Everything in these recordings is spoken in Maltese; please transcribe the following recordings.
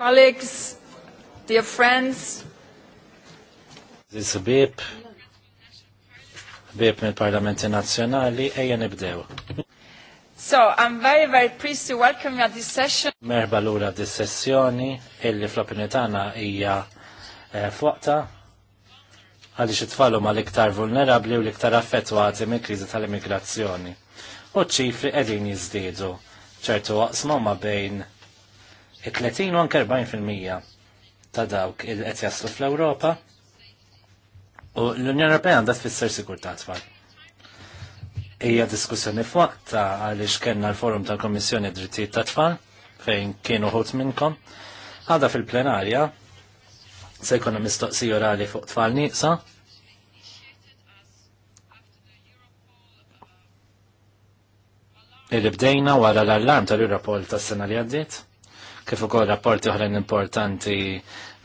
Colleagues, dear friends. This bib, bib mill-Parlamenti Nazzjonali, ejja nibdew. So, I'm very, very pleased to welcome you at this session. Merba l-ura di sessjoni, illi fl-opinju tagħna hija eh, fuqta għaliex it-tfalhom għal-iktar vulnerabbli u l-iktar affettwati mill krizi tal-immigrazzjoni. U ċifri qegħdin jiżdiedu ċertu waqsma ma bejn 30 u anke 40% ta' dawk il qed jaslu fl-Ewropa u l-Unjoni Ewropea għandha tfisser ta' tfal. Hija diskussjoni f'waqta għaliex kellna l-forum tal-Kommissjoni Drittijiet ta' Tfal fejn kienu ħut minnkom. Għada fil-plenarja se jkun mistoqsija orali fuq tfal nieqsa. bdejna wara l-allarm tal-Europol tas-sena li għaddiet kif ukoll rapporti oħrajn importanti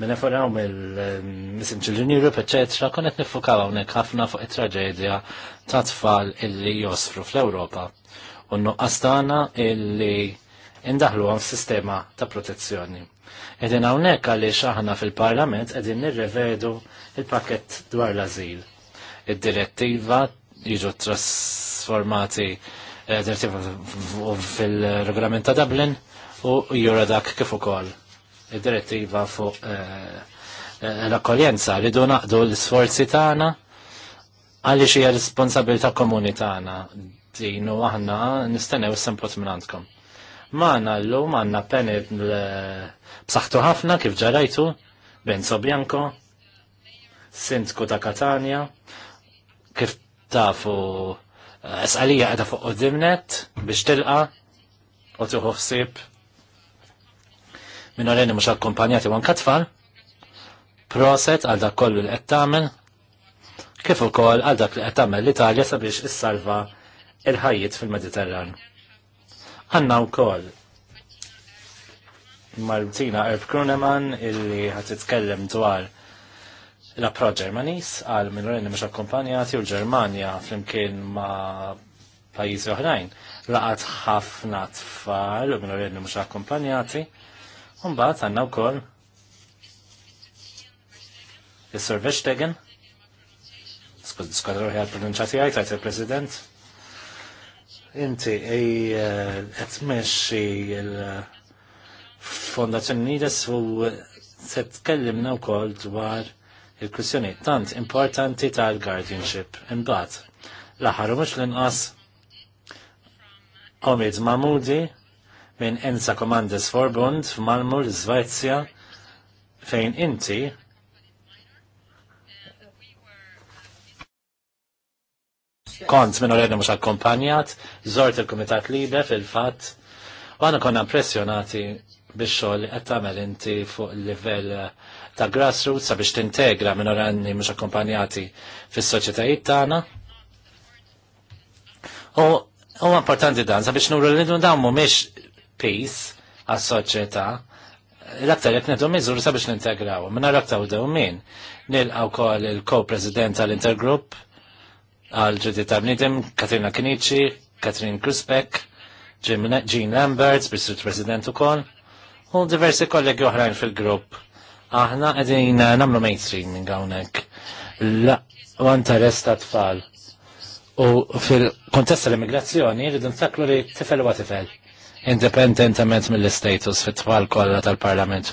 minn eforaw mill-Misim eh, Children Europe, etc. konet nifukaw hawnhekk ħafna fuq it-traġedja ta' tfal illi josfru fl-Ewropa. U nuqqas tagħna illi indaħlu għan sistema ta' protezzjoni. Edin hawnhekk għaliex aħna fil-Parlament qegħdin nirrevedu il-pakett dwar l-azil. Id-direttiva jiġu trasformati eh, fil-regolament ta' Dublin u jura dak kif ukoll id-direttiva fuq eh, eh, l-akkoljenza li naqdu l-sforzi tagħna għaliex hija responsabilità komuni tagħna din u aħna nistennew s-sempot minn għandkom. Maħna l għandna peni b'saħħtu ħafna kif ġarajtu Benzo Bianco, Sintku ta' Katania, kif tafu eh, Sqalija għada fuq dimnet biex tilqa u tuħu ħsieb minorenni mhux akkumpanjati u anke tfal. Proset għal dak kollu li qed tagħmel kif ukoll għal dak li qed tagħmel l-Italja sabiex issalva il ħajjit fil-Mediterran. Għanna wkoll Martina Erb Kruneman illi ħat titkellem dwar l pro Germanis għal minorenni mhux akkumpanjati u l-Ġermanja flimkien ma' pajjiżi oħrajn laqat ħafna tfal u minorenni mhux akkumpanjati Umbat għanna u koll il-Sir Veshtegen, skwadru għal pronunċati għaj, tajt il-President, inti ej għetmeċi eh, il-Fondazzjoni Nides u se tkellimna u koll dwar il-kwissjoni tant importanti tal-guardianship imbat. l u mux l-inqas Omid Mahmoudi, minn Enza Commandes Forbund f'Malmu l-Svezja fejn inti kont minn uredna mux akkompanjat, zort il-Komitat Libe fil-fat, u għana konna impressjonati biex xogħol qed tagħmel inti fuq il-livell ta' grassroots sabiex tintegra minoranni mhux akkompanjati fis-soċjetajiet tagħna. U huwa importanti dan sabiex nuru li dawn mhumiex peace għas soċjetà l-aktar jek nedu miżur sabiex nintegraw. Minna l-aktar dew min. Nilqaw kol il-ko-president tal-intergrupp għal ġudi ta' bnidem Katrina Kinici, Katrin Kruspek, Jean Lambert, bisut president u kol, u diversi kollegi oħrajn fil-grupp. Aħna għedin eh, namlu mainstreaming għawnek. La, u interess ta' tfal. U fil-kontest tal-immigrazzjoni rridu nfaklu li tifel u tifel indipendentament mill-istatus fit-tfal kollha tal-Parlament.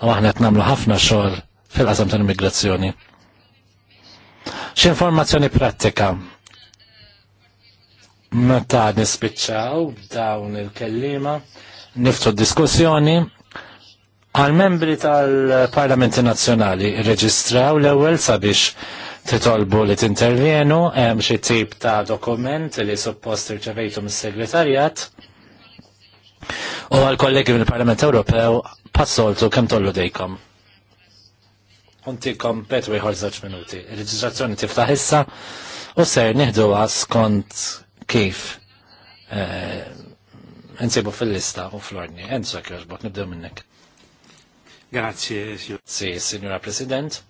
U aħna qed nagħmlu ħafna xogħol fil-qasam tal-immigrazzjoni. X'informazzjoni prattika meta nispiċċaw dawn il-kellima, niftu diskussjoni għal-membri tal-Parlamenti Nazzjonali reġistraw l-ewwel sabiex titolbu li tintervjenu hemm xi tip ta' dokument li suppost irċevejtu mis-segretarjat U għal-kollegi mill-Parlament Ewropew passoltu kemm tollu dejkom. Untikom betu wieħor żewġ minuti. Il-reġistrazzjoni tiftaħ issa u ser nieħdu skont kif eh, nsibu fil-lista u fl-ordni. Enzo kjoġbot, nibdew minnek. Grazie, Si, signora President.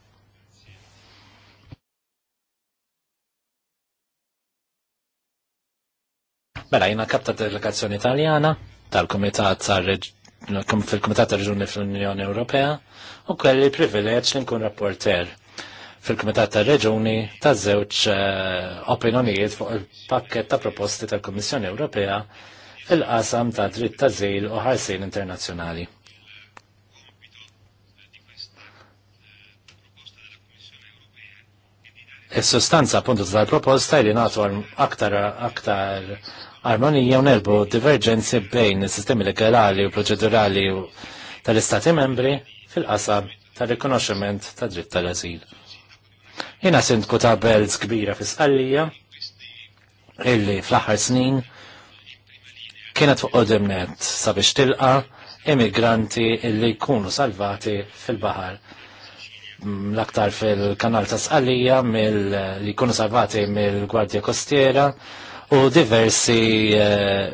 Mela, jina kapta delegazzjoni italjana tal-Komitat fil-Komitat ta' Reġuni fl-Unjoni Ewropea u kelli privileġġ li nkun rapporter fil-Komitat ta' Reġuni ta' żewġ eh, opinjonijiet fuq il-pakket ta' proposti tal kummissjoni Ewropea fil-qasam ta' dritt ta' żil u ħarsin internazzjonali. Is-sostanza appuntu tal-proposta li nagħtu aktar aktar armonija u nelbu divergenzi bejn is-sistemi legali u proċedurali tal-Istati membri fil-qasam tal-rikonoxximent ta' dritt tal-azil. Jiena sindku ta' belz kbira fis-qallija illi fl-aħħar snin kienet fuq qodimnet sabiex tilqa emigranti illi jkunu salvati fil baħar mm, L-aktar fil-kanal ta' Sqalija mill li jkunu salvati mill-Gwardja Kostiera u diversi eh, eh,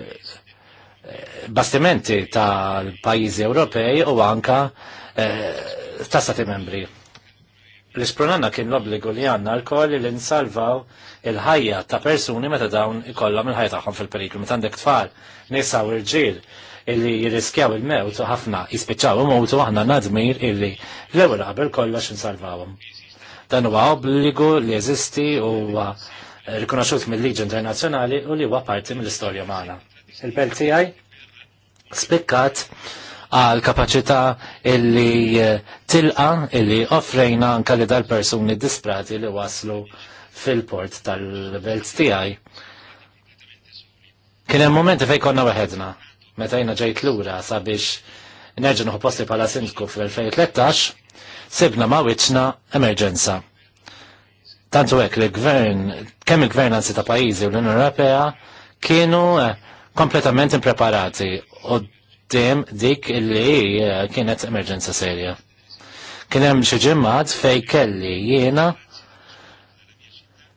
bastimenti tal-pajizi Ewropej u anka eh, ta' stati membri. l isprunanna kien l-obbligu li għanna l-koll li nsalvaw il-ħajja ta' persuni meta dawn ikollhom il-ħajja tagħhom fil-periklu. Meta għandek tfal, nisa u rġiel illi jiriskjaw il-mewt u ħafna jispiċċaw imowtu aħna nadmir illi l-ewwel qabel kollox insalvawhom. Dan huwa obbligu li jeżisti u rikonoxxut mill-liġi internazzjonali u li huwa parti mill-istorja magħna. Il-belt tiegħi spikkat għal kapaċità illi eh, tilqa illi offrejna anka li dal-persuni disprati li waslu fil-port tal-belt tiegħi. Kien hemm momenti fejn konna weħedna meta jiena ġejt lura sabiex nerġa' posti bħala sindku fl-2013 sibna ma' wiċċna emerġenza Tantu hekk li gvern, kemm il-gvernanzi gvern ta' pajjiżi u l-Unjoni Ewropea kienu eh, kompletament impreparati u dim dik li eh, kienet emerġenza serja. Kien hemm xi ġimgħat fej kelli jiena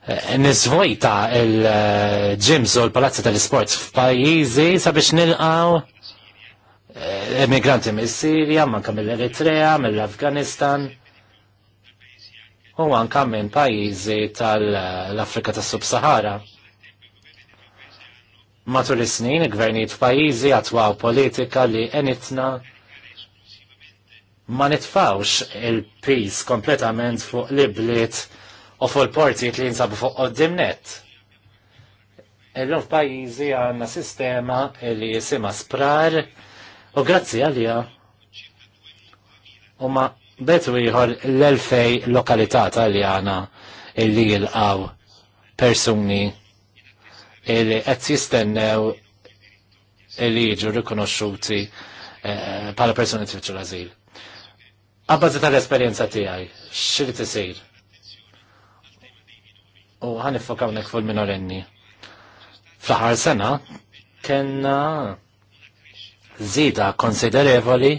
eh, niżvojta il-ġims u l-palazzi tal-isports f'pajjiżi sabiex nilqaw emigranti mis-Sirja, manka mill-Eritrea, mill-Afganistan. mill eritrea mill afganistan u anka minn pajjiżi tal-Afrika tas-Sub-Sahara. Matul is-snin gvernijiet f'pajjiżi għatwaw politika li enitna ma nitfawx il peace kompletament fuq libliet u fuq l-portijiet li jinsabu fuq qoddimnet. Illum f'pajjiżi għandna sistema li jisima sprar u grazzi għalija huma bet u l-elfej lokalità taljana illi jilqaw persuni illi qed jistennew illi jiġu rikonoxxuti eh, bħala persuni tfittxu l-azil. Għabbażi tal-esperjenza tiegħi, xiri tisir? U ħan iffokawnek fuq minorenni. Fl-aħħar sena kenna zida konsiderevoli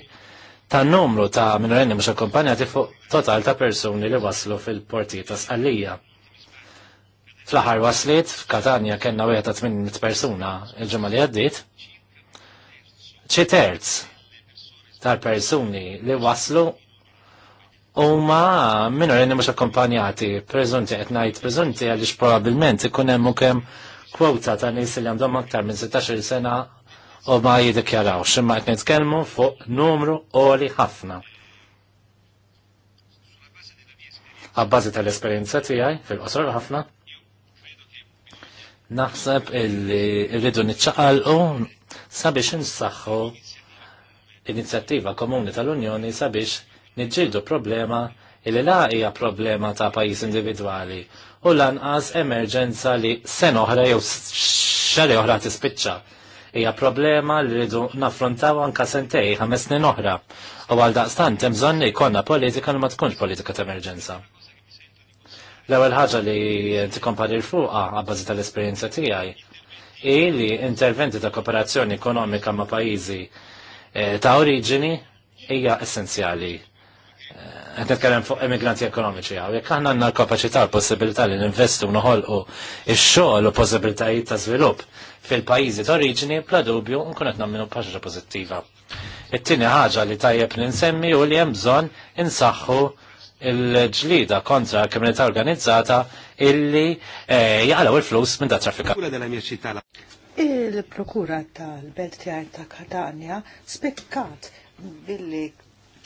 ta' numru ta' minorenni mhux akkompanjati fuq total ta' persuni li waslu fil porti ta' sqallija. Fl-aħħar waslit f'Katania kellna wieħed ta' 800 persuna il-ġimgħa li għaddiet. Xi terz tal-persuni li waslu ma minorenni mux akkompanjati, prezunti qed ngħid prezunti għaliex probabbilment ikun hemm kem kwota ta' nies li għandhom aktar minn 16 sena u ma jiddikjarawx imma qed nitkellmu fuq numru qoli ħafna. Għabbażi tal-esperjenza tiegħi fil-qosor ħafna. Naħseb illi rridu niċċaqalqu sabiex insaħħu inizjattiva komuni tal-Unjoni sabiex niġġieldu problema illi la hija problema ta' pajjiż individwali u lanqas emerġenza li sen oħra jew xali oħra tispiċċa hija problema li rridu naffrontaw anka sentej ħames snin oħra. U għal daqstant hemm bżonn ikollna politika li ma tkunx politika ta' emerġenza. L-ewwel ħaġa li tikkompari l-fuqa għabbażi tal-esperjenza tiegħi hi li interventi ta' kooperazzjoni ekonomika ma' pajjiżi eh, ta' oriġini hija essenzjali għed eh, netkellem fuq emigranti ekonomiċi għaw, jekk aħna għandna l-kapacità, l-possibilità li ninvestu noħolqu ix-xogħol u possibilitajiet ta' żvilupp, fil-pajizi ta' oriġini bla dubju nkun qed nagħmlu paġra pożittiva. It-tieni ħaġa li tajjeb ninsemmi nsemmi u li hemm bżonn insaħħu il-ġlida kontra l kriminalità organizzata illi eh, jgħalaw il-flus minn da traffika. Il-prokura tal-belt tiegħi ta' Katania spekkat billi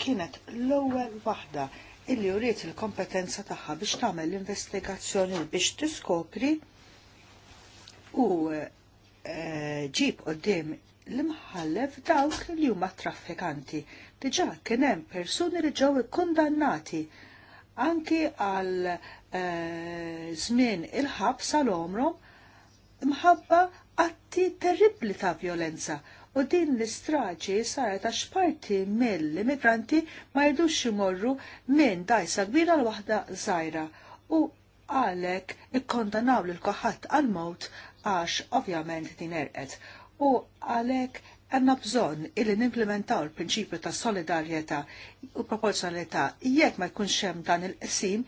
kienet l-ewwel waħda illi uriet il-kompetenza tagħha biex tagħmel l-investigazzjoni biex tiskopri u ġib qoddim l-imħallef dawk li huma traffikanti. Diġà kien hemm persuni li ġew ikkundannati anki għal eh, żmien il-ħabs għal omrom mħabba atti terribli ta' violenza u din l-istraġi saret għax parti mill-immigranti ma jidux imorru minn dajsa kbira l waħda żgħira u għalek ikkondanaw l koħat għal-mot għax ovvjament din erqet u għalek għanna bżon illi nimplementaw il-prinċipju ta' solidarieta u proporzjonalità jekk ma jkunx hemm dan il-qsim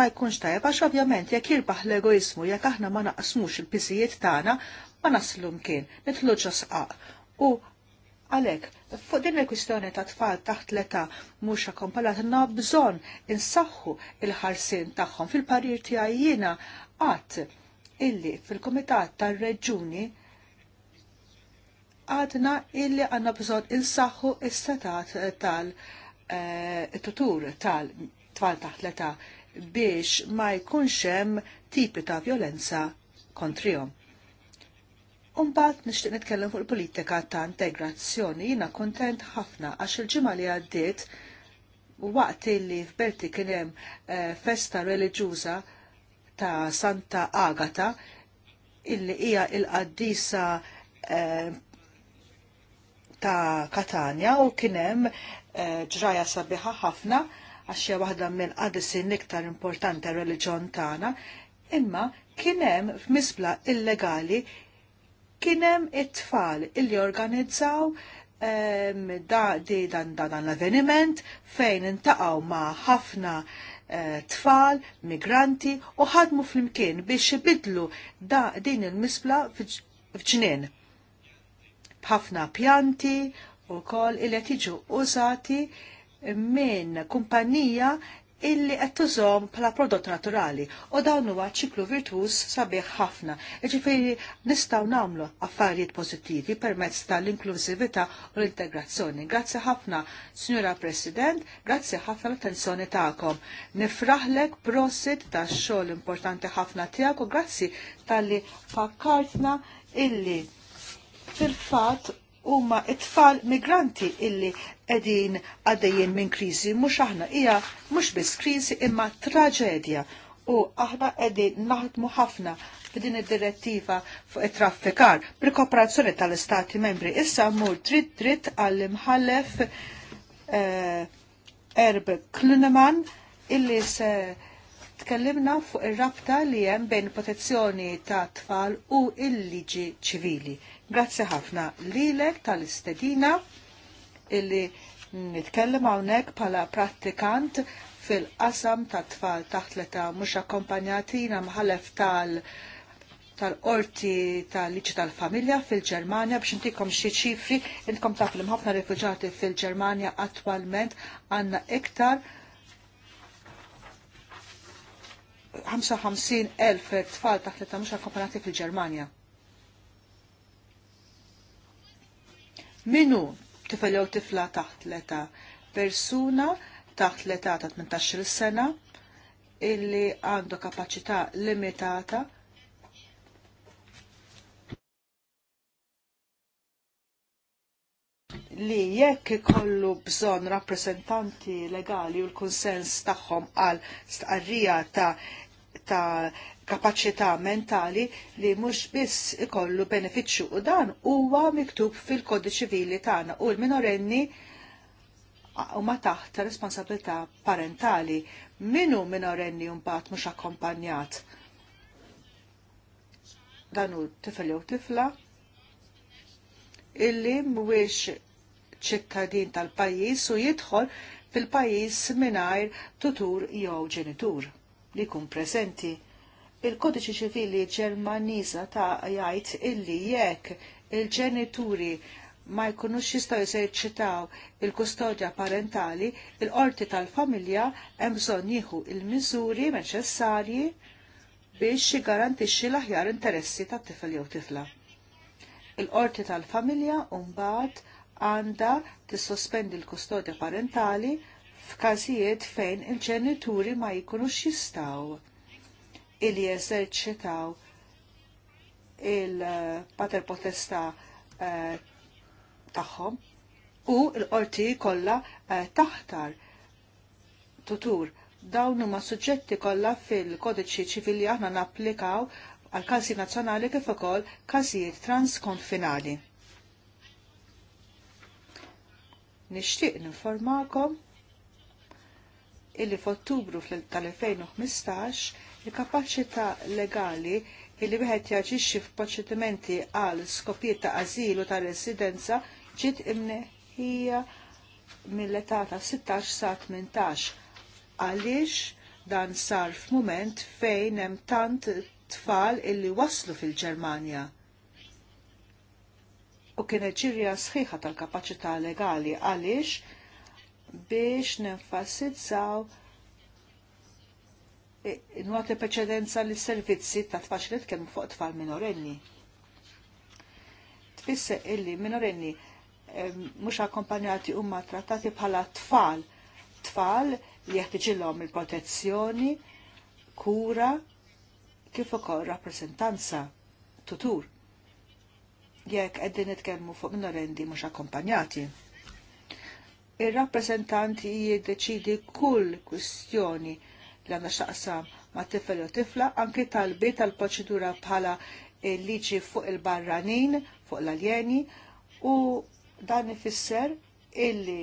ma jkunx tajjeb għax ovvjament jekk jirbaħ l-egoismu jekk aħna ma naqsmux il-pisijiet tagħna ma naslu mkien, nitlu ġasqaq u għalek fuq din il-kwistjoni ta' tfal taħt l-età mhux akkompanjat na bżonn insaħħu il-ħarsien tagħhom fil-parir tiegħi jiena qatt illi fil-Komitat tal-Reġuni għadna illi għanna bżon il-saħħu il-setat tal-tutur eh, tal-tfal taħt l biex ma jkunx hemm tipi ta' violenza kontrihom. Umbat nixtieq nitkellem fuq il-politika ta' integrazzjoni jiena kontent ħafna għax il-ġimgħa li għaddiet waqt illi f'Berti kien hemm eh, festa reliġjuża ta' Santa Agata illi hija il-qaddisa eh, ta' Katania u kienem eh, ġraja sabiħa ħafna hija waħda mill qadisin iktar importanti reliġjon tagħna, imma kienem f'misbla illegali kienem it-tfal illi organizzaw eh, da, di dan, dan l-avveniment fejn intaqaw ma' ħafna Eh, tfal, migranti u ħadmu fl-imkien biex ibidlu da din il-misbla fġnien. Bħafna pjanti u kol il-etiġu użati minn kumpanija illi qed pala bħala prodott naturali u dawn huwa ċiklu virtuż sabiħ ħafna. Jiġifieri nistgħu nagħmlu affarijiet pozittivi permezz tal-inklużività u l-integrazzjoni. Grazzi ħafna, Sinjura President, grazzi ħafna l-attenzjoni tagħkom. Nifraħlek prosit tax-xogħol importanti ħafna tiegħek u grazzi talli fakkartna illi fil-fatt huma it-tfal migranti illi qegħdin għaddejjin minn kriżi mhux aħna hija mhux biss kriżi imma traġedja u aħna qegħdin naħdmu ħafna f'din id-direttiva fuq it-traffikar bil-kooperazzjoni tal-Istati membri issa mur dritt dritt għall-imħallef eh, Erb Kluneman illi se tkellimna fuq ir-rabta li hemm bejn protezzjoni ta' tfal u il-liġi ċivili. Grazzi ħafna lilek tal-istedina illi nitkellem hawnhekk bħala prattikant fil-qasam ta' tfal taħt li ta' mhux akkompanjatina mħallef tal- tal-qorti tal-liċi tal-familja fil-Ġermanja biex intikom xi ċifri intkom ta' fil mħafna rifuġati fil-Ġermanja attwalment għandna iktar 55,000 tfal taħt li ta' mhux akkompanjati fil-Ġermanja. Minu tifel jew tifla taħt l-età persuna taħt l-età ta' 18 sena illi għandu kapaċità limitata li jekk ikollu bżonn rappresentanti legali u l-konsens tagħhom għal stqarrija ta' ta' kapaċità mentali li mhux biss ikollu benefiċċju u dan huwa miktub fil-kodiċi ċivili tagħna u l-minorenni huma taħt responsabilità parentali. Minu minorenni mbagħad mhux akkompanjat? Dan hu tifel jew tifla illi mhuwiex ċittadin tal-pajjiż u jidħol fil-pajjiż mingħajr tutur jew ġenitur li jkun preżenti Il-kodiċi ċivili ġermaniza ta' jgħid illi jekk il-ġenituri ma jkunux jistaw jeserċitaw il-kustodja parentali, il-qorti tal-familja hemm bżonn jieħu il-miżuri neċessarji biex jgarantixxi l-aħjar interessi tat-tifel jew tifla. Il-qorti tal-familja mbagħad għandha tissospendi l-kustodja parentali f'każijiet fejn il-ġenituri ma jkunux jistaw illi eżerċitaw il-pater potesta eh, tagħhom u l-qorti kollha eh, taħtar tutur dawn huma suġġetti kollha fil-kodiċi ċivili aħna napplikaw għal każi nazzjonali kif ukoll każijiet transkonfinali. Nixtieq ninformakom illi f'Ottubru tal-2015 il-kapaċità legali illi wieħed jaġixxi f'proċedimenti għal skopijiet ta' ażilu ta' residenza ġiet imneħħija mill-età ta' 16 sa 18 għaliex dan sar f'mument fejn hemm tant tfal illi waslu fil-Ġermanja. U kien ġirja sħiħa tal-kapaċità legali għaliex biex nenfasizzaw nwat preċedenza li servizzi ta' tfaxlet kemm fuq tfal minorenni. Tfisser illi minorenni mhux akkompanjati huma trattati bħala tfal, tfal li jeħtiġilhom il-protezzjoni, kura, kif ukoll rappreżentanza, tutur. Jekk qegħdin nitkellmu fuq minorenni mhux akkompanjati. ir rappresentanti jiddeċidi kull kwistjoni li għanna xaqsa ma' tifel u tifla, anki talbi tal-proċedura bħala liġi fuq il-barranin, fuq l-aljeni, u dan ifisser illi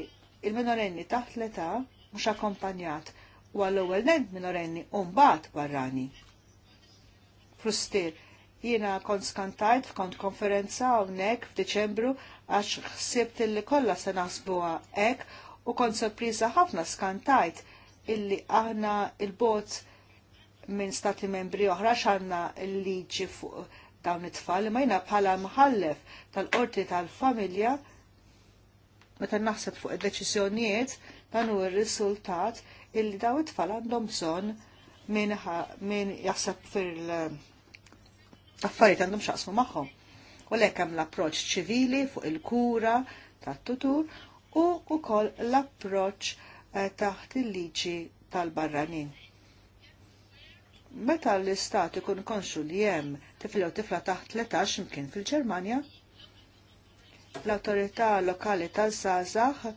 il-minorenni taħt l-età mhux akkompanjat u għall-ewwel nent minorenni u mbagħad barrani. Frustir, jiena kont skantajt f'kont konferenza hawnhekk f'Diċembru għax ħsibt illi kollha se naħsbuha hekk u kont sorpriża ħafna skantajt illi aħna il-bot minn stati membri oħra xanna il-liġi fuq dawn it-tfal, ma jina bħala mħallef tal-qorti tal-familja, meta naħseb fuq id-deċizjonijiet, dan u r-risultat illi daw it-tfal għandhom bżonn minn min jaħseb fil-affarijiet għandhom xaqsmu magħhom. U lek hemm l-approċċ ċivili fuq il-kura tat-tutur u wkoll l-approċċ Eh, taħt il-liġi tal-barranin. Meta l-istat ikun konxu li jem tifla u tifla taħt 13 imkien fil-Ġermanja, l-autorità lokali tal-Zazax e,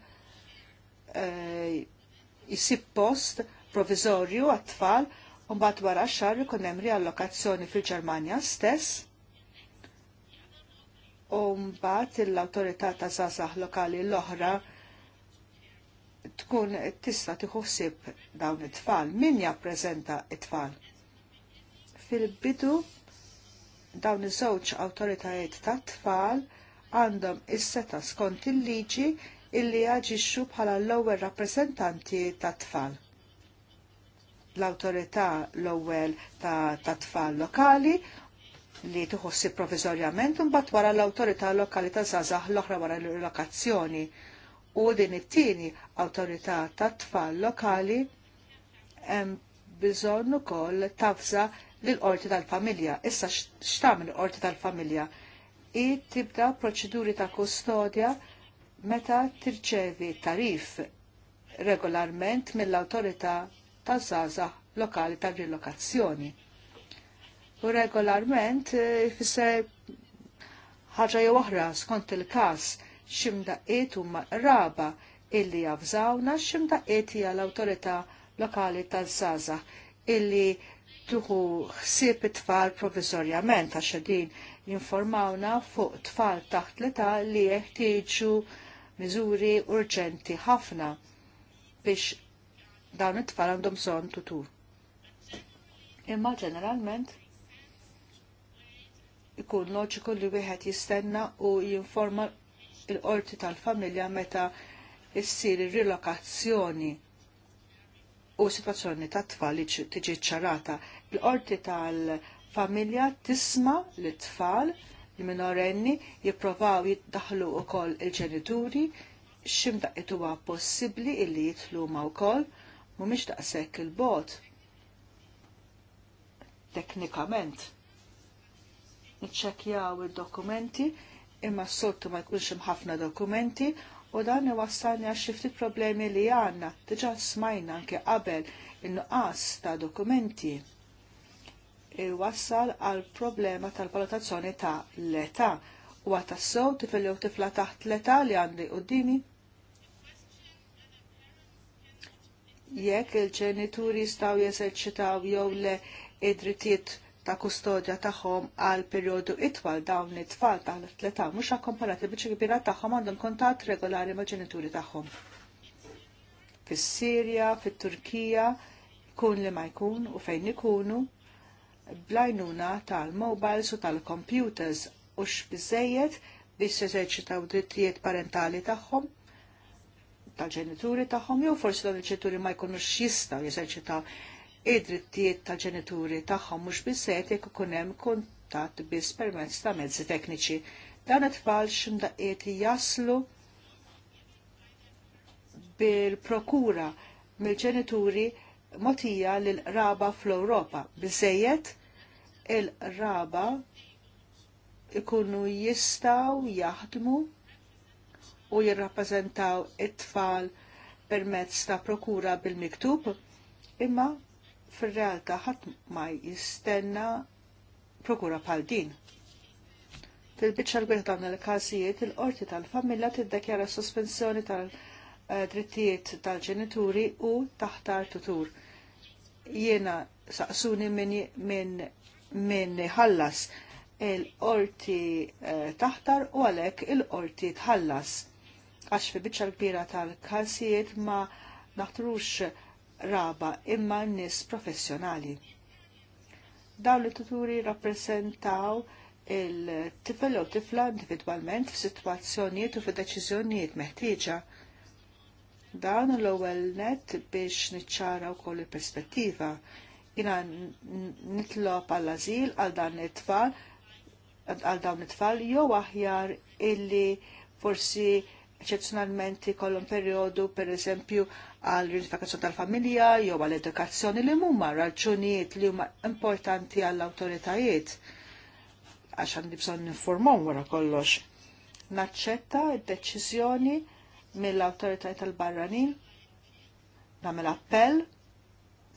eh, post provizorju għat-tfal mbagħad wara xar ikun hemm riallokazzjoni fil-Ġermanja stess. U mbagħad l-awtorità ta' żgħażagħ lokali l-oħra tkun tista tiħossib dawn it-tfal, min jappreżenta it-tfal. Fil-bidu dawn iż-żewġ awtoritajiet tat-tfal għandhom is-seta skont il-liġi illi jaġixxu bħala l-ewwel rappreżentanti tat-tfal. L-awtorità l-ewwel tat-tfal lokali li tħossi provizorjament imbagħad wara l-awtorità lokali ta' żgħażagħ l-oħra wara l-lokazzjoni. -lo u din it-tieni awtorità tat-tfal lokali hemm bżonn ukoll tafza lill-qorti tal-familja. Issa x'tagħmel qorti tal-familja? I tibda proċeduri ta' kustodja meta tirċevi tarif regolarment mill-awtorità taż-żaża lokali tal-rilokazzjoni. U regolarment eh, ħaġa jew oħra skont il-każ ximdaqiet huma raba illi jafżawna ximda hija l-awtorità lokali tal-Saza illi tuħu xsib it-tfal provizorjament għax din jinformawna fuq tfal taħt l-età li jeħtieġu miżuri urġenti ħafna biex dawn it-tfal għandhom bżonn tutur. Imma ġeneralment ikun loġiku li wieħed jistenna u jinforma il-qorti tal-familja meta issir il rilokazzjoni u situazzjoni ta' tfal li tiġi ċarata. Il-qorti tal-familja tisma l-tfal l minorenni jipprovaw jiddaħlu u koll il-ġenituri ximdaqqiet huwa possibbli illi jitlu ma wkoll mhumiex daqshekk il-bot. Teknikament. Niċċekkjaw id-dokumenti imma s sottu ma jkunx hemm ħafna dokumenti u dan iwassalni għax xi ftit problemi li għandna diġà smajna anke qabel in-nuqqas ta' dokumenti iwassal għal problema tal-valutazzjoni ta' l-età u s-sow jew tifla taħt l-età li għandi dini jekk il-ġenituri staw jeserċitaw jew le id-drittijiet ta' kustodja tagħhom għal perjodu itwal dawn it-tfal ta' l-tleta mhux akkomparati biex kbira tagħhom għandhom kontatt regolari mal ġenituri tagħhom. Fis-Sirja, fit-Turkija, kun li ma jkun u fejn ikunu, blajnuna tal-mobiles u tal-computers u x'biżejjed biex jeżerċitaw drittijiet parentali tagħhom tal-ġenituri tagħhom jew forsi dawn il-ġenituri ma jkunux jistgħu jeżerċitaw id-drittijiet tal-ġenituri tagħhom mhux se jekk ikun hemm kuntatt biss permezz ta' mezzi tekniċi. Dan it-tfal x'imdaqqiet jaslu bil-prokura mill-ġenituri motija lill raba fl-Ewropa. Biżejjed il-raba ikunu jistaw jaħdmu u jirrappreżentaw it-tfal permezz ta' prokura bil-miktub imma fir-realtà ħadd ma jistenna prokura bħal din. Fil-biċċa l-gwieħ dawn il-każijiet, il-qorti tal-familja tiddakjara sospensjoni tal-drittijiet tal-ġenituri u taħtar tutur. Jiena saqsuni minn min ħallas il-qorti eh, taħtar u għalhekk il-qorti tħallas. Għax fil-biċċa l-kbira tal-każijiet ma naħtrux raba imma nis professjonali. Dawn li tuturi rappresentaw il-tifel u tifla individualment f'sitwazzjonijiet u f'deċiżjonijiet meħtieġa. Dan l-ewwel net biex niċċara wkoll il-perspettiva jina nitlob għal azil għal dan it-tfal għal dawn it-tfal jew aħjar illi forsi eċezzjonalment ikollhom perjodu pereżempju għal rinifikazzjoni tal-familja jew għal edukazzjoni li huma raġunijiet li huma importanti għall awtoritajiet għax għandi bżonn informhom wara kollox. Naċċetta d-deċiżjoni mill-awtoritajiet tal-barranin nagħmel appell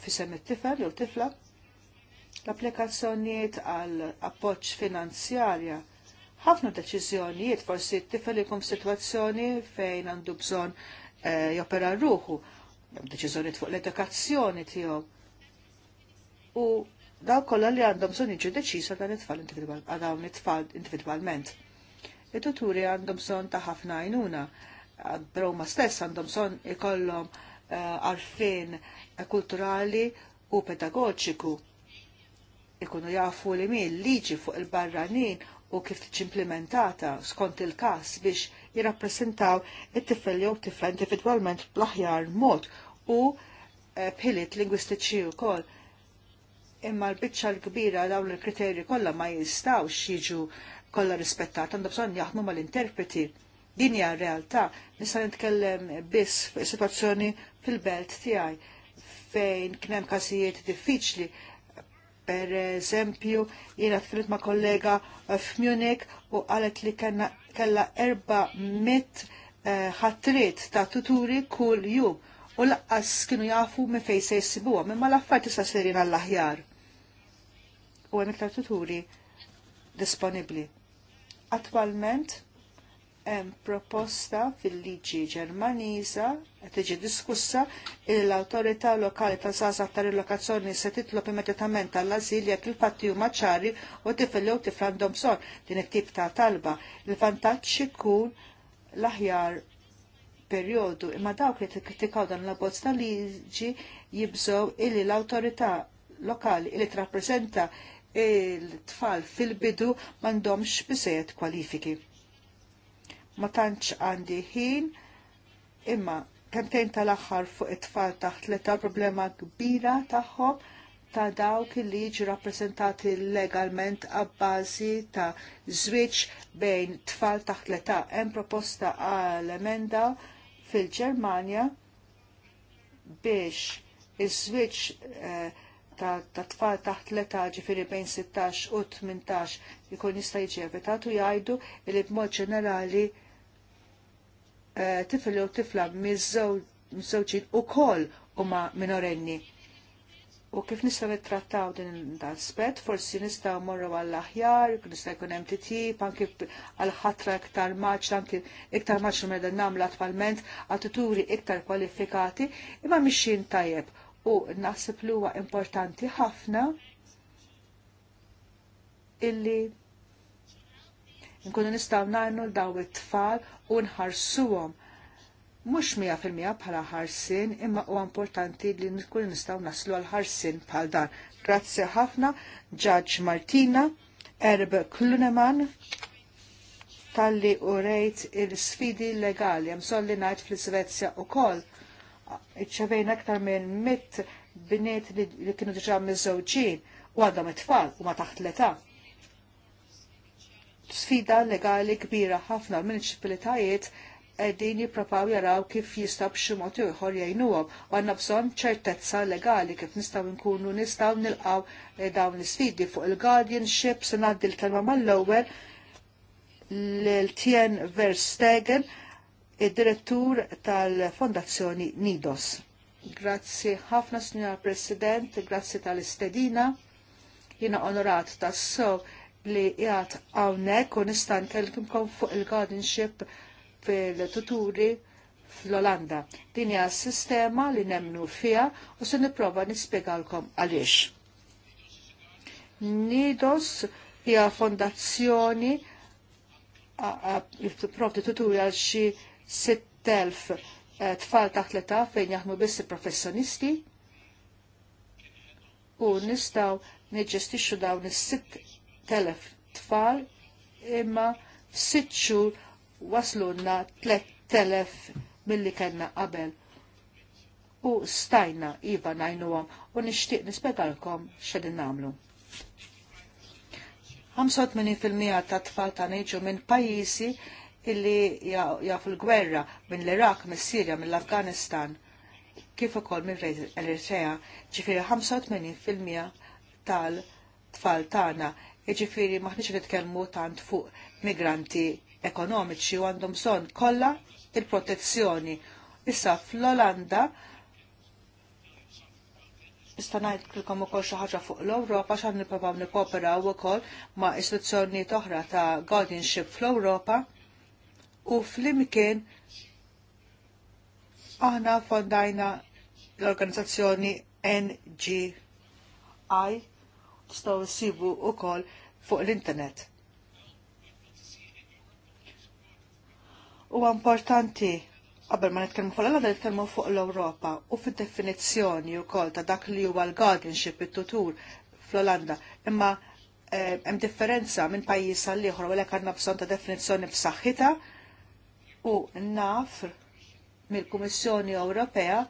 fi semmi tifel jew tifla l-applikazzjonijiet għal appoġġ finanzjarja ħafna deċiżjonijiet forsi tifelikum situazzjoni fejn għandu bżon eh, jopera ruħu, deċiżjonijiet fuq l-edukazzjoni tiegħu. U daw kollha li għandhom bżonn jiġu deċisa dan it-tfal dawn it-tfal individwalment. It-tuturi għandhom bżonn ta' ħafna għajnuna, Roma stess għandhom bżonn ikollhom eh, għarfien kulturali u pedagoġiku ikunu jafu li min liġi fuq il-barranin u kif ċimplementata skont il-kas biex jirrappresentaw it-tifel jew tifla individwalment bl-aħjar mod u pilit eh, lingwistiċi u kol. Imma l-bicċa l-kbira dawn il-kriterji kollha ma jistawx jiġu kollha rispettat, għandhom bżonn jaħdmu mal-interpreti. Din hija realtà, nista' nitkellem biss fuq situazzjoni fil-belt tiegħi fejn kien hemm każijiet diffiċli per eżempju, jiena tkellimt ma' kollega eh, f'Munich u qalet li kellha erba' mit eh, ħatrit ta' tuturi kull jum u laqqas kienu jafu me fejn se jsibuha imma ma laffajt tista' serin għall-aħjar. U hemm iktar tuturi disponibbli. Attualment, hemm proposta fil-liġi Ġermaniża qed tiġi diskussa l-awtorità lokali ta' żgħażagħ ta' rilokazzjoni se titlob immedjatament għall-ażil jekk il fatti huma ċari u tifel jew tifel għandhom bżonn din it-tip ta' talba. Il-vantaġġ ikun l-aħjar perjodu imma dawk li tikkritikaw dan l-abbozz ta' liġi jibżgħu illi l-awtorità lokali li trappreżenta il-tfal fil-bidu m'għandhomx biżejjed kwalifiki ma tantx għandi ħin, imma kemtejn tal-axħar fuq it-tfal taħt li ta' problema kbira tagħhom ta' dawk li jiġu rappresentati legalment għabbażi ta' żwieġ bejn tfal taħt l-età. Hemm proposta għal emenda fil-Ġermanja biex iż-żwieġ eh, ta' tfal taħt l-età ġifiri bejn 16 u 18 jkun jista' jiġi evitat u jgħidu li b'mod ġenerali eh, tifel u tifla miż-żewġin ukoll huma minorenni. U kif nistgħu nittrattaw din l-aspett, forsi nistgħu morru għall-aħjar, nista' jkun hemm titjib, anki għall-ħatra iktar maċ, anki iktar maċ meta nagħmlu attwalment attituri iktar kwalifikati, imma mixin tajjeb u naħseb li huwa importanti ħafna illi nkunu nistgħu nagħmlu daw it-tfal u nħarsuhom. Mhux mija fil-mija bħala ħarsin, imma huwa importanti li nkunu nistgħu naslu għal ħarsin bħal dan. Grazzi ħafna, Judge Martina, Erb Kluneman, talli u rejt il-sfidi legali, jamsolli najt fl-Svezja u koll iċċevejna aktar minn mit bniet li kienu diġà mizzoġin u għandhom it-tfal u ma taħt l-età. Sfida legali kbira ħafna minn iċċipilitajiet qegħdin jippropaw jaraw kif jista' b'xi mod ieħor jgħinuhom u għandna bżonn ċertezza legali kif nistgħu nkunu nistgħu nilqgħu eh, dawn l-isfidi fuq il-guardianship se ngħaddi l-kelma mal lower l-Tien Verstegen id-direttur tal-Fondazzjoni Nidos. Grazzi ħafna, Signor President, grazzi tal-istedina. Jina onorat tasso li jgħat għawnek u nistan kellimkom fuq il-guardianship fil-tuturi fl-Olanda. Din hija sistema li nemnu fija u se nipprova nispjegalkom għaliex. Nidos hija fondazzjoni li tipprovdi tuturi għal xi 6,000 eh, tfal taħt l-età fejn jaħmu biss professjonisti u nistaw neġestixxu dawn is-6,000 tfal imma f'sitt xhur waslunna 3,000 milli kellna qabel u stajna iva najnuhom u nixtieq nispjegalkom x'edin nagħmlu. 85% ta' tfal ta' neġu minn pajjiżi illi jafu l-gwerra minn l-Iraq, minn sirja mill afganistan kif ukoll minn rejt l-Eritrea, ġifiri 85% tal-tfal tagħna, ġifiri maħniċ nitkellmu tant fuq migranti ekonomiċi u għandhom bżonn kollha il-protezzjoni. Issa fl-Olanda nista' ngħidlkom ukoll xi ħaġa fuq l-Ewropa x'għandni nippruvaw nikkooperaw ukoll ma' istituzzjonijiet oħra ta' guardianship fl-Ewropa u flimkien aħna fondajna l-organizzazzjoni NGI staw sibu u kol fuq l-internet. U importanti qabel ma nitkellmu fuq l-għadha nitkellmu fuq l-Ewropa u fid-definizzjoni wkoll ta' dak li huwa l-guardianship it-tutur fl-Olanda. Imma eh, hemm differenza minn pajjiż għall ieħor u għalhekk għandna bżonn ta' definizzjoni b'saħħitha u naf mill-Kummissjoni Ewropea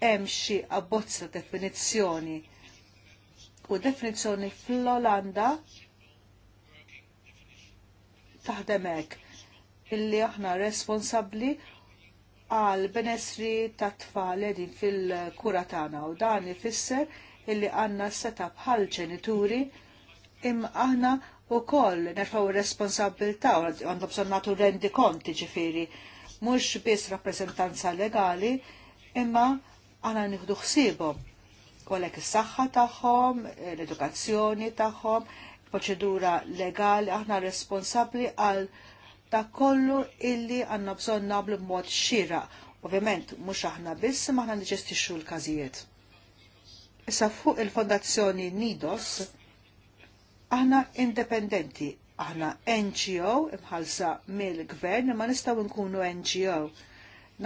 hemm xi abbozza definizzjoni u definizzjoni fl-Olanda taħdem hekk illi aħna responsabbli għal benessri tat tfal edin fil-kura tagħna u dan ifisser illi għandna seta bħal ġenituri imma aħna u koll nerfaw responsabilta u għandhom sonnatu rendi konti ġifiri, mux bis rappresentanza legali, imma għana nifdu xsibu. Kolek s-saxħa taħħom, l-edukazzjoni taħħom, proċedura legali, aħna responsabli għal ta' kollu illi għanna bżon nablu mod xira. Ovvjament, mux aħna biss, ma aħna nġestixxu l-kazijiet. Issa fuq il-fondazzjoni Nidos, Aħna indipendenti, aħna NGO imħalsa mill-gvern ma nistgħu nkunu NGO.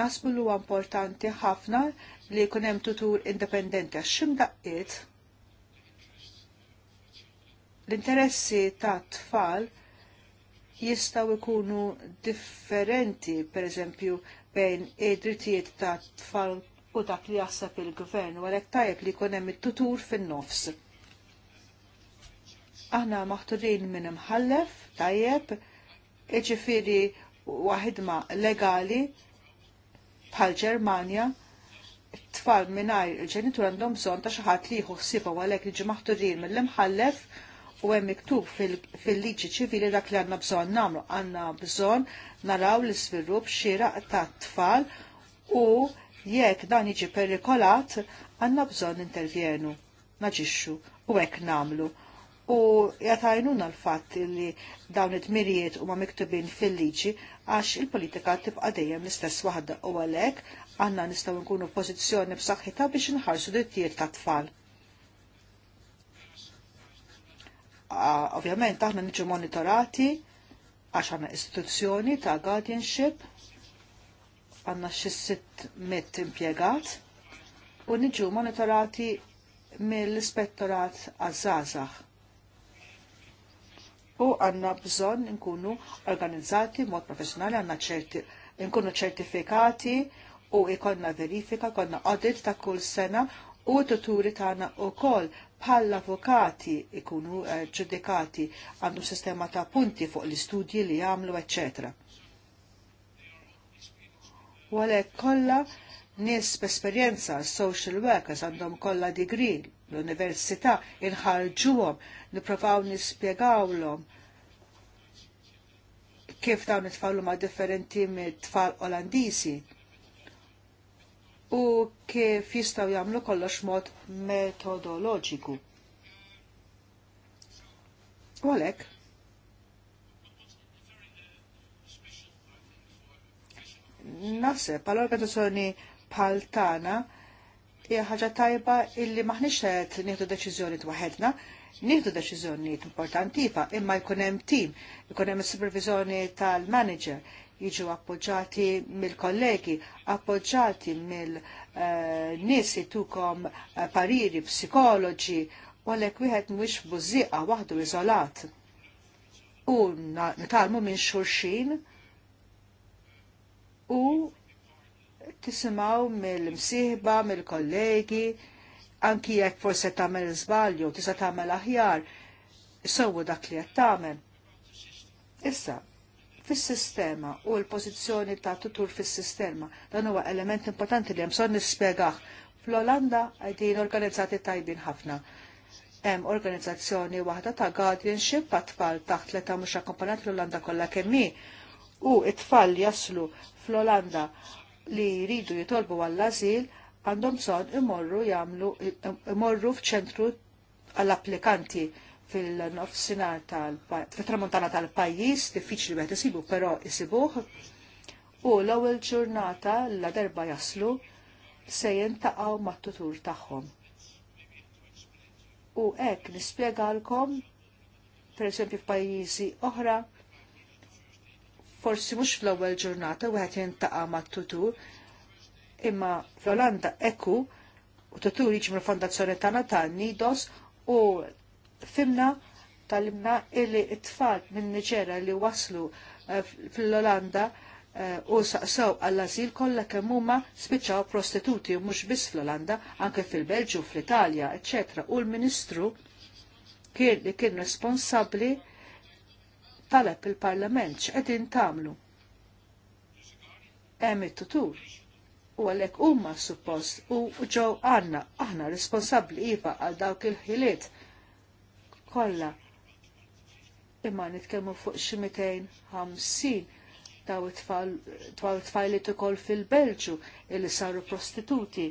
Nasbu li huwa importanti ħafna li jkun hemm tutur indipendenti għax x'imdaqqiet l-interessi ta' tfal jistaw ikunu differenti, per eżempju, bejn id-drittijiet ta' tfal u dak li jassab il-gvern, u għalek tajb li hemm it-tutur fin-nofs. Aħna maħturin minn imħallef, tajjeb, iġifiri waħidma legali bħal Ġermanja, tfal minnaj il-ġenitur għandhom bżon ta' xaħat liħu s-sifa għalek liġi maħturin mill-imħallef u hemm miktub fil-liġi ċivili dak li għandna bżon namlu. Għandna bżon naraw l-isvilup xira ta' tfal u jekk dan jiġi perikolat għandna bżon intervjenu, naġixxu u hekk namlu u jatajnuna l-fatt li dawn it-mirijiet u ma miktubin fil-liġi għax il-politika tibqa dejjem l-istess waħda u għalek għanna nistaw nkunu pozizjoni b'saħħitha biex nħarsu drittijiet ta' tfal. Ovvjament aħna niġu monitorati għax għanna istituzzjoni ta' guardianship għanna xi sitt mit impjegat u niġu monitorati mill-ispettorat għazzazax u għanna bżon nkunu organizzati mod professjonali għanna ċerti, nkunu ċertifikati u ikonna verifika, konna audit ta' kull sena u tuturi tagħna kol bħal avukati ikunu eh, ġudikati għandu sistema ta' punti fuq l-istudji li jagħmlu eċċetera. U għalhekk kollha nies social workers għandhom kollha degree l-università inħarġuhom, nippruvaw nispjegawlhom kif dawn it-tfal huma differenti mit-tfal Olandiżi u kif jistgħu jagħmlu kollox mod metodoloġiku. U għalhekk naħseb għal organizzazzjoni bħal tagħna hija ħaġa tajba illi maħniex qed nieħdu deċiżjoni waħedna, nieħdu deċiżjonijiet importanti iva, imma jkun hemm tim, ikun hemm is-supervizjoni tal-manager, jiġu appoġġati mill-kollegi, appoġġati mill-nies eh, uh, tukom eh, pariri, psikoloġi, u għalhekk wieħed mhuwiex bużieqa waħdu iżolat. U nitalmu minn xulxin u tisimaw mill-msieħba, mill-kollegi, anki jekk forse tagħmel żbalju, tisa tista' tagħmel aħjar, sowu dak li qed tagħmel. Issa, fis-sistema u l-pożizzjoni ta' tutur fis-sistema dan huwa element importanti li hemm bżonn nispjegah. Fl-Olanda qegħdin organizzati tajbin ħafna. Hemm organizzazzjoni waħda ta' guardianship għat tfal taħt li ta' mhux l-Olanda kollha kemm u it-tfal jaslu fl-Olanda li jridu jitolbu għall-azil għandhom bżonn imorru jagħmlu imorru f'ċentru għall-applikanti fil-nofsinhar tal-tramontana tal-pajjiż, diffiċli wieħed isibu, però isibuh. U l-ewwel ġurnata la darba jaslu se jintaqgħu mat-tutur tagħhom. U hekk nispjegalkom pereżempju f'pajjiżi oħra forsi mhux fl-ewwel ġurnata wieħed jintaqa' mat-tutur imma fl-Olanda ekku u tutur jiġi mill-fondazzjoni tagħna ta' Nidos u fimna tal-imna illi it-tfal minn Niġera li waslu eh, fl-Olanda eh, u saqsaw għall-azil kollha kemm huma spiċċaw prostituti u mhux biss fl-Olanda, anke fil-Belġu, fl-Italja, eċċetera. U l-Ministru kien li kien responsabbli talab il-Parlament x'qegħdin tagħmlu. Hemm it-tutur u għalhekk huma suppost u ġew għandna aħna responsabbli iva għal dawk il-ħiliet kollha imma nitkellmu fuq xi 250 daw it-tfajlit ukoll fil-Belġu illi saru prostituti.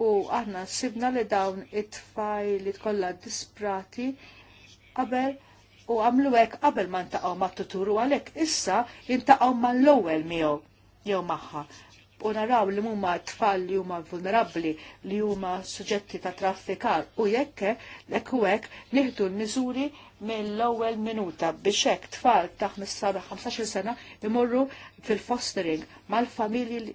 U aħna sibna li dawn it-tfajlit kollha disprati qabel u għamlu hekk qabel ma ntaqgħu ma' tuturu għalhekk issa jintaqgħu mal-ewwel miegħu jew magħha. U naraw li huma tfal li huma vulnerabbli li huma suġġetti ta' traffikar u jekke hekk u hekk nieħdu l-miżuri mill-ewwel minuta biex hekk tfal ta' 15 sena imorru fil-fostering mal-familji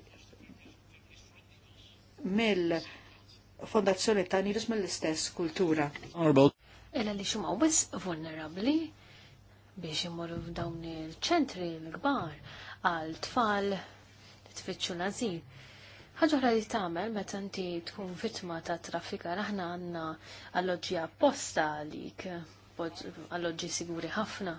mill-fondazzjoni ta' Nirus mill-istess kultura illa li xumma bis vulnerabli biex imorru f'dawn il-ċentri l-kbar għal tfal li tfittxu l-azil. Ħaġa li tagħmel meta inti tkun vittma ta' traffika aħna għandna alloġġi apposta għalik, alloġġi siguri ħafna.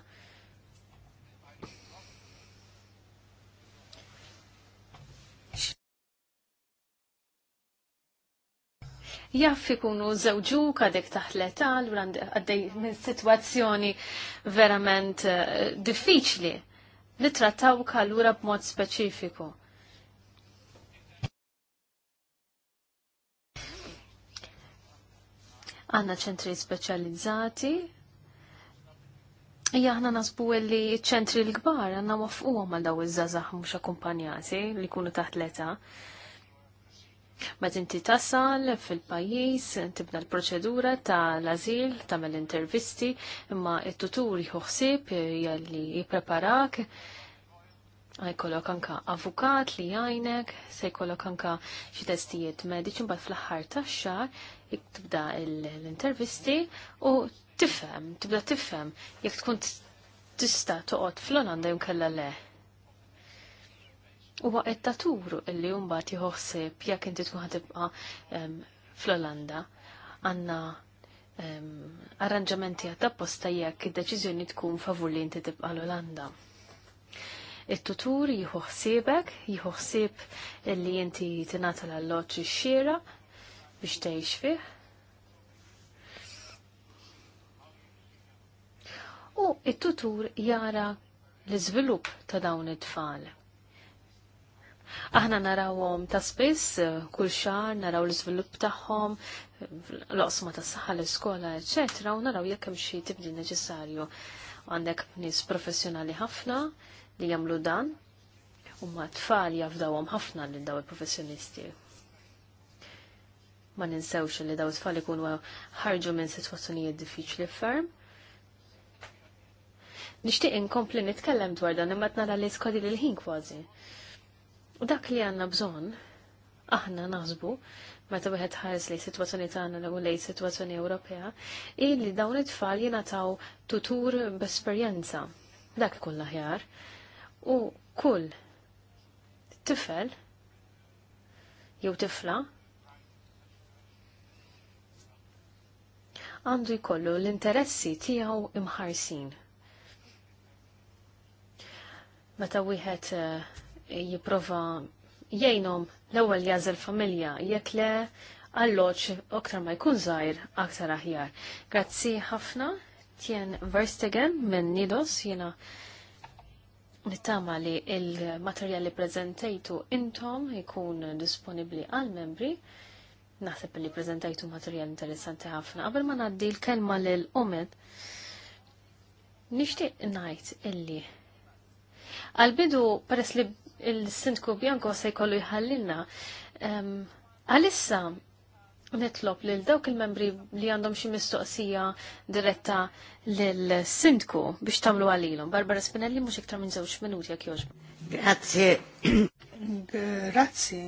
jaff ikunu żewġuk għadek taħt letal għaddej minn situazzjoni verament eh, diffiċli li trattawk allura b'mod speċifiku. Għanna ċentri speċjalizzati Ija ħna nasbu li ċentri l-gbar għanna wafqu għamal daw iż-żazax mux akkumpanjati li kunu taħt l-età. Ma tinti tasal fil-pajis, tibda l-proċedura ta' l-azil, l intervisti, imma il-tutur juħsib jalli jipreparak, għajkollok anka avukat li jajnek, se jkollok anka xi testijiet mediċi mbagħad fl-aħħar tax-xahar tibda l-intervisti u tifhem, tibda tifhem jekk tkun tista' toqgħod fl-Olanda jumkella le huwa t-tatur illi mbagħad jħosseb jekk inti tkun ħatibqa' fl-Olanda għandna arranġamenti għad posta jekk id-deċiżjoni tkun favur li inti tibqa' l-Olanda. It-tutur jħossibek, jħossib li inti tinata l alloċi ix-xira biex tgħix fih. U it-tutur jara l-iżvilupp ta' dawn it-tfal Aħna narawhom ta' spiss kull xahar, naraw l-iżvilupp tagħhom, l-oqsma tas saħħa l-iskola, eċetera, u naraw jekk hemm xi tibdil neċessarju. Għandek nies professjonali ħafna li jagħmlu dan, u ma tfal jafdawhom ħafna lil daw il-professjonisti ma ninsewx li daw tfal ikunu ħarġu minn sitwazzjonijiet diffiċli ferm. Nixtieq inkompli nitkellem dwar dan imma tnara li skodi lil ħin kważi. U dak li għanna bżon, aħna naħsbu, meta wieħed ħares li situazzjoni tagħna u lejt situazzjoni Ewropea, i li dawn it-tfal jingħataw tutur b'esperjenza. Dak kull aħjar U kull tifel jew tifla għandu jkollu l-interessi tiegħu imħarsin. Meta wieħed uh, jiprofa jgħinom l-ewwel jażel familja jekk le alloċ aktar ma jkun żgħir aktar aħjar. Grazzi ħafna Tien Verstegen minn Nidos jiena nittama li il-materjali preżentejtu intom jkun disponibbli għal-membri. Naħseb li prezentajtu materjal interessanti ħafna. Qabel ma ngħaddi l-kelma lil Umed, nixtieq ngħid illi għal-bidu peress li il-Sindku Bianco se jkollu jħallilna. Għalissa nitlob lil dawk il-membri li għandhom xi mistoqsija diretta lil sintku biex tagħmlu għalilhom. Barbara Spinelli mhux iktar minn żewġ minuti jekk jogħġbu. Grazzi. Grazzi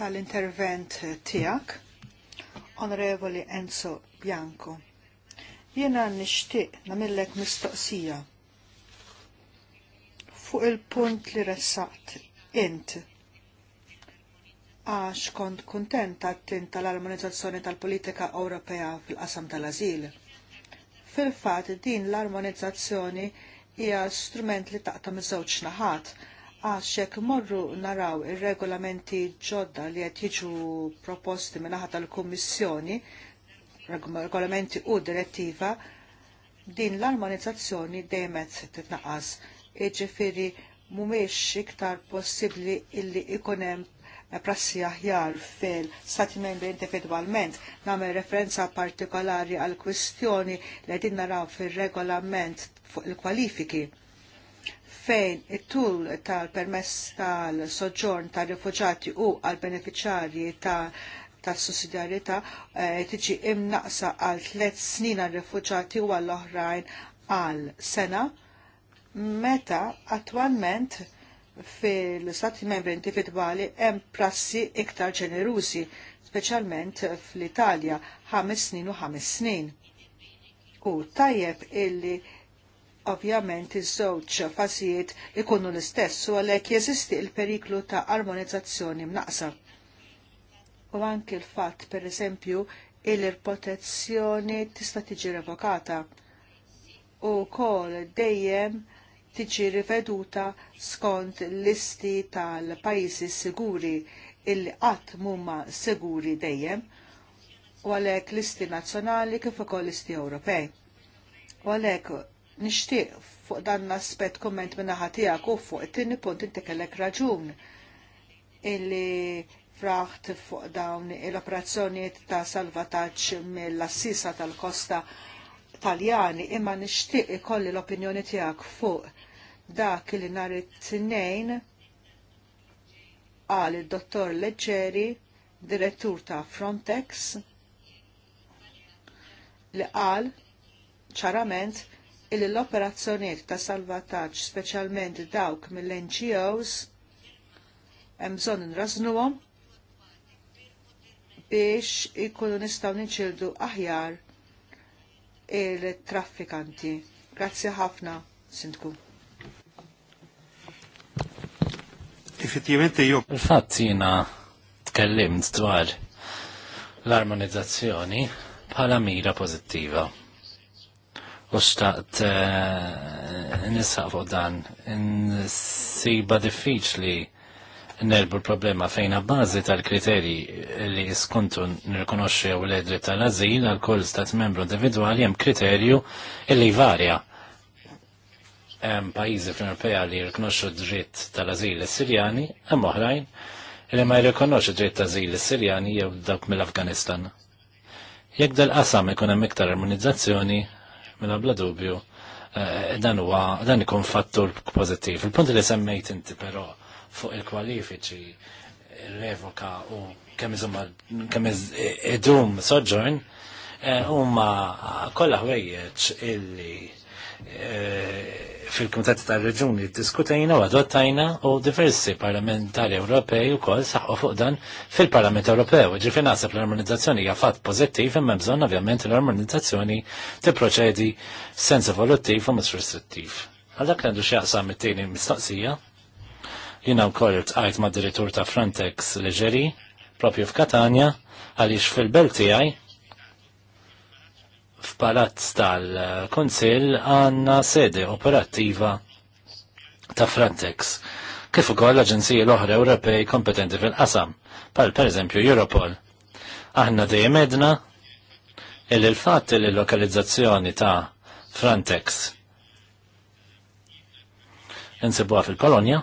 tal-intervent tiegħek. Onorevoli Enzo Bianco. Jiena nixtieq namillek mistoqsija fuq il-punt li ressaqt. Int, għax kont kontent għattin tal-armonizzazzjoni tal-politika Ewropea fil-qasam tal-azil. Fil-fat, din l-armonizzazzjoni hija strument li taqta miżewġ naħat għax jekk morru naraw ir-regolamenti ġodda li qed jiġu proposti minn tal-Kummissjoni, regolamenti u direttiva, din l-armonizzazzjoni dejmet titnaqqas ġifiri mumiex iktar possibli illi ikunem eh, prassi aħjar fil stati membri individualment. Namel referenza partikolari għal kwistjoni li għedin naraw fil-regolament fuq il-kwalifiki fejn it-tul tal-permess tal-soġġorn tal-rifuġati u għal-beneficjarji tal tas sussidjarjetà eh, tiġi imnaqsa għal tliet snin għal rifuġati u għall-oħrajn għal sena meta attualment fil-Stati membri individwali hemm prassi iktar ġenerużi, speċjalment fl-Italja, ħames snin u ħames snin. U tajjeb illi ovvjament iż-żewġ fażijiet ikunu l-istess u għalhekk jeżisti l-periklu ta' armonizzazzjoni mnaqsa. U anki l-fatt, per eżempju, il-protezzjoni tista' tiġi revokata. U kol dejjem tiġi riveduta skont listi tal-pajjiżi siguri illi qatt huma siguri dejjem u għalhekk listi nazzjonali kif ukoll listi Ewropej. U għalhekk nixtieq fuq dan l-aspett komment minn naħa tiegħek u fuq it-tieni punt inti kellek raġun illi fraħt fuq dawn l-operazzjonijiet ta' salvataġġ mill-assisa tal-kosta Taljani imma nixtieq ikolli l-opinjoni tiegħek fuq dak li nhar it-tnejn qal id-dottor Leġġeri, direttur ta' Frontex, li qal ċarament il l-operazzjoniet ta' salvataġġ speċjalment dawk mill-NGOs hemm bżonn inrażnuhom biex ikunu nistgħu niċildu aħjar il-traffikanti. Grazzi ħafna, Sindku. Effettivamente io. Infatti na, tkellimt dwar l-armonizzazzjoni bħala mira pozittiva. U xtaqt eh, nisafu fuq dan, nsiba diffiċli nerbu l-problema fejn bażi tal-kriteri li skontu nirkonoxxew u l-edri tal-azil għal kull stat membru individwali hemm kriterju li varja hemm pajjiżi fl-Ewropea li jirkonoxxu dritt tal-azil is-Sirjani, hemm oħrajn li ma id dritt tal-azil is-Sirjani jew dawk mill-Afganistan. Jekk dal-qasam ikun hemm iktar armonizzazzjoni, mela bla dubju, eh, dan huwa dan ikun fattur pożittiv. Il-punt li semmejt inti però fuq il-kwalifiċi revoka u kemm kemm idum soġġorn, eh, huma kollha ħwejjeġ illi eh, fil-Kumitat tal-Reġuni diskutajna u adottajna u diversi parlamentari Ewropej kol saħħu fuq dan fil-Parlament Ewropew. Ġifi naħseb l-armonizzazzjoni hija fatt pożittiv imma bżonn ovvjament l-armonizzazzjoni tipproċedi sens evoluttiv u mis restrittiv. Għal dak għandu x'jaqsam it-tieni mistoqsija. Jiena wkoll irtqajt mad-direttur ta' Frontex Leġeri propju f'Katania għaliex fil-belt tiegħi f'palazz tal-Konsil għanna sede operattiva ta' Frontex, kif ukoll l-Aġenziji l-oħra Ewropej kompetenti fil-qasam, pal pereżempju Europol. Aħna dejjem edna il il-fatt li l-lokalizzazzjoni ta' Frontex insibuha fil-Polonja,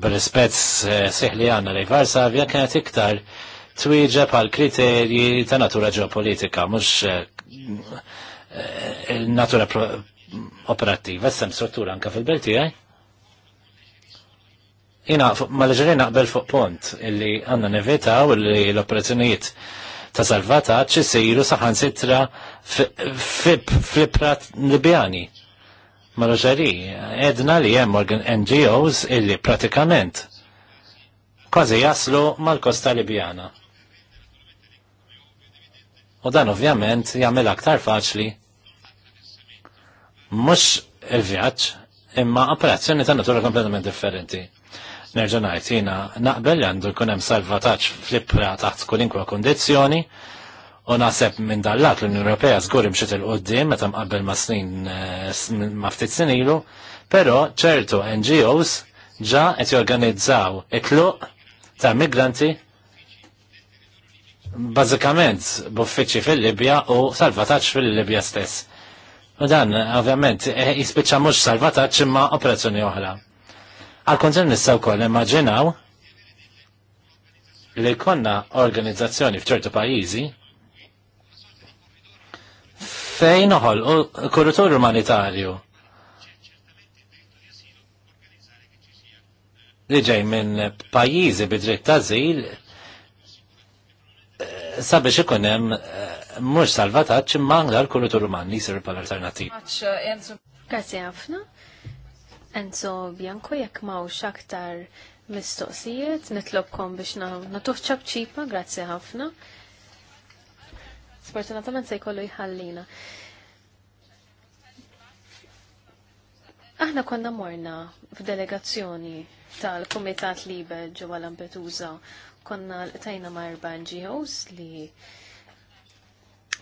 b'rispett seħli għanna li Varsavja kienet iktar twieġeb għal kriterji ta' natura ġeopolitika, mux eh, eh, natura operattiva, sem struttura anka fil-belti, eh? Jina, ma leġerin naqbel fuq pont illi għanna nevita u li l-operazzjonijiet ta' salvataċ jisiru saħan sitra prat libjani. Ma leġeri, edna li jem NGOs illi pratikament kważi jaslu mal-kosta libjana. U dan ovvjament jagħmel aktar faċli mhux il-vjaġġ imma operazzjoni ta' natura kompletament differenti. Nerġa' ngħid jiena naqbel li għandu jkun hemm salvataġġ fl-ibra taħt kulinkwa kondizzjoni u naħseb minn dallat l-Unjoni Ewropea żgur imxiet il qudiem meta mqabbel ma' snin eh, ma' ftit snin ilu, però ċertu NGOs ġa qed jorganizzaw it-tluq ta' migranti bazzikament buffiċi fil-Libja u salvataġġ fil-Libja stess. U dan, ovvjament, eh, jispiċċa mhux salvataġġ imma operazzjoni oħra. Għal konċern nistaw wkoll immaġinaw li konna organizzazzjoni f'ċertu pajjiżi fejn uħol u kurritur umanitarju. Li ġej minn pajjiżi bidritt ta' żil sabiex ikun hemm eh, mhux salvataġġ imma anke l-kultur uman li jsir bħal-alternattiv. Grazzi ħafna. Enzo Bianco jekk m'hawnx aktar mistoqsijiet, nitlobkom biex natuħ ċabċipa, grazzi ħafna. Sfortunatament se jkollu jħallina. Aħna konna morna f'delegazzjoni tal-Kumitat Liber ġewwa Lampedusa konna l-tajna ma' erba' NGOs li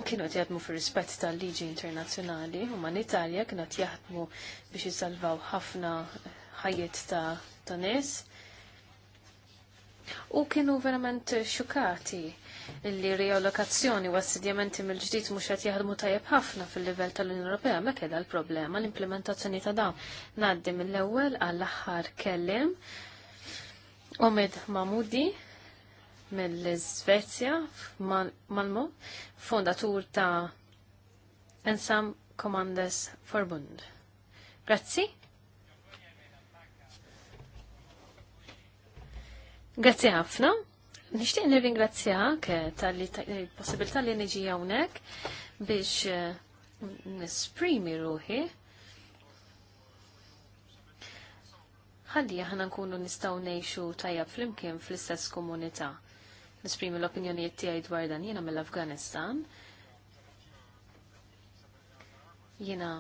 kienu għat jadmu fil rispett tal-liġi internazjonali, Italja kienu għat jaħdmu biex jisalvaw ħafna ħajiet ta', tonis U kienu verament xukati li riallokazzjoni u assedjamenti mill-ġdid mhux qed jaħdmu tajjeb ħafna fil-livell tal-Unjoni Ewropea ma kellha l-problema l-implementazzjoni ta' dawn. Ngħaddi mill-ewwel għall aħħar kellim Omed Mamudi mill-Svezja Malmo, fondatur ta' Ensam Commandes Forbund. Grazzi. Grazzi ħafna. Nishtiq anke eh, tal-li possibilità li niġi hawnhekk biex eh, nesprimi ruħi. Ħalli aħna nkunu nistgħu ngħixu tajjeb flimkien fl-istess komunità nisprimi l-opinjonijiet tiegħi dwar dan jiena mill-Afganistan. Jiena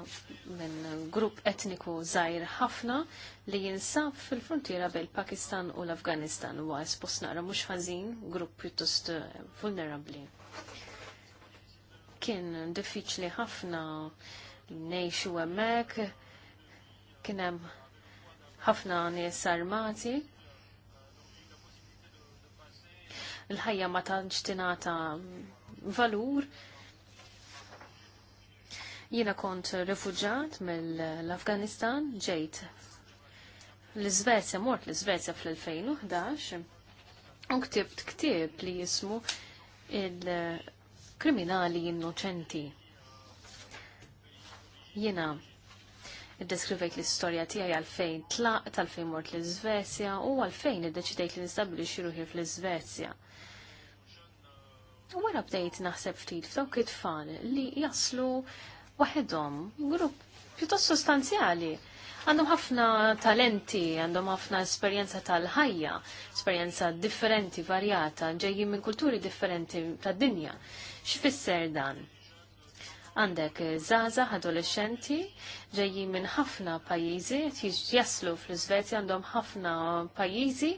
minn grupp etniku żgħir ħafna li jinsab fil-frontiera bejn Pakistan u l-Afganistan huwa espost nara mhux ħażin, grupp pjuttost eh, vulnerabbli. Kien diffiċli ħafna nejxu hemmhekk, kien hemm ħafna nies armati, il-ħajja ma tantx tingħata valur. Jiena kont refuġat mill-Afganistan, ġejt l-Iżvezja, mort l-Iżvezja fl-2011, u ktibt ktieb li jismu il-kriminali innoċenti. Jiena id-deskrivejt l-istorja tiegħi għalfejn tlaq għalfejn mort l-Iżvezja u għalfejn iddeċidejt li nistabbilixxi xiruħi fl-Iżvezja. U wara bdejt naħseb ftit f'dawk it-tfal li jaslu waħedhom grupp pjuttost sostanzjali. Għandhom ħafna talenti, għandhom ħafna esperjenza tal-ħajja, esperjenza differenti, varjata, ġejjin minn kulturi differenti tad-dinja. X'fisser dan? Għandek zaza adolescenti ġejjin minn ħafna pajjiżi, jaslu fl-Iżvezja għandhom ħafna pajjiżi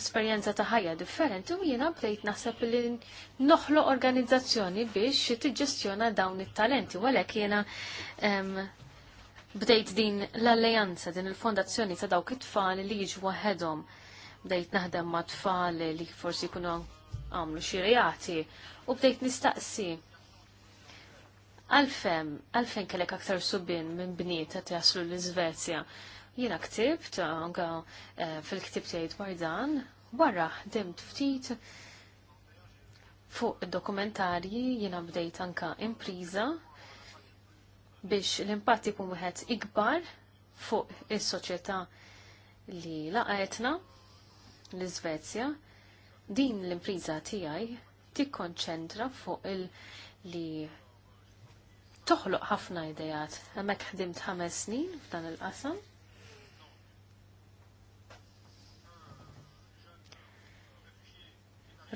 esperjenza ta' ħajja differenti u jiena bdejt naħseb li noħloq organizzazzjoni biex tiġġestjona dawn it-talenti, u għalhekk jiena bdejt din l alleanza din il-fondazzjoni ta' dawk it-tfal li jiġu waħedhom bdejt naħdem ma' tfal li forsi jkunu għamlu xi reati u bdejt nistaqsi Għalfem, għalfem kellek aktar subin minn bniet għat jaslu l izvezja Jina ktibt, għonga eh, fil-ktib tiegħi dwar dan, barra ħdimt ftit fuq dokumentarji jina bdejt anka impriża biex l-impatt ikun wieħed ikbar fuq is-soċjetà li laqgħetna l-Iżvezja. Din l-impriża tiegħi tikkonċentra fuq il li toħloq ħafna idejat. Hemmhekk ħdimt ħames snin f'dan il-qasam.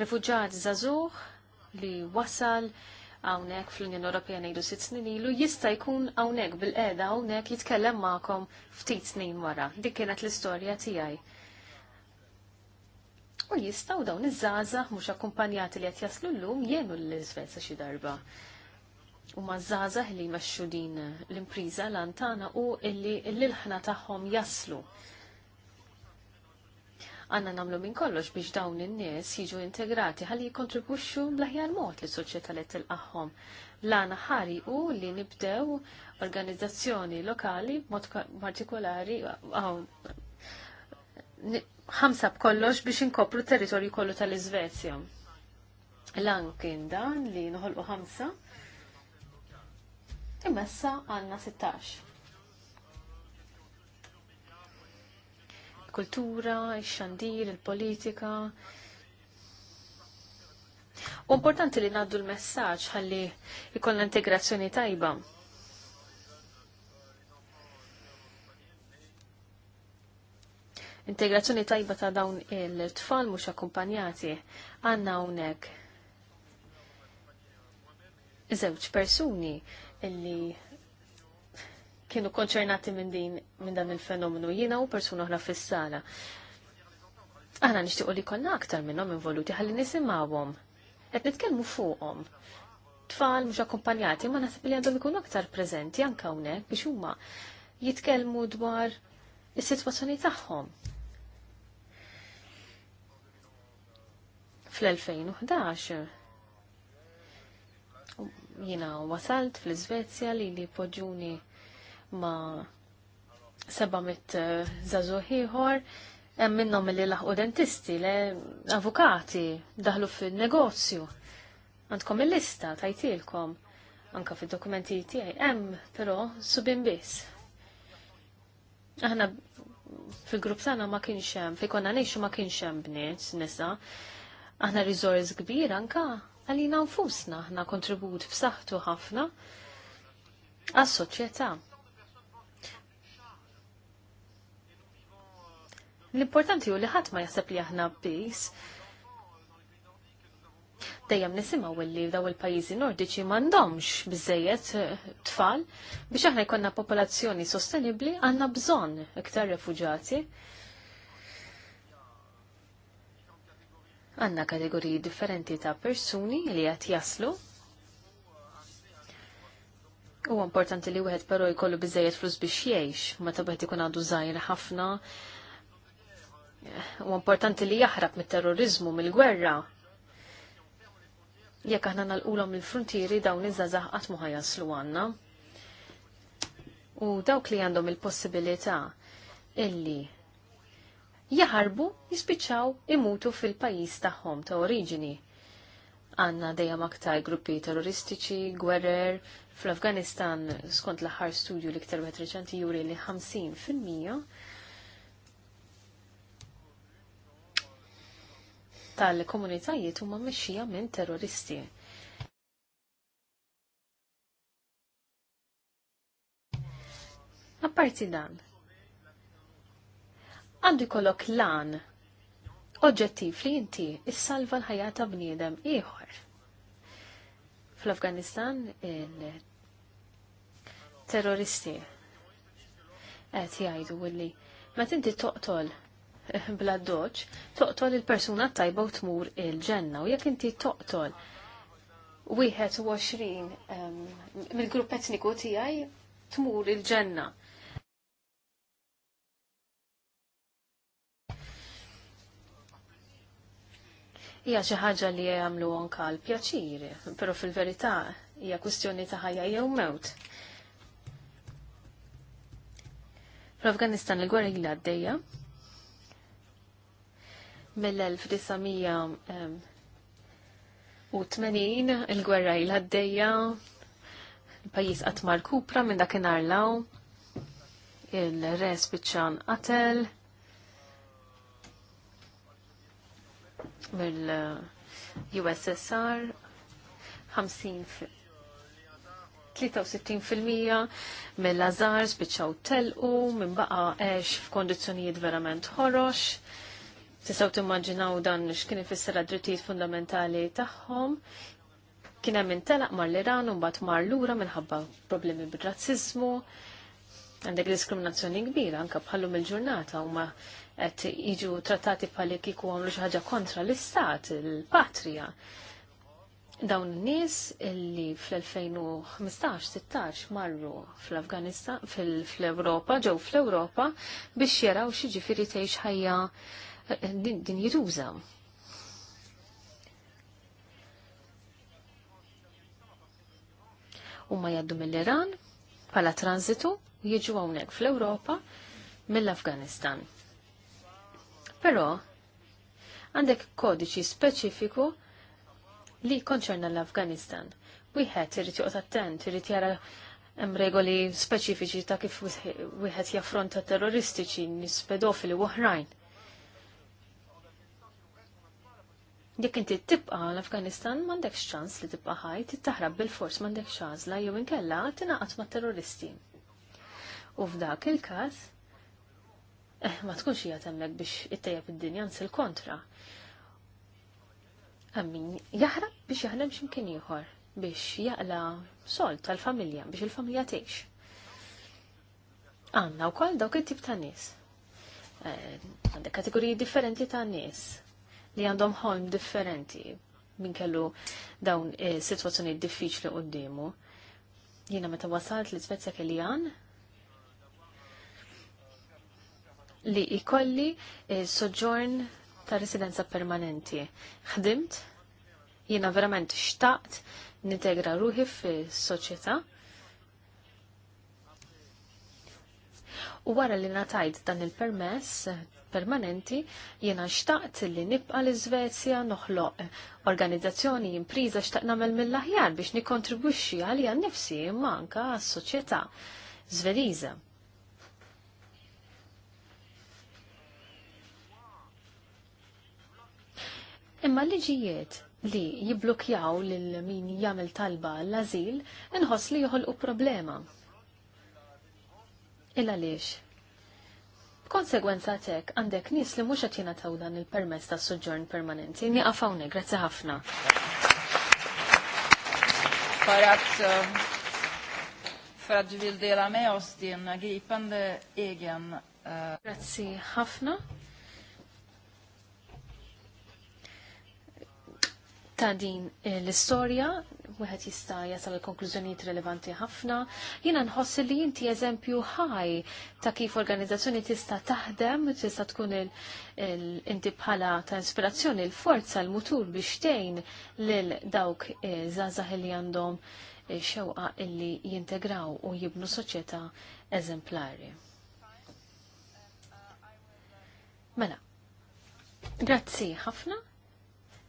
Refuġġat żagħżugħ li wasal hawnhekk fl-Unjoni Ewropea ngħidu sitt snin ilu jista' jkun hawnhekk bil qeda hawnhekk jitkellem magħkom ftit snin wara. Dik kienet l-istorja tiegħi. U jistgħu dawn iż-żgħażagħ mhux akkumpanjati li qed jaslu llum jenu l-Iżvezja xi darba u mażazah li jmexxu din l-impriża lantana u illi l-ilħna tagħhom jaslu. Għanna namlu minn kollox biex dawn in-nies jiġu integrati ħalli jikontribuxxu bl-aħjar mod li soċjetà li tilqahom. L-għana ħari u li nibdew organizzazzjoni lokali mod partikolari ħamsab b'kollox biex inkopru territorju kollu tal-Iżvezja. L-għan kien dan li nħolqu ħamsa imma issa għandna 16. kultura, il-xandir, il-politika. U importanti li naddu l-messaġġ ħalli l integrazzjoni tajba. Integrazzjoni tajba ta' dawn il-tfal mhux akkumpanjati għandna hawnhekk żewġ persuni illi kienu konċernati minn din minn dan il-fenomenu jiena u persuna oħra fis-sala. Aħna nixtiequ li kollna aktar minnhom involuti ħalli nisimgħuhom. Qed nitkellmu fuqhom. Tfal mhux akkumpanjati ma naħseb li għandhom ikunu aktar preżenti anke hawnhekk biex huma jitkellmu dwar is-sitwazzjoni tagħhom. Fl-2011 jina wasalt fl-Svezja li li poġuni ma 700 eh, zazuħiħor, hemm minnhom li laħu dentisti, le avukati, daħlu fin-negozju. Għandkom il-lista tajtilkom anka fid-dokumenti tiegħi hemm però subin biss. Aħna fil-grupp sana ma kienx hemm, fi konna ngħixu ma kienx hemm bniet nisa. Aħna riżors kbir anka għalina nfusna ħna kontribut b'saħħtu ħafna għas-soċjetà. L-importanti hu li ħadd ma jaħseb li aħna biss Dejjem nisimgħu li daw il-pajjiżi nordiċi m'għandhomx biżejjed eh, tfal biex aħna jkollna popolazzjoni sostenibbli għandna bżonn iktar refuġati Għanna kategoriji differenti ta' persuni li għat jaslu. U importanti li wieħed però jkollu biżejjed flus biex jgħix, meta wieħed ikun għandu żgħir ħafna. U importanti li jaħrab mit-terrorizmu, mill-gwerra. Jekk aħna nalqulhom il-frontieri dawn iż-żazax qatt mhu jaslu għandna. U dawk li għandhom il-possibilità illi jaħarbu jispiċċaw imutu fil-pajjiż tagħhom ta' oriġini. Għanna dejjem aktar gruppi terroristiċi, gwerer, fl-Afganistan skont l-aħħar studju li ktar wieħed reċenti juri li 50 fil-mija tal-komunitajiet huma mexxija minn terroristi. Apparti dan, għandu kollok lan oġġettiv li inti issalva l-ħajja ta' bniedem ieħor. Fl-Afganistan il-terroristi qed jgħidu li meta inti toqtol bla doċ, toqtol il-persuna tajba u tmur il-ġenna. U jekk inti toqtol 21 mill-grupp etniku tiegħi tmur il-ġenna. hija xi ħaġa li jagħmlu anke l-pjaċir, però fil-verità hija kwistjoni ta' ħajja jew mewt. Fl-Afganistan il-gwerra ilha għaddejja mill-1980 il-gwerra ilha għaddejja il-pajjiż qatt markupra minn dakinhar law il-res biċċan qatel mill-USSR 50 63% mill-azar spiċċaw telqu, minn baqa għex f'kondizjonijiet verament ħorox. Tisaw timmaġinaw dan x'kien ifisser drittijiet fundamentali tagħhom. Kien hemm intelaq mar l-Iran u mbagħad mar lura minħabba problemi bir-razziżmu, Għandek diskriminazzjoni kbira anka bħallum il-ġurnata huma qed jiġu trattati bħalli kieku għamlu xi ħaġa kontra l-istat, il-patrija. Dawn n-nies illi fl-2015-16 marru fl-Afganistan, fl-Europa, ġew fl-Europa biex jaraw xieġi firri tgħix ħajja eh, din U ma jaddu mill-Iran pala transitu jiġu hawnhekk fl-Ewropa mill-Afganistan. Però għandek kodiċi speċifiku li konċerna l-Afganistan. Wieħed irid joqgħod attent, irid jara hemm regoli speċifiċi ta' kif wieħed jaffronta terroristiċi, nis pedofili u oħrajn. Jekk inti tibqa' l-Afganistan m'għandekx ċans li tibqa' ħajt, ittaħrab bil-fors m'għandekx ċażla jew inkella tingħaqad ma' terroristi u f'dak il-każ eh, ma tkunx hija temmek biex ittejjeb id-dinja nsil kontra. Għammin jahra biex jaħdem x'imkien ieħor biex jaqla sol tal-familja biex il-familja tgħix. Għandna wkoll dawk it-tip ta' nies. Eh, għandek kategoriji differenti ta' nies li għandhom ħolm differenti minn kellu dawn eh, situazzjoni diffiċli qoddimu. Jiena meta wasalt li Svezja kelli għan, li ikolli eh, soġġorn ta' residenza permanenti. Ħdimt, jiena verament xtaqt nintegra ruħi fis-soċjetà. U wara li natajt dan il-permess permanenti, jiena xtaqt li nibqa l iżvezja noħloq organizzazzjoni impriża xtaqt namel mill-aħjar biex nikontribwixxi għalija nnifsi imma anka għas-soċjetà Zvediża. Imma liġijiet li jiblukjaw lil min jagħmel talba l-azil inħoss li joħolqu problema. Illa għaliex? B'konsegwenza tek għandek nies li mhux qed jingħataw dan il-permess tas suġġorn permanenti. Nieqaf hawnhekk, grazzi ħafna. Ehm, egen... Ehm. Grazzi ħafna. ta' din eh, l-istorja, wieħed jista' jasal konklużjonijiet rilevanti ħafna. Jiena nħossi li inti eżempju ħaj ta' kif organizzazzjoni tista' taħdem, tista' tkun inti bħala ta' inspirazzjoni l-forza l-mutur biex tgħin lil dawk zazah eh, li għandhom eh, xewqa illi jintegraw u jibnu soċjetà eżemplari. Mela, grazzi ħafna.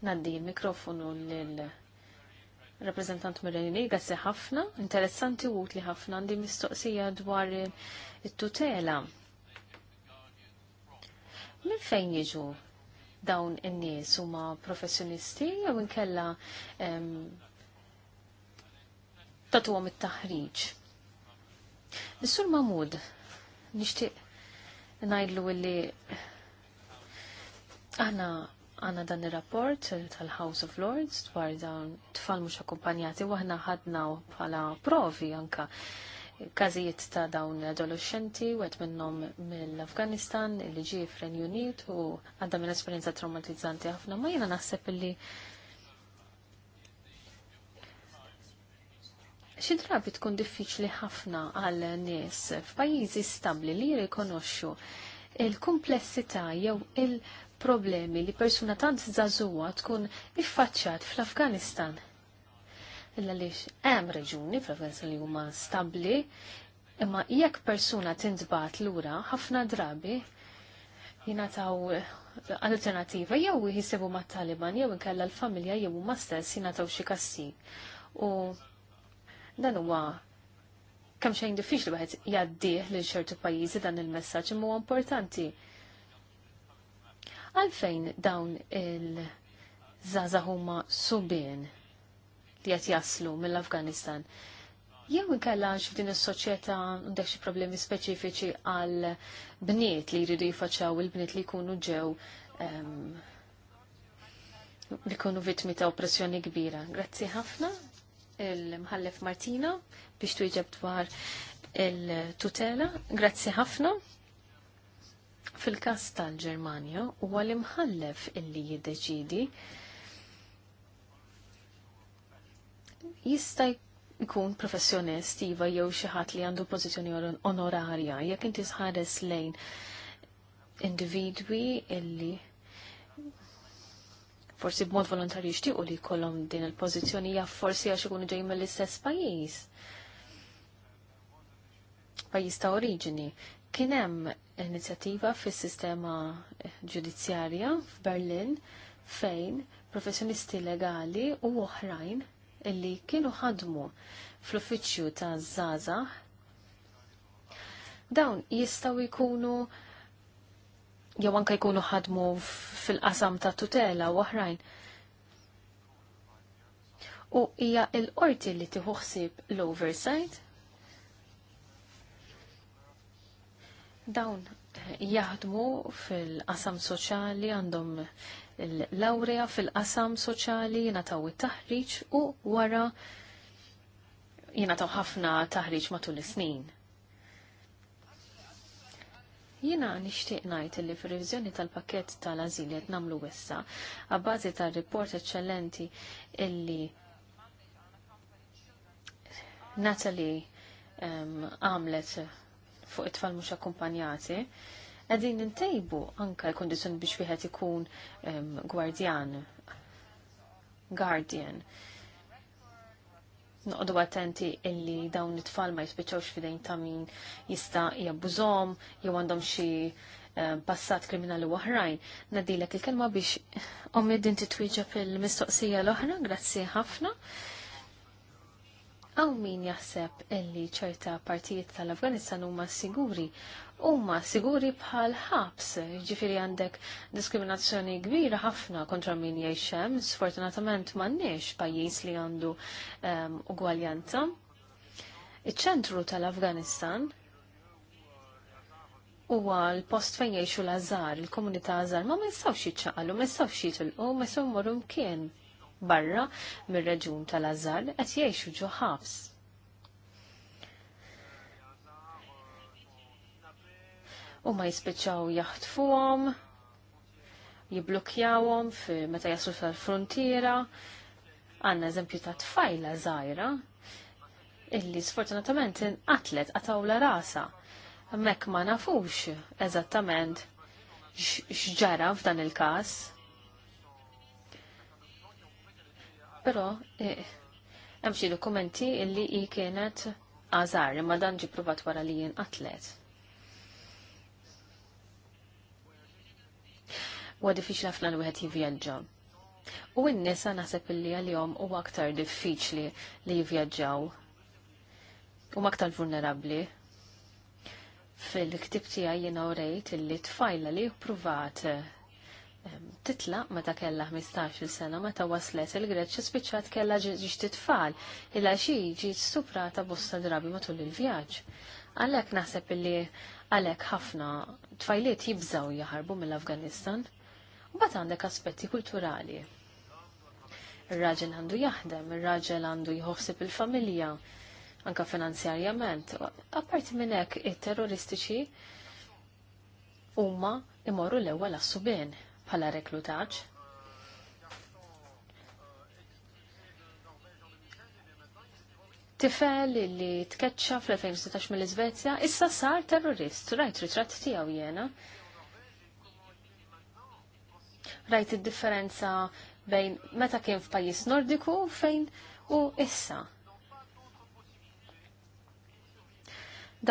Naddi il-mikrofonu l-rappresentant Mirenini, għassi ħafna, interessanti u li ħafna għandi mistoqsija dwar il-tutela. Min fejn jiġu dawn in-nies huma professjonisti jew inkella tatuhom it-taħriġ. Is-Sur Mahmud nixtieq ngħidlu li aħna għanna dan il-rapport eh, tal-House of Lords dwar dan tfal mux akkumpanjati għahna ħadna bħala provi anka kazijiet ta' dawn adolescenti u għet minnom mill-Afganistan li ġie fren Unit u għadda minn esperienza traumatizzanti ħafna ma jena naħseb li xi drabi tkun diffiċli ħafna għal nies f'pajjiżi stabbli li jirrikonoxxu il kumplessità jew il problemi li persuna tant zazuwa tkun iffaċċat fl-Afganistan. Illa lix hemm reġuni fl-Afganistan li huma stabbli, imma jekk persuna tintbat lura ħafna drabi taw alternativa jew jisibu mat taliban jew inkella l-familja jew huma stess jingħataw xi kassin. U dan huwa kemm xejn diffiċli wieħed jgħaddih lil ċertu pajjiżi dan il-messaġġ imma importanti Għalfejn dawn il-żaza huma subien li qed jaslu mill-Afganistan? Jew inkella f'din is-soċjetà għandek xi problemi speċifiċi għal bniet li jridu jifaċċaw il-bniet li jkunu ġew ehm, li jkunu vittmi ta' oppressjoni kbira. Grazzi ħafna il-mħallef Martina biex twieġeb dwar il-tutela. Grazzi ħafna fil-każ tal-Ġermanja huwa l-imħallef illi jiddeċidi jista' jkun professjonist iva jew xi ħadd li għandu pożizzjoni onorarja jekk inti sħares lejn individwi illi forsi b'mod volontarju jixtiequ li jkollhom din il-pożizzjoni ja forsi għax ikunu ġej mill-istess pajjiż. Pajjiż ta' oriġini. Kien hemm inizjattiva fis-sistema ġudizzjarja f'Berlin fejn professjonisti legali u oħrajn illi kienu ħadmu fl-uffiċċju ta' Zaza dawn jistaw jkunu jew anke jkunu ħadmu fil-qasam ta' tutela u oħrajn. U hija l-qorti li tieħu ħsieb l-oversight Dawn jaħdmu fil-qasam soċjali għandhom l-laurea fil-qasam soċali jingħataw it-taħriġ u wara jingħataw ħafna taħriġ matul is-snin. Jina nishtiq najt li fil-revizjoni tal-pakket tal-azil qed namlu wessa, għabbażi tal-report eccellenti illi Natalie għamlet um, fuq it-tfal mhux akkumpanjati, qegħdin intejbu anke l-kondizzjoni biex wieħed ikun gwardjan, guardian. Noqdu attenti illi dawn it-tfal ma jispiċċawx fidejn ta' min jista' jabbużhom jew għandhom xi passat kriminali oħrajn. Nadilek il-kelma biex ommi din il-mistoqsija l-oħra, grazzi ħafna. Għaw min jaħseb illi ċerta partijiet tal-Afganistan huma siguri, huma siguri bħal ħabs, ġifiri għandek diskriminazzjoni kbira ħafna kontra min jgħixem, sfortunatament m'għandniex pajjiż li għandu um, ugwaljanza. Iċ-ċentru tal-Afganistan huwa l-post fejn jgħixu l-azzar, il-komunità azzar, ma ma jistawx jiċċaqalu, ma jistawx jitilqu, ma jistawx morru mkien barra mir-reġun tal-Azar qed jgħixu ġo ħabs. U ma jispiċċaw jaħtfuhom, jibblukjawhom meta jaslu tal-frontiera. Għandna eżempju ta' tfajla żgħira illi sfortunatament inqatlet għatawla rasa. Mek ma nafux eżattament x'ġara f'dan il-każ però eh, hemm xi dokumenti illi hi kienet għażar imma dan ġi pruvat wara li jien atlet. Huwa diffiċli ħafna l wieħed jivvjaġġa. U n-nisa naħseb illi għal-jom u aktar diffiċli li jivvjaġġaw u aktar vulnerabli. Fil-ktib tiegħi jiena urejt illi tfajla li pruvat ma meta kellha 15 sena sena meta waslet il-Greċ spiċċat kella ġiġ titfal illa xi ġi ta' bosta drabi matul il-vjaġġ. Għalhekk naħseb illi għalhekk ħafna tfajliet jibżaw jaħarbu mill-Afganistan. U bat għandek aspetti kulturali. Ir-raġel għandu jaħdem, ir-raġel għandu jħossib il-familja, anka finanzjarjament. Apparti minn hekk it-terroristiċi huma imorru l-ewwel għas bħala reklutaġġ. Tifel li tkeċċa fl-2016 mill-Iżvezja issa sar terrorist, rajt ritratt tiegħu jena. Rajt id-differenza bejn meta kien f'pajjiż Nordiku fejn u issa.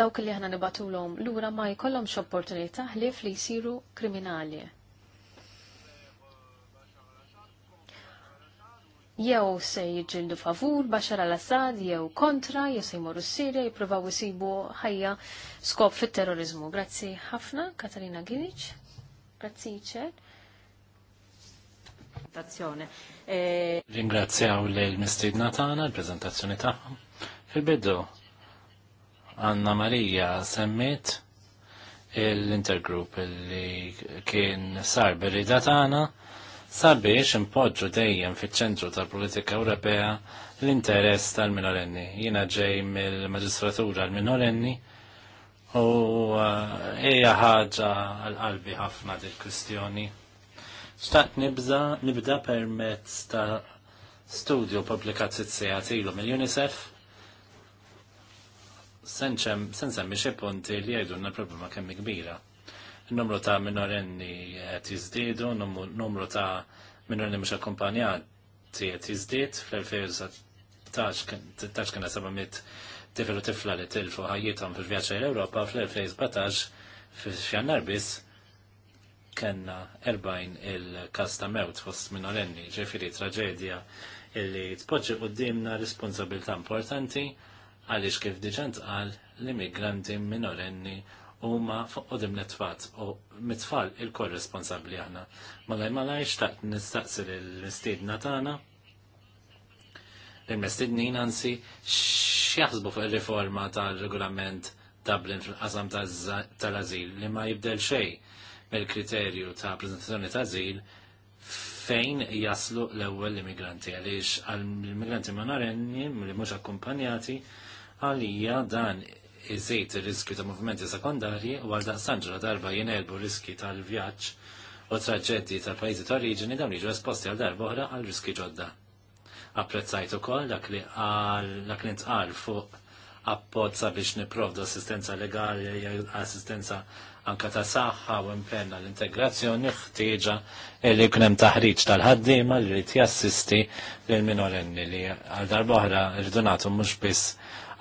Dawk li aħna nibatulhom lura ma jkollhomx opportunità ħlief li jsiru kriminali. jew se jġildu favur Bashar al-Assad jew kontra, jew se jmorru s-Sirja jippruvaw isibu ħajja skop fit-terrorizmu. Grazzi ħafna, Katarina Gilic. Grazzi ċer. Eh, Ringrazzjaw l mistrid tagħna l-preżentazzjoni tagħhom. Fil-bidu Anna Marija Semmit, l-intergroup li kien sar berrida tagħna sabiex impoġġu dejjem fiċ-ċentru tal-politika Ewropea l-interess tal-minorenni. Jiena ġej mill-maġistratura l-minorenni u uh, hija ħaġa għal-qalbi ħafna dik kwistjoni Xtaqt nibda, nibda permezz ta' studju t ilu mill-UNICEF Sen semmi xe punti li na problema kemmi kbira numru ta' minorenni qed jiżdiedu, numru ta' minorenni mhux akkumpanjati qed jizdid, fl-2016 kien mit tifel u tifla li tilfu ħajjitom fil-vjaġġ l europa fl-2017 fil xjannar biss kellna 40 il-kas ta' mewt fost minorenni, ġifieri traġedja illi tpoġġi dimna responsabilità importanti għaliex kif diġant għal l-immigranti minorenni huma fuqodim netfat u mitfall il-korresponsabbli aħna. Malaj malaj xtaqt nistaqsi l-istedna tagħna l-mestidnin ansi x'jaħsbu fuq il riforma tal-regolament Dublin fil-qasam tal-azil li ma jibdel xejn mill-kriterju ta' prezentazzjoni ta' azil fejn jaslu l-ewwel immigranti għaliex għall-immigranti ma li mhux akkumpanjati għalija dan iżejt ir-riskju ta' movimenti sekondarji u għal daqsanġra darba jenelbu riski tal-vjaġġ u traġeddi tal pajzi ta' oriġini dawn jiġu esposti għal darba oħra għal riski ġodda. Apprezzajt ukoll dak li dak li ntqal fuq appozza biex niprovdu assistenza legali, assistenza anka ta' saħħa u impenna l-integrazzjoni ħtieġa li kunem taħriġ tal-ħaddiema li rrit jassisti lill minorenni li għal darboħra irdunatu mhux biss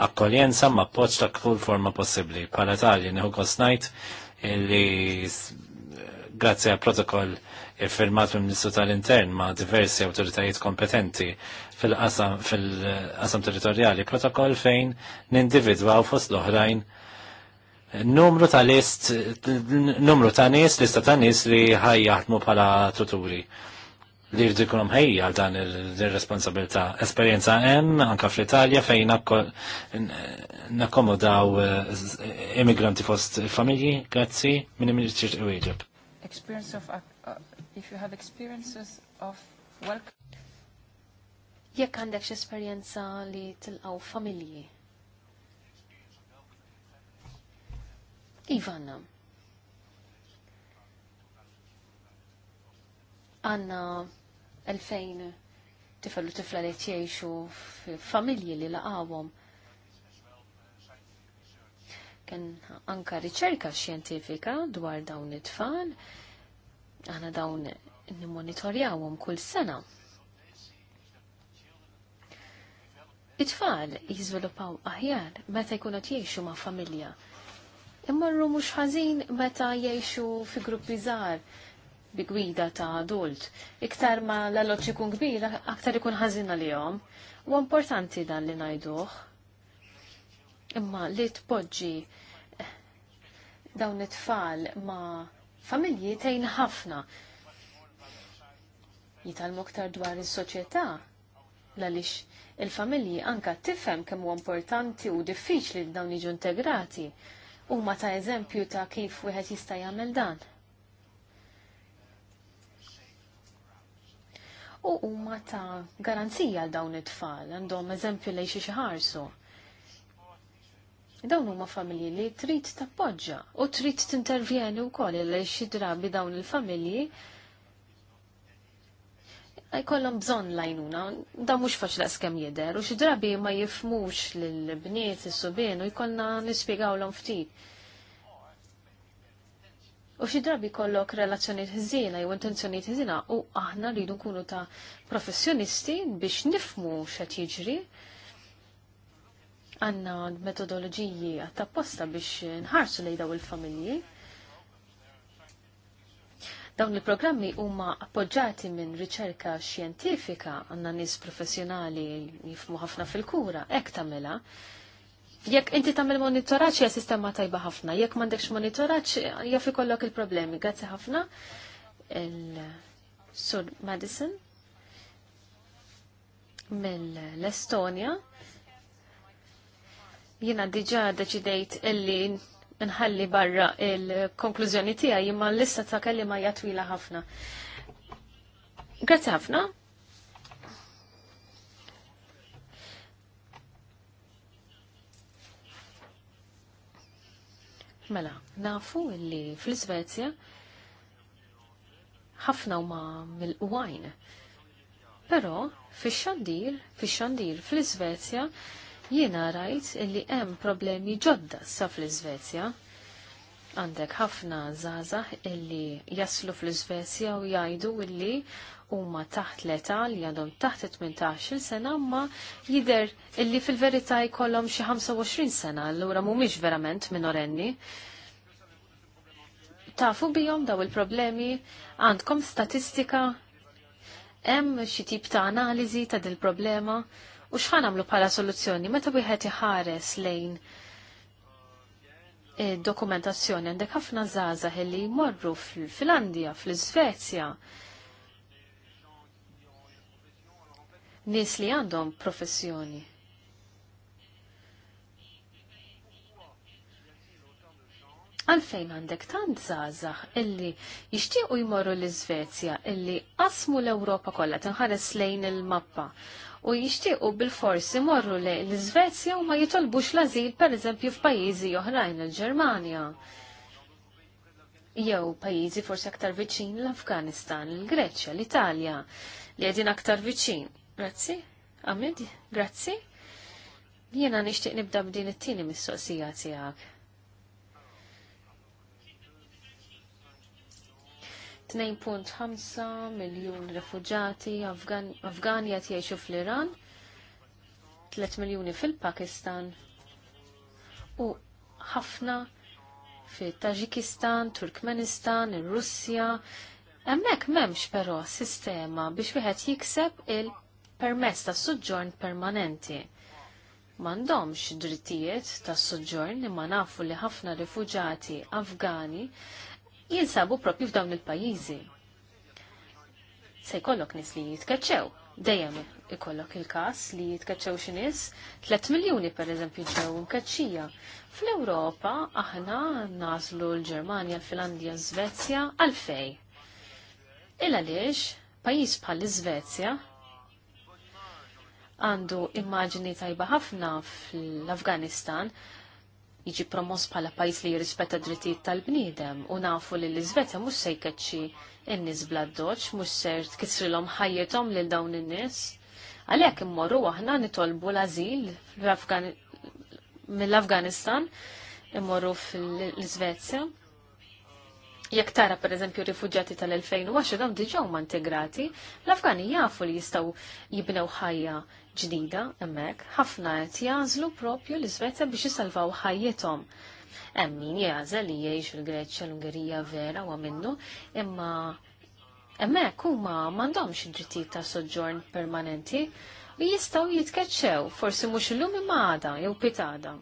akkoljenza ma' poċ ta' kull forma possibli. Pala tali, neħu kosnajt li grazzi għal protokoll firmat mill ministru tal-Intern ma' diversi autoritajiet kompetenti fil-qasam fil territorjali protokoll fejn nindividwaw fost l-oħrajn numru ta' list, numru ta' nis, lista ta' nis li ħajjaħdmu pala tuturi li rridu jkunu mħejja dan il responsabilta Esperienza hemm anka fl-Italja fejn nakkomodaw eh, immigranti fost familji, grazzi, minn immigrant Egypt. Experience of uh, uh, if you have experiences of welcome jekk għandek x'esperjenza li tilqaw familji. Ivanna, għanna 2000 tifel u tifla li tjiexu familji li laqawhom. Kien anka riċerka xjentifika dwar dawn it-tfal, għana dawn nimmonitorjawhom kull sena. It-tfal jizvilupaw aħjar meta jkunu jgħixu ma' familja. Imma rru mhux ħażin meta jgħixu fi gruppi żgħar bi gwida ta' adult. Iktar ma l-allot ikun kbir, aktar ikun ħazina li jom. U importanti dan li najduħ. Imma li tpoġġi dawn it-tfal ma familji tejn ħafna. Jitalmu aktar dwar is-soċjetà għaliex il-familji anka tifhem kemm huwa importanti u diffiċli li dawn jiġu integrati huma ta' eżempju ta' kif wieħed jista' jagħmel dan. u huma ta' garanzija għal dawn it-tfal, għandhom eżempju lejn xi ħarsu. Dawn huma familji li trid tappoġġa u trid tintervjeni wkoll lejn xi drabi dawn il-familji jkollhom bżonn lajnuna, da mhux faċli skemm jidher u xi drabi ma jifmux lill bniet is-subien u jkollna nispjegawlhom ftit U xi drabi kollok relazzjonijiet ħżiena jew intenzjonijiet ħżiena u aħna rridu nkunu ta' professjonisti biex nifmu x'qed jiġri. Għandna metodoloġiji tapposta biex nħarsu lejn daw il-familji. Dawn il-programmi huma appoġġati minn riċerka xjentifika għandna nies professjonali jifmu ħafna fil-kura, hekk tagħmilha Jekk inti tagħmel monitoraġġ hija sistema tajba ħafna, jekk m'għandekx monitoraġġ jaf ikollok il-problemi. Grazzi ħafna il-Sur Madison mill-Estonja. Jiena diġà deċidejt illi nħalli barra il-konklużjoni tiegħi imma l issa ta' kelli ma hija twila ħafna. Grazzi ħafna. Mela, nafu li fl-Svezja ħafna huma mill-wajn. Però fix-xandir, fix-xandir fl-Svezja jiena rajt li hemm problemi ġodda sa fl-Svezja Għandek ħafna zazah illi jaslu fl-Svezja u jgħidu illi huma taħt l-età li għandhom taħt 18 sena ma jider illi fil-verità jkollhom xi 25 sena allura mhumiex verament minorenni. Tafu bihom daw il-problemi għandkom statistika hemm xi tip ta' analiżi ta' dil-problema u x'ħan għamlu bħala soluzzjoni meta wieħed iħares lejn dokumentazzjoni għandek ħafna żgħażagħ li jmorru fil-Finlandja, fl-Iżvezja. Nies li għandhom professjoni. Għalfejn għandek tant żgħażagħ illi jixtiequ jmorru l-Iżvezja illi qasmu l-Ewropa kollha tinħares lejn il-mappa u jixtiequ bil-forsi morru li l-Svezja u ma jitolbux l-azil pereżempju f'pajjiżi oħrajn il-Ġermanja. Jew pajjiżi forsi aktar viċin l-Afganistan, l-Greċja, l-Italja li għedin aktar viċin. Grazzi, Amid, grazzi. Jiena nixtieq nibda b'din it-tieni mistoqsija tiegħek 2.5 miljun refugġati Afgani qed jgħixu fl-Iran, 3 miljuni fil-Pakistan u ħafna fil Taġikistan, Turkmenistan, ir-Russja. Hemmhekk m'hemmx però sistema biex wieħed jikseb il-permess tas suġġorn permanenti mandomx drittijiet tas soġġorn imma nafu li ħafna rifuġati Afgani jinsabu propju f'dawn il-pajjiżi. Se jkollok nis li jitkeċċew dejjem ikollok il-każ li jitkeċċew xi nies, 3 miljuni pereżempju ġew mkaċċija. Fl-Ewropa aħna nażlu l-Ġermanja, l-Finlandja, l-Svezja għalfej. Il għaliex pajjiż bħal iżvezja għandu immaġni tajba ħafna fl-Afganistan jiġi promos bħala pajis li jirrispetta drittijiet tal-bniedem u nafu li l-Iżvezja mhux se jkeċċi n-nies bladdoċ, mhux se tkissrilhom ħajjithom lil dawn in-nies. Għalhekk immorru aħna nitolbu l-ażil mill-Afganistan immorru fl-Iżvezja. Jekk tara per eżempju rifugjati tal-2010 dawn diġa huma integrati, l-Afgani jafu li jistgħu jibnew ħajja ġdida hemmhekk, ħafna qed jażlu propju l-Iżvezja biex isalvaw ħajjithom. Hemm min jażel li jgħix fil-Greċja l-Ungerija vera u minnu, imma hemmhekk huma m'għandhomx id-drittijiet ta' soġġorn permanenti li jistgħu jitkeċċew, forsi mhux illum imma għada jew pitada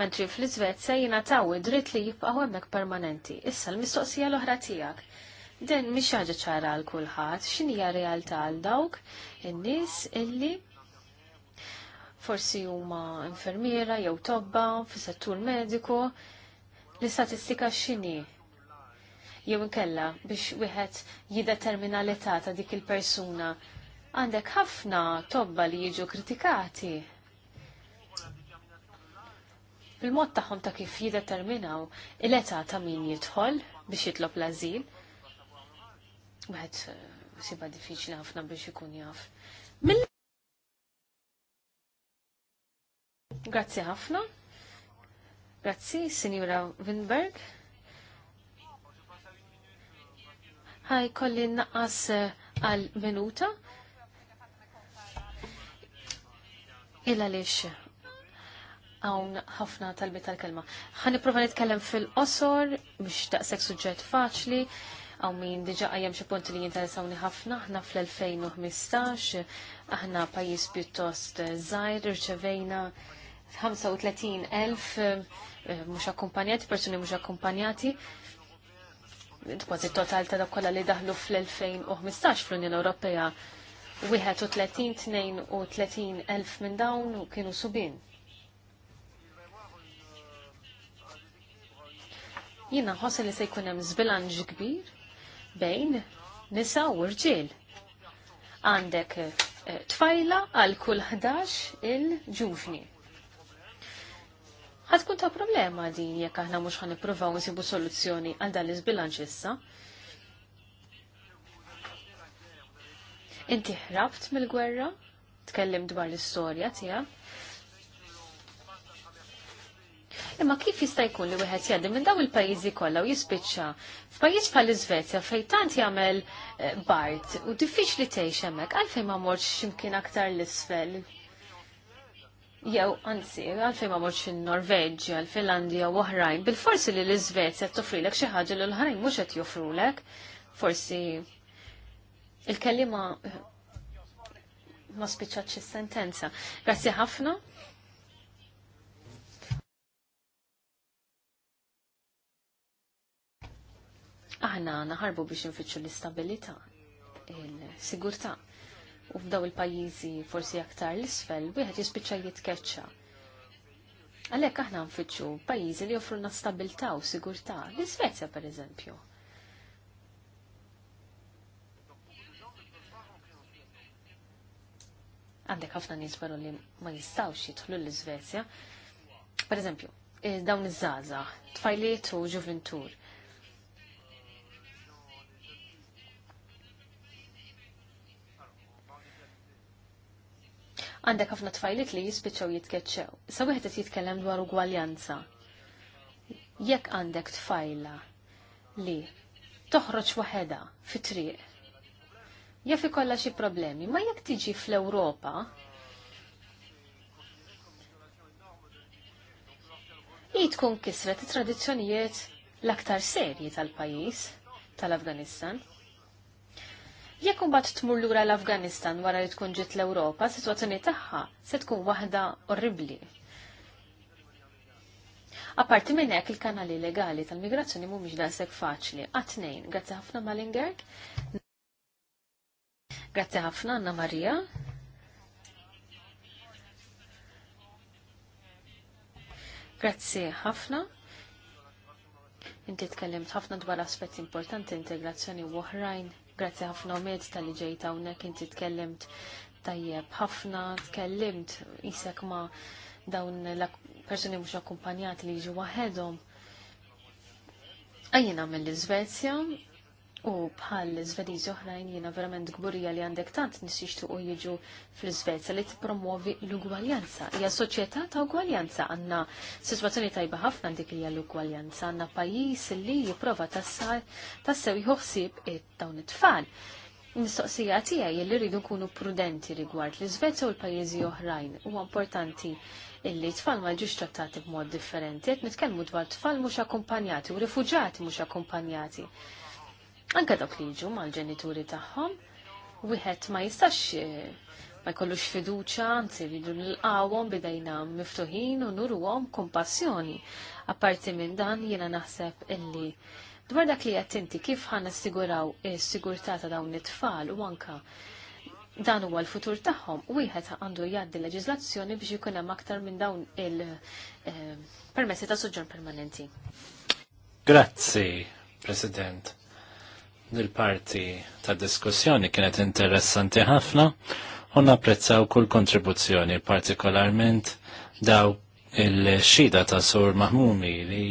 mentri fl-Iżvezja jingħataw id-dritt li jibqa' hemmhekk permanenti. Issa l-mistoqsija l-oħra tiegħek. Din mhix ħaġa ċara għal kulħadd, x'inhija realtà għal dawk in-nies illi forsi huma infermiera jew tobba fis-settur mediku. L-istatistika x'inhi jew inkella biex wieħed jiddetermina l-età ta' dik il-persuna. Għandek ħafna tobba li jiġu kritikati bil-mod tagħhom ta' kif jiddeterminaw il-età ta' min jidħol biex jitlob l-azil. Wieħed eh, siba diffiċli ħafna biex ikun jaf. Grazzi ħafna. Grazzi, Sinjura Winberg. Ħaj kolli naqas eh, għal minuta. Illa lix hawn ħafna talbi tal-kelma. Ħan nipprova nitkellem fil-qosor biex daqshekk suġġett faċli għaw min diġa għajem xe punti li jinteressawni ħafna, ħna fl-2015, aħna pajis pjuttost zaħir, rċevejna 35.000 mux akkumpanjati, personi mux akkumpanjati, kważi total ta' dakolla li daħlu fl-2015 fl-Unjoni Ewropea, 31-32 elf minn dawn u kienu subin. Jiena ħossi li se jkun hemm zbilanġ kbir bejn nisa u rġiel. Għandek eh, tfajla għal kull 11 il ġuvni Ħatkun ta' problema din jekk aħna mhux ħanippruvaw nsibu soluzzjoni għal dan l-iżbilanċ issa. Inti ħrabt mill-gwerra, tkellim dwar l-istorja tiegħek, Imma kif jista' jkun li wieħed jgħaddi minn daw il-pajjiżi kollha u jispiċċa f'pajjiż bħal iżvezja fejn tant jagħmel eh, bart u diffiċli tgħix hemmhekk għalfejn ma morx x'imkien aktar l-isfel. Jew anzi, għalfejn ma morx in-Norveġġja, l-Finlandja u oħrajn, bil-forsi li l-Iżvezja toffrilek xi ħaġa li l-ħarajn mhux qed joffrulek. Forsi il kelliema ma spiċċaċ sentenza. Grazzi ħafna. Aħna naħarbu biex nfittxu l-istabilità, il-sigurtà. U f'daw il-pajjiżi forsi aktar l-isfel, wieħed jispiċċa jitkeċċa. Għalhekk aħna nfittxu pajjiżi li joffrulna stabilità u sigurtà, l per pereżempju. Għandek ħafna nies li ma jistgħux jidħlu l Per Pereżempju, eh, dawn iż żaza tfajliet u ġuventur għandek ħafna tfajlit li jispiċċaw jitkeċċew. Sa wieħed qed jitkellem dwar ugwaljanza. Jekk għandek tfajla li toħroġ waħedha fit-triq, jaf ikollha xi problemi, ma jekk tiġi fl-Ewropa, hi tkun kisret it-tradizzjonijiet l-aktar serji tal-pajjiż tal-Afganistan. Jekk imbagħad tmur lura l-Afganistan wara li tkun ġiet l-Ewropa, sitwazzjoni tagħha se tkun waħda orribbli. Apparti minn hekk il-kanali legali tal-migrazzjoni mhumiex daqshekk faċli. Għatnejn, grazzi ħafna Malinger. Grazzi ħafna Anna Marija. Grazzi ħafna. Inti tkellimt ħafna dwar aspetti importanti integrazzjoni u oħrajn Grazzi ħafna Omed tal-li ġejta hawnhekk inti tkellimt tajjeb ħafna, tkellimt isek ma dawn l-persuni mhux akkumpanjati li jiġu waħedhom. Ejjin nagħmel l-Iżvezja, U bħal Svediż oħrajn jiena verament gburija li għandek tant nis jixtuqu jiġu fl-Svezja li tippromuovi l-ugwaljanza. Hija soċjetà ta' ugwaljanza għandna sitwazzjoni tajba ħafna dik hija l-ugwaljanza għandna pajjiż li jipprova tassew jħossib dawn it-tfal. Mistoqsija tiegħi li rridu nkunu prudenti rigward l-Iżvezja u l-pajjiżi oħrajn huwa importanti illi tfal ma ġiġ trattati b'mod differenti, qed nitkellmu dwar tfal mhux akkumpanjati u rifuġati mhux akkumpanjati anke dawk li jiġu mal-ġenituri tagħhom, wieħed ma jistax eh, ma jkollux fiduċa, anzi rridu nilqawhom bidejna miftuħin u nurwhom kompassjoni. Apparti minn dan jiena naħseb illi dwar dak li qed inti kif ħana siguraw is-sigurtà ta' dawn it-tfal u anka dan huwa l-futur tagħhom wieħed għandu jgħaddi leġiżlazzjoni biex jkun hemm aktar minn dawn il-permessi eh, ta' soġġorn permanenti. Grazzi, President. Nil-parti ta' diskussjoni kienet interessanti ħafna u napprezzaw kull kontribuzzjoni, partikolarment daw il-xida ta' Sur Maħmumi li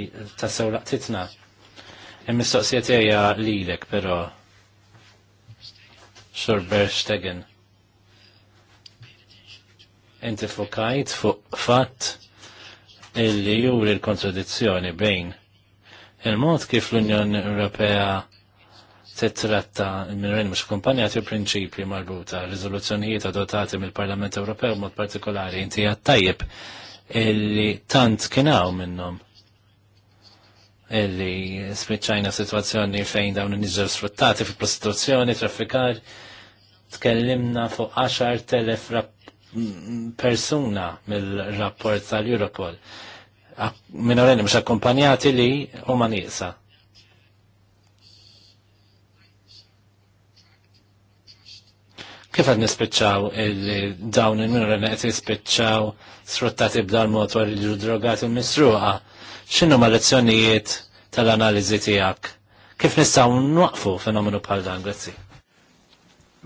ta' sew laqtitna. Il-mistoqsijiet hija lilek però Sur Berstegen. Inti fukajt fuq fatt illi juri l-kontradizzjoni bejn il-mod kif l-Unjoni Ewropea titratta minn mux kumpanjati u prinċipji marbuta, riżoluzzjonijiet adottati mill-Parlament Ewropew mod partikolari inti tajjeb illi tant kienaw minnhom illi spiċċajna situazzjoni fejn dawn in sfruttati fi prostituzzjoni, traffikar, tkellimna fuq 10.000 persuna mill-rapport tal-Europol minorenni mux akkompanjati li huma nieqsa. kif għad nispiċċaw il-dawn il-minur għan għet jispiċċaw sruttati b'dan mod war il-drogati u misruqa, xinu ma lezzjonijiet tal-analizi tijak? Kif nistaw nwaqfu fenomenu bħal dan, grazzi?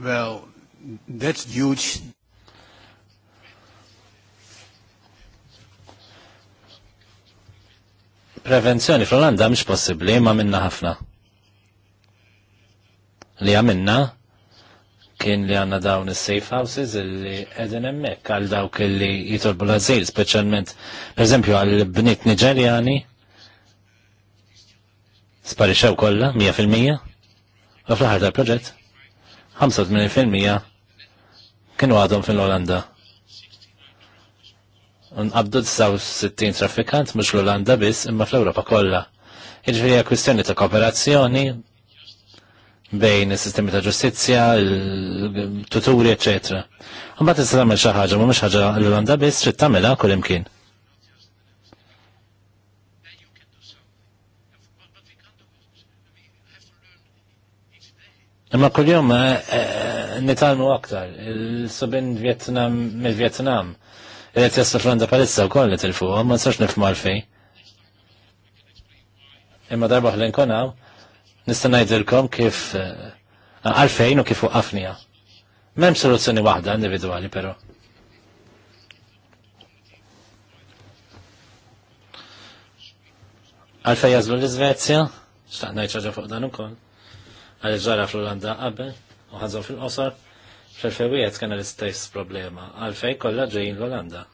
Well, that's huge. Prevenzjoni fl-Olanda mx possibbli ma minna ħafna. Li għamilna kien li għanna dawn is-safe houses li edin emmek għal dawk li jitolbu l-azil, specialment, per eżempju, għal bnit nigerjani, sparixaw kolla, 100%, u fl-ħar tal-proġett, 85% kienu għadhom fil-Olanda. Unqabdu 69 traffikant mhux l-Olanda biss imma fl-Ewropa kollha. Jiġifieri kwistjoni ta' kooperazzjoni bejn il sistemi ta' ġustizzja, tuturi, eċetera. Mbagħad tista' tagħmel xaħġa, ħaġa, mhumiex l-Olanda biss trid tagħmilha kull imkien. Imma kull jom eh, eh, nitalmu aktar, il-subin Vietnam mil vietnam il-għet jaslu fl-Olanda palissa u koll li tilfu, ma s-sax nifmar fej. Imma darba l-inkonaw, Nista' ngħidilkom kif eh, għalfejn u kif waqafnija. M'hemm soluzzjoni waħda individwali però. Għalfej jażlu l-Iżvezja, x'taq ngħid ċaġa fuq dan ukoll. Għal ġara fl-Olanda qabel u ħażhom fil-qosor, fl wieħed kien l-istess problema. Għalfej kollha ġejn l-Olanda.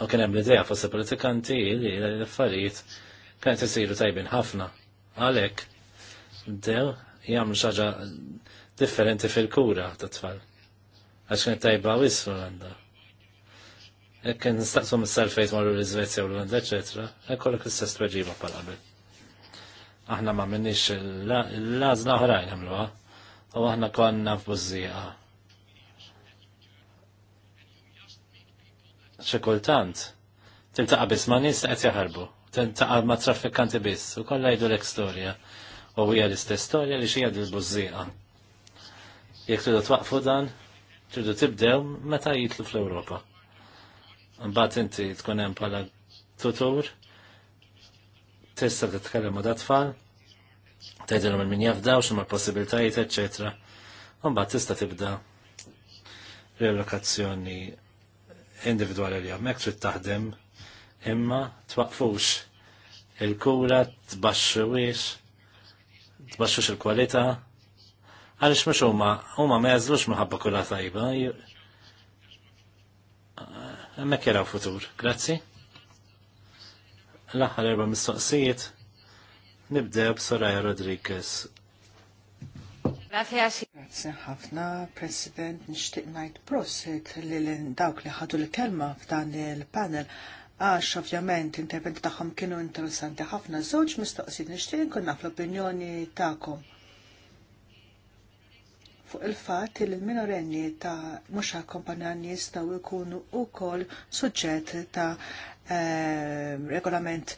u kien hemm l-idea fosse politikanti li l-affarijiet kanet isiru tajbin ħafna. Għalek, dew jagħmlu xaġa differenti fil-kura ta' tfal. Għax kienet tajba wis l-Olanda. Jekk kien nistaqsu mis-sarfejt marru l-Iżvezja u l-Olanda, eċetera, kollok l-istess tweġiba pal qabel. Aħna ma minnix l-lażna oħrajn għamluha, u aħna konna f'bużżieqa. Xi kultant, tiltaqa' biss ma' nies qed jaħarbu tentaqal ah, ma' traffikanti biss u kollha jgħidu l storja u hija l-istess storja li xi l-bużżieqa. Jekk tridu twaqfu dan, tridu tibdew meta jitlu fl-Ewropa. Mbagħad inti tkun hemm bħala tutur, tista' titkellem ma' dat-tfal, tgħidilhom il min jafdaw x'huma l-possibilitajiet, eċċetera. Mbagħad tista' tibda relokazzjoni individwali li hemmhekk trid taħdem imma twaqfux il-kura tbaxxuwix tbaxxux il-kwalità għaliex mhux huma huma ma jażlux minħabba kura tajba hemmhekk jaraw futur. Grazzi. L-aħħar erba' mistoqsijiet nibdew b'Soraya Rodriguez Grazie ħafna, President, nishtiq najt prosit li dawk li ħadu l-kelma f'dan il-panel għax ovvjament interventi tagħhom kienu interessanti ħafna żewġ mistoqsijiet nixtieq inkun naf l-opinjoni tagħkom fuq il-fatt li l-minorenni ta' mhux akkompanjani jistgħu jkunu wkoll suġġett ta' eh, regolament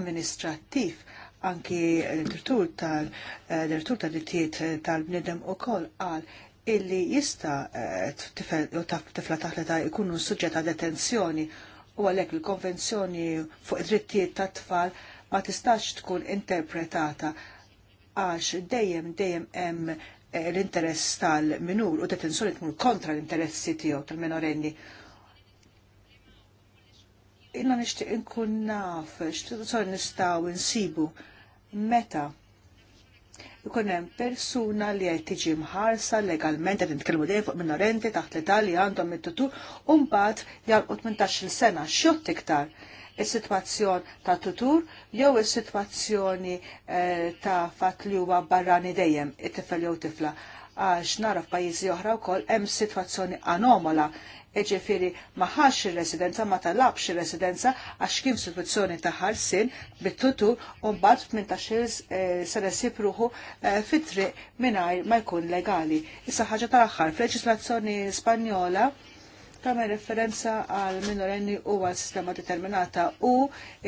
amministrattiv anki l-dirtur tal-dirtur eh, tal-dittijiet tal-bnidem ukoll qal illi jista eh, tifla taħleta jkunu suġġet għal detenzjoni u għalhekk il-konvenzjoni fuq id-drittijiet tat-tfal ma tistax tkun interpretata għax dejjem dejjem hemm eh, l-interess tal-minur u detenzjoni tmur kontra l-interessi tiegħu tal-minorenni. Inna nixtieq inkun naf x'tizzjoni nistgħu nsibu meta ikun hemm persuna li qed tiġi mħarsa legalment qed nitkellmu dejjem fuq minorenti taħt l-Italja għandhom it tutur u mbagħad jalqu 18-il sena xjott iktar is-sitwazzjon ta' tutur jew is-sitwazzjoni eh, ta' fatt li huwa barrani dejjem it-tifel jew tifla għax nara f'pajjiżi oħra wkoll hemm sitwazzjoni anomala Eġifiri maħax il-residenza, ma talabx il-residenza, għax kien situazzjoni ta' ħarsin, bittutu, un-bad 18 eh, sena sipruħu eh, fitri mingħajr ma jkun legali. Issa ħaġa tal-axħar, fl-leġislazzjoni spanjola, tagħmel referenza għal minorenni u għal sistema determinata u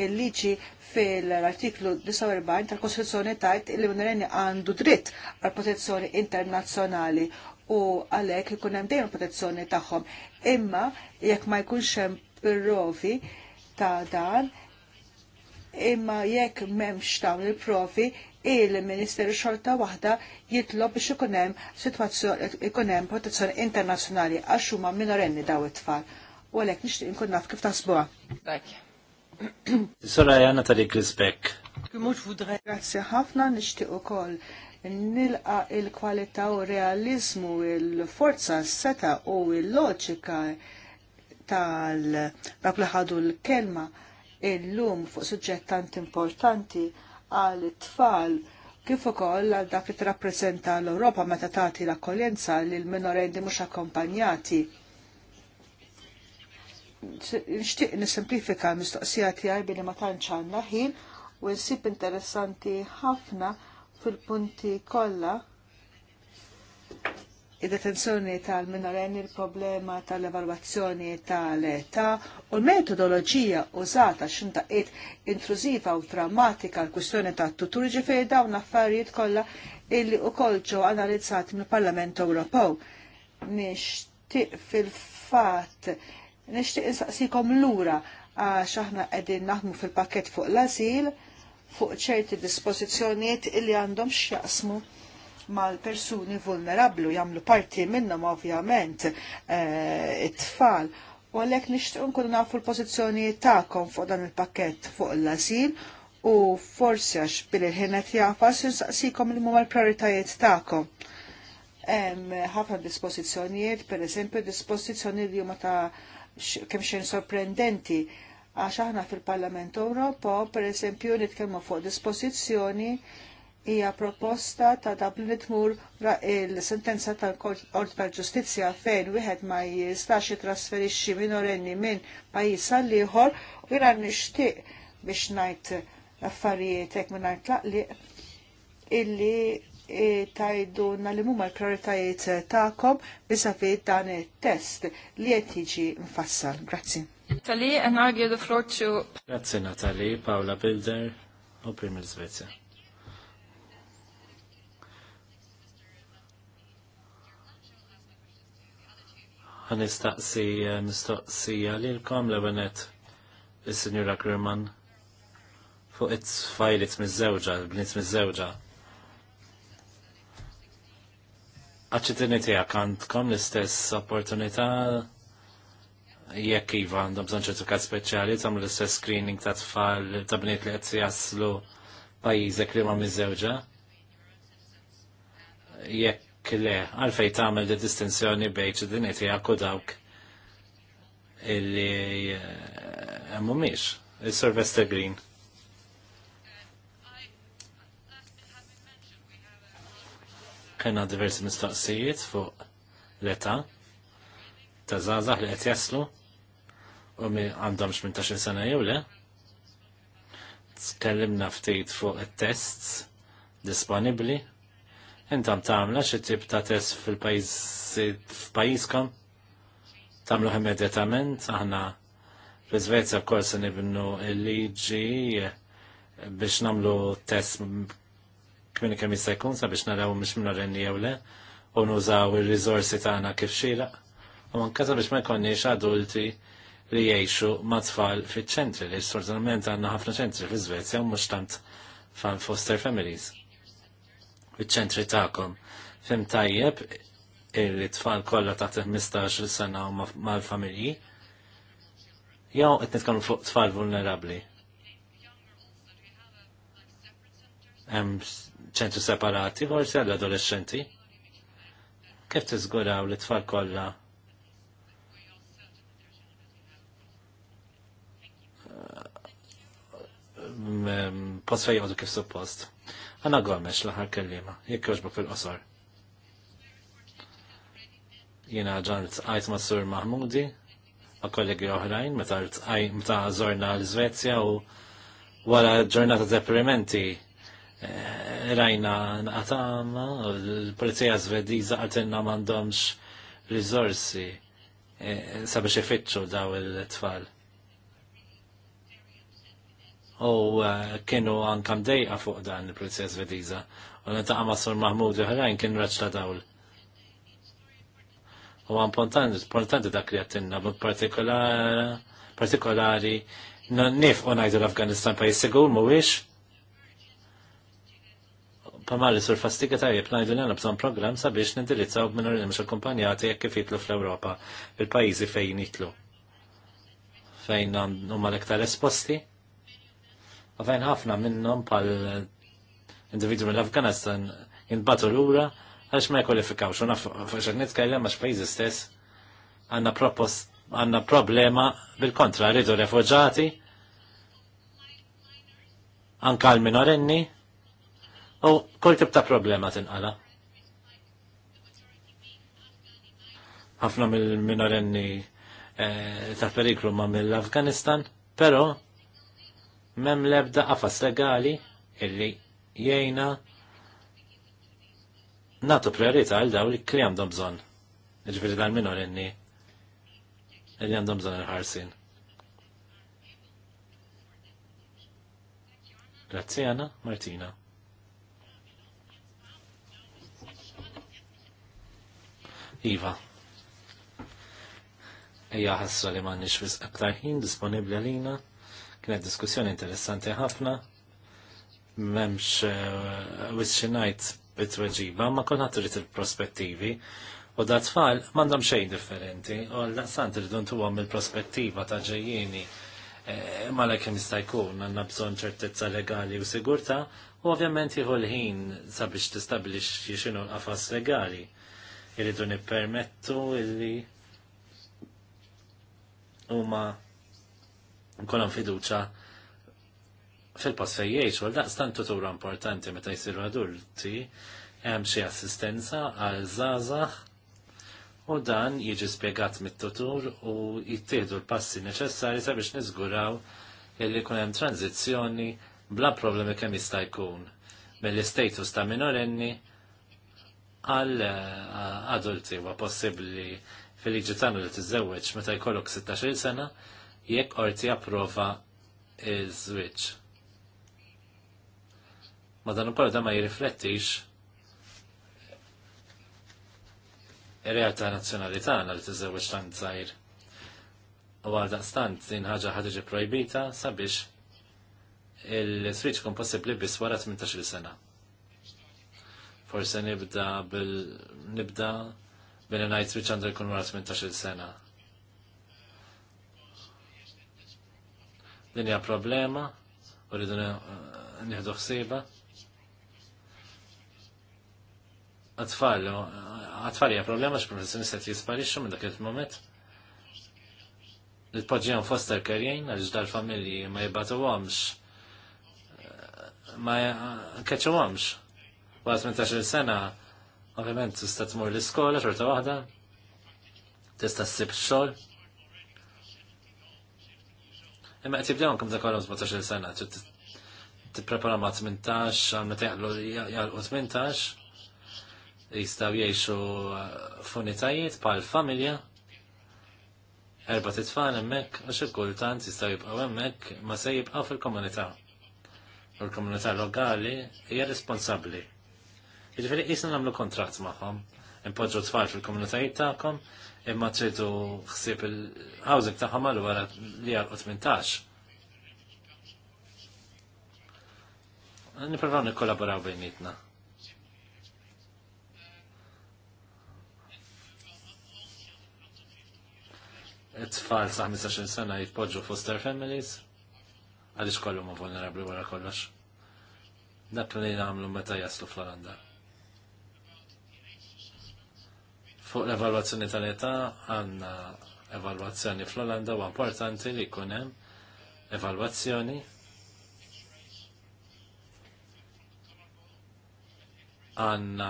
il-liġi fil-artiklu 49 tal-Kostituzzjoni tajt il minorenni għandu dritt għal protezzjoni internazzjonali u għalhekk ikun hemm dejjem protezzjoni tagħhom. Imma jekk ma jkunx hemm provi ta' dan imma jekk memx dawn il-provi il-Ministeru xorta waħda jitlob biex ikun hemm sitwazzjoni ikun hemm protezzjoni internazzjonali għax huma minorenni daw it-tfal. U għalhekk nixtieq inkun naf kif taħsbuha. Soraya Jana Grisbeck. Grazzi ħafna nixtieq ukoll nilqa il-kwalità u realizmu il-forza s-seta u il-loġika tal dak li ħadu l-kelma il-lum fuq suġġett tant importanti għal tfal kif ukoll għal dak li tirrappreżenta l-Ewropa meta tagħti l-akkoljenza lil minorenni mhux akkompanjati. Nixtieq nisimplifika l-mistoqsija tiegħi billi ma tantx għandna ħin u nsib interessanti ħafna fil-punti kollha id-detenzjoni tal-minorenni il-problema tal-evalwazzjoni tal-età u l-metodoloġija użata x'intaqqiet intrużiva u traumatika l-kwistjoni tat-tutur ġifieri dawn affarijiet kollha illi wkoll ġew analizzati mill-Parlament Ewropew. Nixtieq fil-fatt nixtieq insaqsikom lura għax aħna qegħdin naħdmu fil-pakket fuq l-asil fuq ċerti dispożizzjonijiet illi għandhom x'jaqsmu mal-persuni vulnerablu jamlu parti minnhom ovvjament eh, it-tfal. U għalhekk nishtu nkunu nafu l pozizjoni tagħkom fuq dan il-pakkett fuq l-asil u forsi għax bil-ħinet jafas nsaqsikom li huma l-prioritajiet tagħkom hemm ħafna dispożizzjonijiet, per eżempju dispożizzjoni li huma ta' kemm xejn sorprendenti għax aħna fil-Parlament Ewropa, per eżempju, nitkellmu fuq dispożizzjoni hija proposta ta' Dublin tmur il-sentenza tal-Kort tal-Ġustizzja fejn wieħed ma jistax jitrasferixxi minorenni minn pajjiż għal ieħor u jiena nixtieq biex ngħid affarijiet hekk mingħajr tlaqliq illi e, tajduna li mhuma l-prioritajiet tagħkom bisafi dan it-test li qed jiġi mfassal. Grazzi. Natali, and I give the floor to... Grazie Natali, Paola Bilder, u il-Svezja. Għanistaqsi eh, mistoqsija għalilkom l għanet il-Sinjura Kruman fuq it-fajlit mizzewġa, l-bnit mizzewġa. Għacċitini tijak għandkom l-istess opportunità jekk iva għandhom bżon ċertifikat speċjali tam l-istess screening ta' tfal ta' bniet li qed jaslu pajjiżek li ma' miżewġa. Jekk le, għalfej tagħmel di distinzjoni bejn ċidini tiegħek għakku dawk illi għammu eh, miex, il-Sylvester Green. Kena diversi mistoqsijiet fuq l-età ta' zazax li għet jaslu u mi għandhomx minn sena jule. Tkellimna ftit fuq il tests disponibli, Intam tamla xi tip ta' test fil-pajjiżkom? Tagħmluh immedjatament aħna fl-Iżvezja wkoll nibnu l-liġi biex nagħmlu test kmini kemm sekunda biex sabiex naraw mhux minorenni jew le u nużaw ir rizorsi tagħna kif xieraq. U anke biex ma jkollniex adulti li jgħixu ma' tfal fiċ-ċentri li s sfortunatament għandna ħafna ċentri fi Svezja u mhux tant fan foster families iċ-ċentri ta'kom. Fim tajjeb il-tfal kolla ta' 15 sena u mal-familji jew qed nitkellmu fuq tfal vulnerabbli. Hemm ċentri separati forsi għal adolescenti Kif tiżguraw li tfal kollha post fejn kif suppost? Għana għomex l-ħar kellima, jekk joġbu fil-qosor. Jena ġan t-għajt ma' Sur Mahmudi, ma' kollegi oħrajn, meta meta zorna l-Svezja u wara ġurnata deprimenti eh, rajna naqatama, l-polizija svediza għatenna mandomx rizorsi eh, sabiex ifittxu daw il-tfal u eh, kienu għankam mdejqa fuq dan il-Polizija Vediza. U għan taqqa Sur Mahmud oħrajn kien raġla dawl. U importanti dak li għattinna, partikolari nif u najdu l-Afganistan mu wix. mhuwiex. Pamali sur fastiga tajjeb najdu l bżon program sabiex nindirizzaw b-minorin mx kumpanjati jekk kif jitlu fl-Ewropa, fil pajjiżi fejn jitlu. Fejn huma l-iktar esposti? U ħafna minnhom pal individu mill-Afganistan jintbatu lura għax ma jkwalifikawx. U naf għax nitkellem għax pajzi stess għandna propost għandna problema bil-kontra rridu refugġati, anka għal minorenni u kull tip ta' problema tinqala. ħafna mill-minorenni eh, ta' periklu ma' mill-Afganistan, pero mem lebda qafas legali illi jgħina natu priorita għal daw li kli għandhom bżon. Ġifiri dal minor inni Illi għandhom bżon il-ħarsin. Grazie Anna Martina. Iva. Ejja ħassu li ma nix aktar ħin disponibli għalina. Kienet diskussjoni interessanti ħafna. Memx eh, wisċinajt bit-tweġiba, ma kon ħatturit il-prospettivi. U da tfal mandam xejn differenti. U l-laqsant irridu ntuwom il-prospettiva ta' ġejjini eh, ma la kem jkun għanna bżon ċertezza legali u sigurta, u ovvjament jieħu l-ħin sabiex tistabilix xinu l-qafas legali. Irridu nippermettu illi huma hemm fiduċa fil-post fejjiex, għal daqstant tutura importanti meta jsiru adulti, hemm xi assistenza għal żgħażagħ u dan jiġi spjegat mit-tutur u jittieħdu l-passi neċessari sabiex niżguraw illi kun hemm tranzizzjoni bla problemi kemm jista' jkun mill-istatus ta' minorenni għal eh, adulti huwa possibbli fil-liġi tagħna li tiżewweġ meta jkollok 16-il sena jekk qorti approva iż-żwieġ. Ma dan ukoll da ma jirriflettix ir-realtà nazzjonali tagħna li tiżewweġ tant żgħir. U għal daqstant din ħaġa ħad projbita sabiex il-switch kun possibbli biss wara 18 sena. Forse nibda bil nibda bil ngħid switch għandu jkun wara 18 sena. Din hija problema u rridu eh, nieħdu ħsieba. Għatfall, għatfall hija problema x'professjonisti qed jisparixxu minn dak il-moment. Nitpoġġihom foster kerjejn għal dal-familji ma jibatuhomx ma keċċuhomx. Waqt minn il sena ovvjament tista' tmur l-iskola xorta waħda, tista' ssib xogħol Imma qed jibdew anke dakolhom 17-il sena, tipprepara ma' 18, għamna t-jaqlu jgħalqu 18, jistaw jiexu uh, funitajiet pal familja erba titfan emmek, għax kultant jistaw jibqaw emmek, ma se jibqaw fil-komunità. U l-komunità lokali hija responsabbli. Jġifieri qisna nagħmlu kontratt magħhom, impoġġu tfal fil-komunitajiet tagħkom, imma tridu xsib il-housing ta' ħamalu għara li għal 18. Niprofaw nikollaboraw bejnietna. It-tfal sa' 15 sena jitpoġġu foster families għalix kollu ma vulnerabli wara kollox. Dak li namlu meta jaslu fl-Olanda. Fuq l-evalwazzjoni tal-età għanna evalwazzjoni fl-Olanda u importanti li jkun hemm evalwazzjoni għanna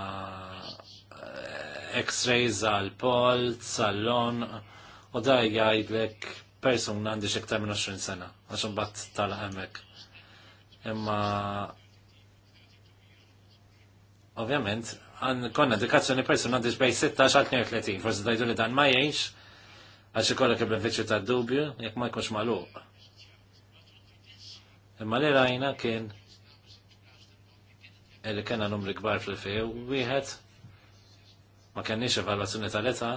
eh, x-rays għal pol, salon, u daj jgħidlek person għandi xektar minn 20 sena, għaxum bat tal-ħemek. Imma, ovvjament, għan konna edukazzjoni personali bej 16 għal 32, forse dajdu li dan ma jiex, għax ikollok il-benefiċċju ta' dubju, jek ma jkunx magħluq. Imma li rajna kien illi kena numri kbar fil-fej, wieħed ma kenniex evalwazzjoni tal-età,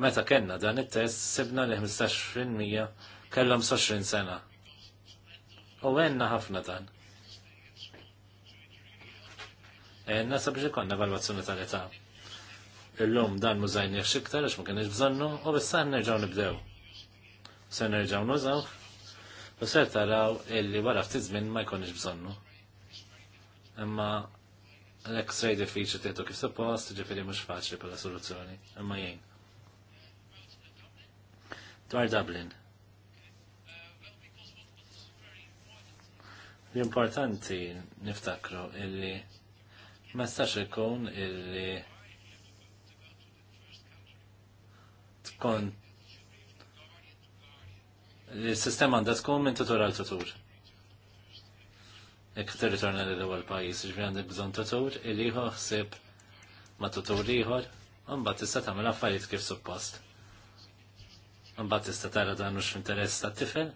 meta kenna dan it-test sibna li 15% kellhom 20 sena. U għenna ħafna dan. E, nasa biex ikonna valwazzjoni tal-età. Illum dan mużajn jiex iktar għax ma kienx bżonnu u bissa nerġaw nibdew. Se nerġaw nużaw u ser taraw illi wara ftit żmien ma jkunx bżonnu. Imma l-X-ray diffiċli tgħidu kif suppost, ġifieri mhux faċli bħala soluzzjoni, imma jgħin. Dwar Dublin. L-importanti niftakru illi ma stax ikun illi tkun il-sistema għandha tkun minn tutur għal tutur. Ek li l-ewwel pajjiż ġifieri għandek bżonn tutur il ieħor ħsieb ma' tutur ieħor mbagħad tista' tagħmel affarijiet kif suppost. Mbagħad tista' tara dan mhux interess ta' tifel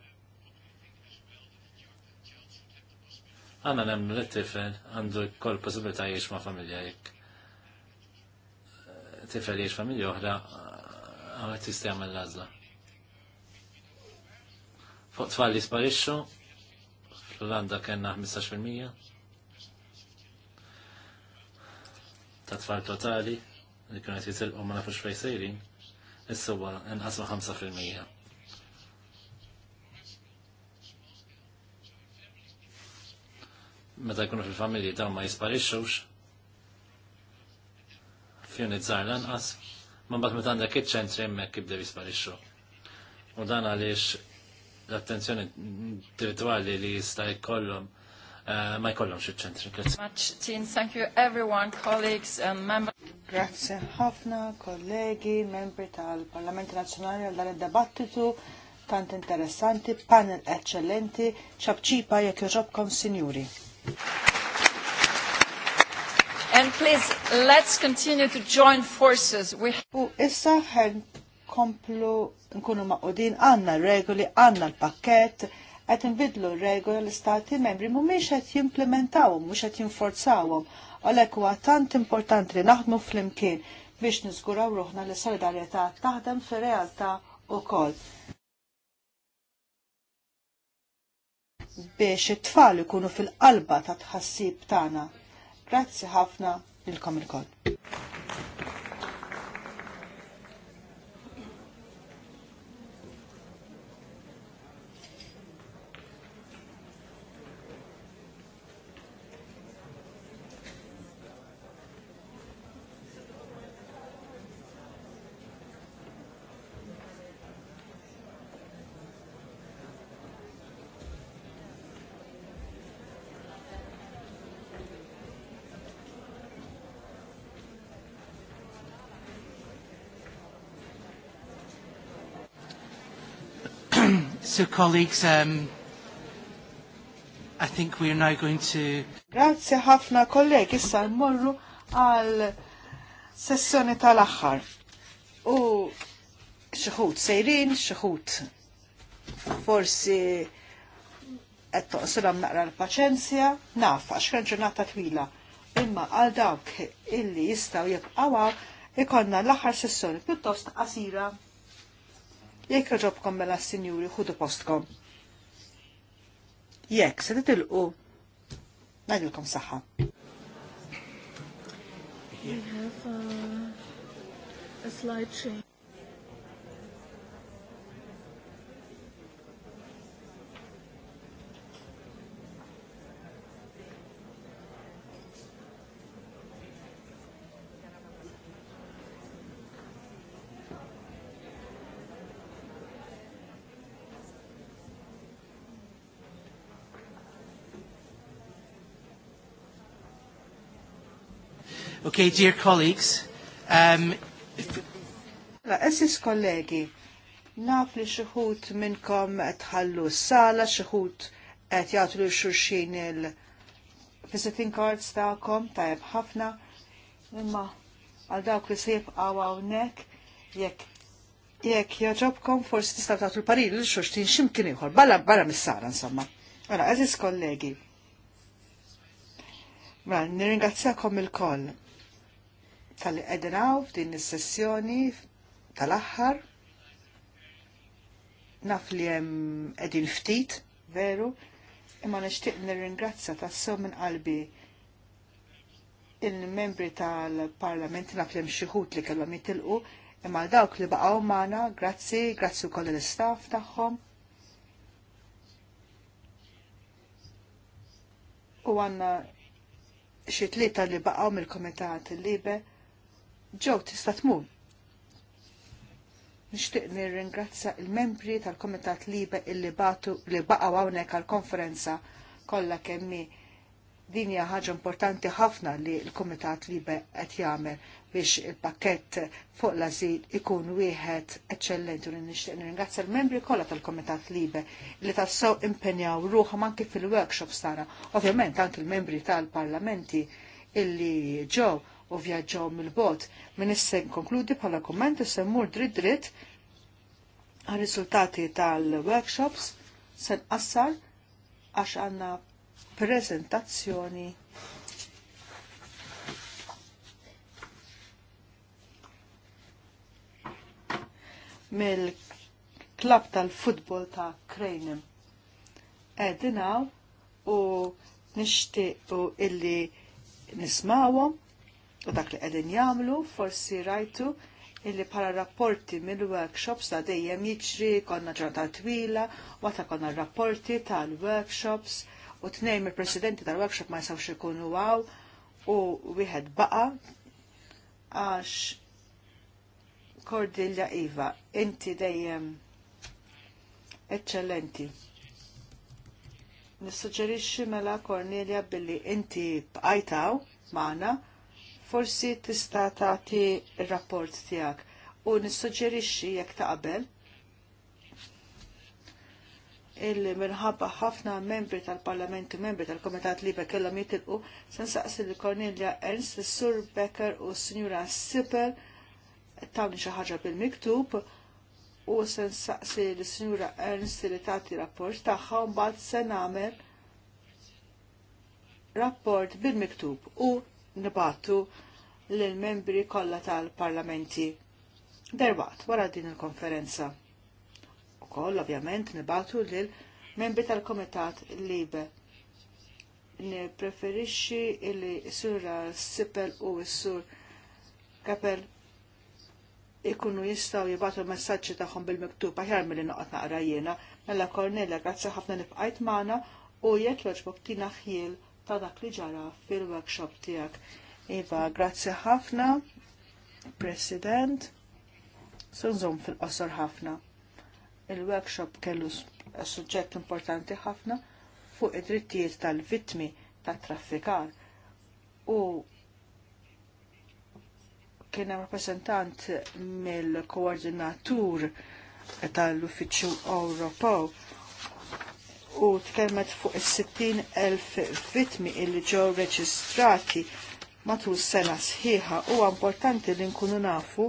Għanna nem li tifel għandu kol possibilità jiex ma' familja jek. Eh, tifel jiex familja oħra eh, għawet jistjam l-lazla. Fuq tfal sparixxu, l olanda kena 15% ta' tfal totali, li kienu u ma nafux fejn sejrin, issuwa nqasma 5%. meta jkunu fil-familji dawn ma jisparixxux fjoni żgħar lanqas, ma mbagħad meta għandek iċ-ċentri hemmhekk jibdew jisparixxu. U dan għaliex l-attenzjoni intellettuali li jista' jkollhom eh, ma jkollhom xi ċentri Thank you everyone, colleagues and members. Grazie ħafna, kollegi, membri tal-Parlament Nazzjonali għal dan id-dibattitu tant interessanti, panel eccellenti, ċabċipa jekk joġobkom sinjuri. And please, let's continue to join forces. We... U issa ħen komplu nkunu maqodin għanna regoli, għanna l-pakket, għet nbidlu regoli l-istati membri, miex għet jimplementaw, mux għet jinforzawum, għalek u għatant importanti li naħdmu fl-imkien biex nizguraw ruħna li solidarieta taħdem fi realtà u kol. biex it-tfal ikunu fil-qalba ta' tħassib tagħna. Grazzi ħafna lilkom il So colleagues, um, I think we are now going to... Grazie ħafna kollegi, issa morru għal sessjoni tal-axħar. U xħut sejrin, xħut forsi qed toqsilhom naqra l-paċenzja, naf għax ġurnata twila. Imma għal dawk illi jistgħu jibqgħu ikonna l-aħħar sessjoni pjuttost qasira Jekk raġobkom mela s-sinjuri, ħudu postkom. Jekk, se titilqu, najdilkom saħħa. We have a, uh, a slide change. Okay, dear colleagues, um, if... Esis mela, kollegi, naf li xuħut minnkom tħallu s-sala, xuhut għet jgħatlu xurxin il-visiting cards ta'kom, tajab ħafna, imma għal dawk li sejf għaw nek, jekk jekk jaġobkom forsi tistaw tagħtu l-parir li xurxtin ximkien ieħor, balla barra mis-sara insomma. Ora, mela, eżis kollegi. Mela, nirringrazzjakom il-koll tal-li għedinaw f'din is-sessjoni tal-aħħar naf li jem għedin ftit, veru, imma nishtiq nir-ringrazza ta' sew minn qalbi il-membri tal-parlament naf li jem xieħut li kellhom jitilqu, imma dawk li baqgħu mana, grazzi, grazzi wkoll l-istaff tagħhom. U għanna xi tlieta li baqgħu mill-Kumitat Libe ġew tista' tmur. Nixtieq nirringrazzja il-membri tal-Komitat Libe illi batu li baqgħu hawnhekk għall-konferenza kollha kemm din hija ħaġa importanti ħafna li l-Kumitat Libe qed jagħmel biex il-pakkett fuq l-azil ikun wieħed eċċellenti u nixtieq nirringrazzja l-membri kollha tal-Kumitat Libe li tassew impenjaw ruħhom anke fil-workshops tagħna. Ovvjament anke l-membri tal-parlamenti illi ġew u vjaġġaw mill-bot. Min issa konkludi bħala komment u semmur dritt dritt għal riżultati tal-workshops se nqassar għax għandna prezentazzjoni mill-klab tal-futbol ta' Krejnem. Edinaw u nishtiqu illi nismawom u dak li qegħdin jagħmlu forsi rajtu illi bħala rapporti mill-workshops ta' dejjem jiġri konna ġurnata twila, għata konna rapporti tal-workshops, u tnejn il presidenti tal-workshop ma jisaw ikunu għaw, u wieħed baqa, għax Cordilja Iva, inti dejjem eccellenti. Nissuġġerixxi mela Cornelia billi inti bqajtaw magħna forsi tista' tagħti r-rapport tiegħek u nissuġġerixxi jekk taqbel illi minħabba ħafna membri tal-Parlamentu, membri tal-Komitat Libe kellhom jitilqu, se nsaqsi li Cornelia Ernst, Sur Becker u Sinjura Sipper tawni xi ħaġa bil-miktub u se nsaqsi li Sinjura Ernst li tagħti rapport tagħha u mbagħad se nagħmel rapport bil-miktub u nibatu l-membri kollha tal-parlamenti derwaqt wara din il-konferenza. U koll ovvjament nibatu l-membri tal-komitat libe. Nipreferixxi li sura Sipel u s-sur Kapel ikunu jistaw jibatu messagġi tagħhom bil-miktub aħjar milli noqgħod naqra jiena. Mela Kornelja, grazzi ħafna nibqajt magħna u jekk jogħġbok tina ħjiel ta' dak li ġara fil-workshop tiegħek. Iva, grazzi ħafna, President, sunżum fil-qosor ħafna. Il-workshop kellu eh, suġġett importanti ħafna fuq id-drittijiet tal-vittmi tat traffikar u kien hemm rappresentant mill-koordinatur tal-Uffiċċju Ewropew u tkellmet fuq is-60,000 vittmi illi ġew reġistrati matul sena sħiħa u importanti li nkunu nafu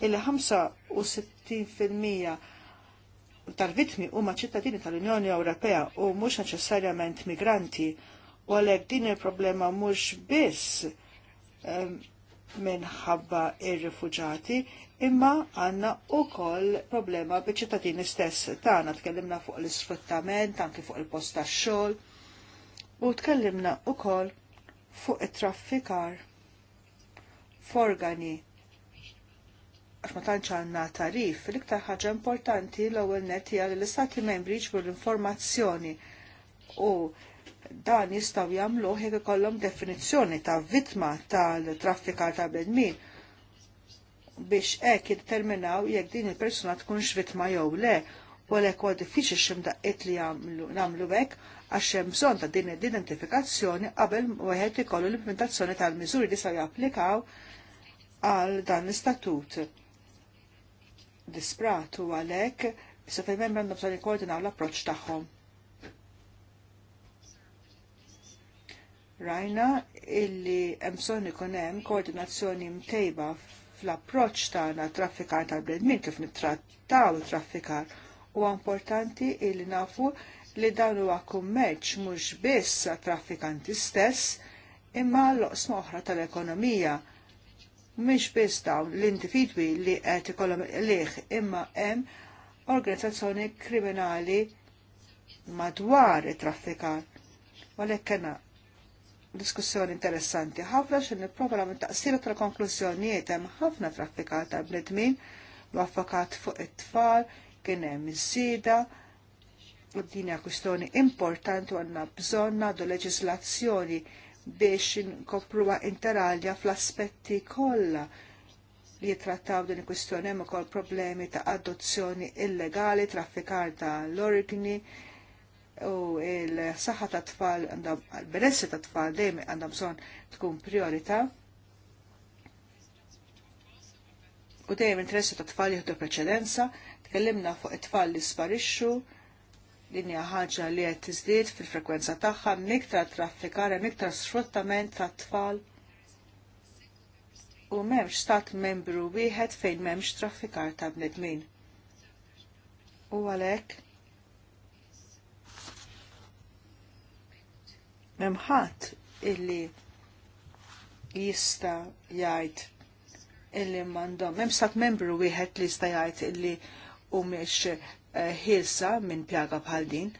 il-65% tal-vitmi huma ċittadini tal-Unjoni Ewropea u mhux neċessarjament migranti u għalhekk din il-problema mhux biss ehm, minħabba ir-rifuġati imma għanna u koll problema ċittadini stess. Tana tkellimna fuq l-isfruttament, anki fuq il-post ta' xol, u tkellimna u koll fuq it-traffikar forgani. Għax ma tantx għandna tarif, l-iktar ħaġa importanti l-ewwel net hija li l-istati membri jiġbru l-informazzjoni u dan jistaw jamlu jekk ikollhom definizzjoni ta' vittma tal-traffika ta' bedmin biex hekk jiddeterminaw jekk din il-persuna tkunx vittma jew le, u għalhekk huwa diffiċli x'imdaqqiet li nagħmlu hekk għax hemm bżonn ta' din id identifikazzjoni qabel wieħed ikollu l-implementazzjoni tal-miżuri li sa japplikaw għal dan l-istatut. Dispratu għalhekk, se fejn hemm bżonn koordinaw l-approċċ tagħhom rajna illi hemm ikun hemm koordinazzjoni mtejba fl-approċċ tagħna traffikar tal-bredmin kif nittrattaw traffikar huwa importanti illi nafu li dan huwa kummerċ mhux biss traffikanti stess imma l-oqsma oħra tal-ekonomija mhix biss dawn l-individwi li qed ikollhom liħ imma hemm organizzazzjoni kriminali madwar it-traffikar. Għalhekk kena diskussjoni interessanti ħafna xin nipprova nagħmel taqsira tal-konklużjonijiet hemm ħafna traffikat ta' bnedmin waffakat fuq it-tfal kien hemm iż-żieda din hija kwistjoni importanti u għandna bżonn nagħdu leġislazzjoni biex nkopruha interalja fl-aspetti kollha li jitrattaw din il-kwistjoni hemm ukoll problemi ta' adozzjoni illegali, traffikar ta' l origni u il-saħħa ta' tfal, il-benessi ta' tfal dejjem għandha bżonn tkun priorità. U dejjem interessi ta' tfal jieħdu preċedenza, tkellimna fuq it-tfal li sparixxu, linja ħaġa li qed tiżdied fil-frekwenza tagħha, miktar traffikar, miktar sfruttament ta' tfal. U m'hemmx stat membru wieħed fejn m'hemmx traffikar ta' bnedmin. U għalhekk memħat illi jista jgħid illi mandom. Mem membru wieħed li jista jgħid illi u miex eh, ħilsa minn pjaga bħal din.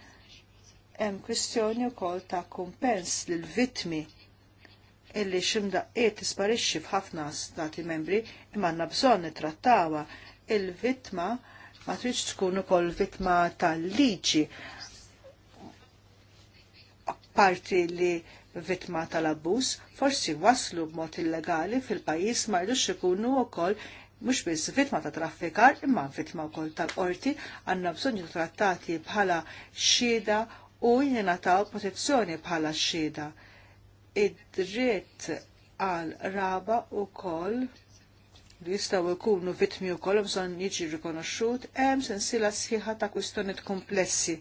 Hemm kwistjoni wkoll ta' kumpens lil vittmi illi ximdaqqiet tisparixxi f'ħafna stati membri imma għandna bżonn nittrattawa il-vittma ma tridx tkun ukoll vittma tal-liġi parti li vittma tal abbus forsi waslu b'mod illegali fil-pajjiż ma rridux ikunu wkoll mhux biss vittma ta' traffikar imma vittma wkoll tal-qorti għandna bżonn trattati bħala xhieda u jingħataw protezzjoni bħala xhieda. Id-dritt għal raba wkoll li jistaw ikunu vittmi wkoll bżonn jiġi rikonoxxut hemm sensiela sħiħa ta' kwistjonijiet komplessi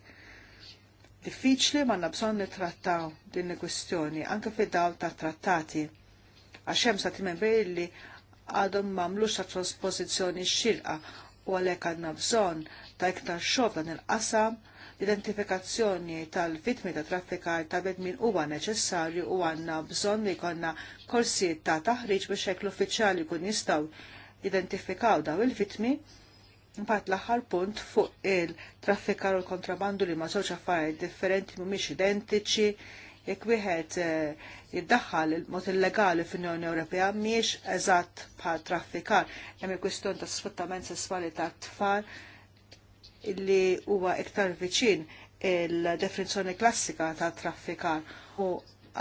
diffiċli ma nabżon trattaw din il-kwistjoni anke fi dawl ta' trattati. Għaxem sa' timen li għadhom mamlux ta' trasposizjoni xilqa u għalek għandna bżonn ta' iktar xogħol dan il-qasam l-identifikazzjoni tal-vitmi ta' traffikar ta' bedmin huwa neċessarju u għanna bżon li konna korsijiet ta' taħriġ biex hekk l-uffiċjali kun jistgħu identifikaw daw il-vitmi Mbagħad l-aħħar punt fuq il-traffikar u l-kontrabandu li ma' żewġ affarijiet differenti mhumiex identiċi jekk wieħed eh, jiddaħħal il-mod illegali fl-Unjoni Ewropea mhijiex eżatt bħal traffikar. Hemm il-kwistjoni ta' sfruttament sesswali tat tfal li huwa iktar viċin il-definizzjoni klassika ta' traffikar u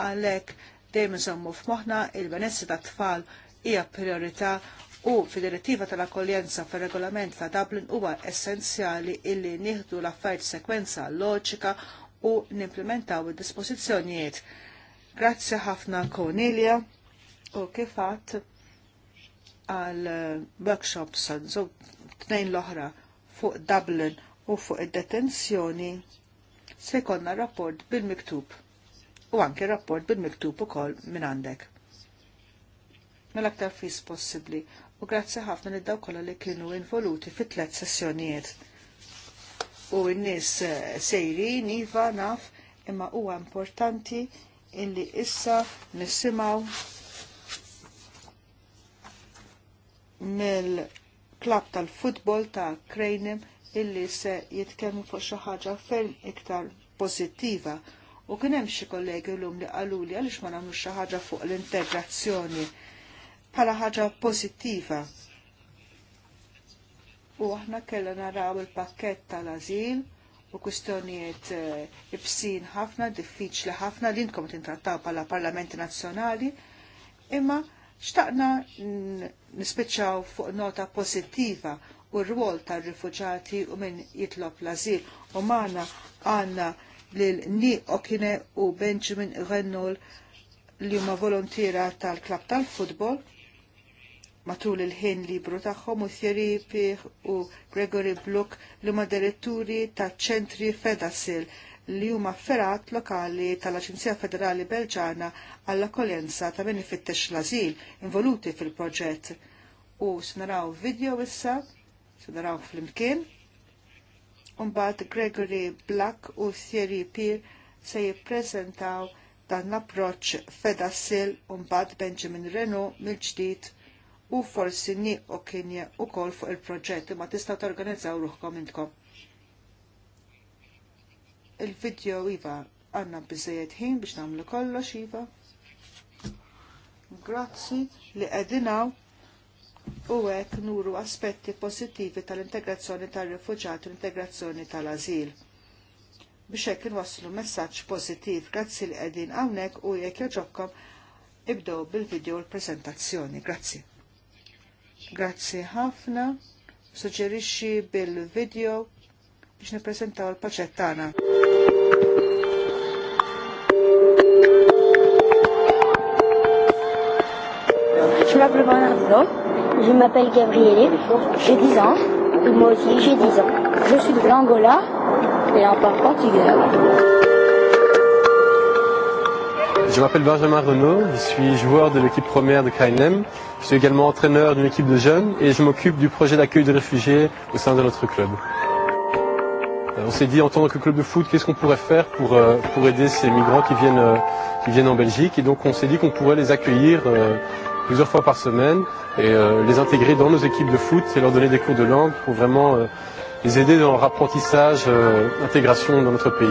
għalhekk dejjem nżommu f'moħħna il-benessi tat tfal hija priorità u fil direttiva tal-akkoljenza fir-regolament ta' Dublin huwa essenzjali illi nieħdu l-affarijiet sekwenza loġika u nimplementaw id-dispożizzjonijiet. Grazzi ħafna Cornelia u kifat għal eh, workshops tnejn l-oħra fuq Dublin u fuq id-detenzjoni se jkollna rapport bil-miktub u anke rapport bil-miktub ukoll minn għandek mill-aktar fis possibbli u grazzi ħafna li daw kollha li kienu involuti fit tlet sessjonijiet. U n-nies eh, sejrin iva naf imma huwa importanti illi issa nisimgħu mill-klab tal-futbol ta' Krejnim illi se jitkellmu fuq xi ħaġa ferm iktar pożittiva u kien hemm xi kollegi llum li qalu li għaliex ma nagħmlux xi ħaġa fuq l-integrazzjoni bħala ħaġa pozittiva. U aħna kella naraw il-pakket tal-azil u kustjonijiet eh, ibsin ħafna, diffiċli ħafna li intkom tintrattaw bħala Parlamenti Nazzjonali, imma xtaqna nispiċċaw fuq nota pozittiva u r-rwol tar-rifuġati u minn jitlob l-azil u maħna għanna lil Ni Okine u Benjamin Rennol li huma volontira tal-klab tal-futbol matul il-ħin libru tagħhom u Thierry Pich u Gregory Bluck li huma diretturi ta' ċentri Fedasil li huma ferat lokali tal-Aġenzija Federali Belġana għall-akkoljenza ta' min ifittex l-azil involuti fil-proġett. U s-naraw video issa, s-naraw fl-imkien, Umbat Gregory Black u Thierry Pier se jippreżentaw dan l-approċ Fedasil mbagħad Benjamin Renault mill-ġdid u forsi u kienje u kol fuq il-proġett ma tista' torganizzaw ruħkom intkom. Il-video iva għanna bizzejiet ħin biex namlu kollox iva. Grazzi li għedinaw u għek nuru aspetti pozittivi tal-integrazzjoni tal-rifuġati u integrazzjoni tal-azil. Biex hekk inwasslu messaġġ pożittiv grazzi li qegħdin hawnhekk u jekk joġobkom ibdew bil-video l-preżentazzjoni. Grazzi. Grazzi ħafna, suġġerixxi bil-video biex nippreżentaw il-paċett tagħna. Je m'appelle Bernardo, je m'appelle Gabriele, j'ai 10 ans, et moi aussi j'ai 10 ans. Je suis de l'Angola, et en parlant portugais. Je m'appelle Benjamin Renault, je suis joueur de l'équipe première de KNM. Je suis également entraîneur d'une équipe de jeunes et je m'occupe du projet d'accueil de réfugiés au sein de notre club. Euh, on s'est dit en tant que club de foot, qu'est-ce qu'on pourrait faire pour, euh, pour aider ces migrants qui viennent, euh, qui viennent en Belgique. Et donc on s'est dit qu'on pourrait les accueillir plusieurs fois par semaine et les intégrer dans nos équipes de foot et leur donner des cours de langue pour vraiment les aider dans leur apprentissage, intégration dans notre pays.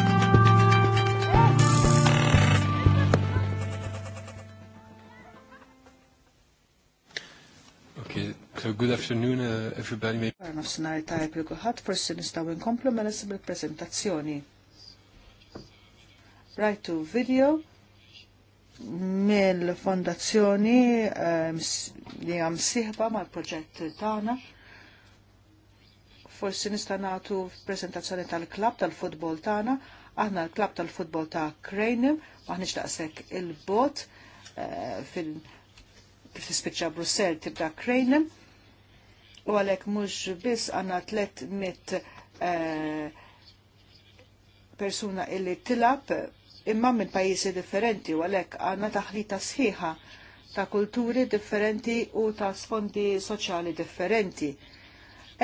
good afternoon uh, everybody. Nofsinhar tajb li kulħadd forsi nistgħu nkomplu mela preżentazzjoni video mill-fondazzjoni ehm, li għam siħba mal proġett tagħna. Forsi nista' nagħtu prezentazzjoni tal-klab tal-futbol tagħna. Aħna l-klab tal-futbol ta' Krejnim, maħniġ daqshekk il-bot eh, fil kif tispiċċa Brussell tibda Krejnim u għalek mux bis għanna 300 eh, persuna illi tilab imma minn pajjiżi differenti u għalek għanna taħlita sħiħa ta' kulturi differenti u ta' sfondi soċjali differenti.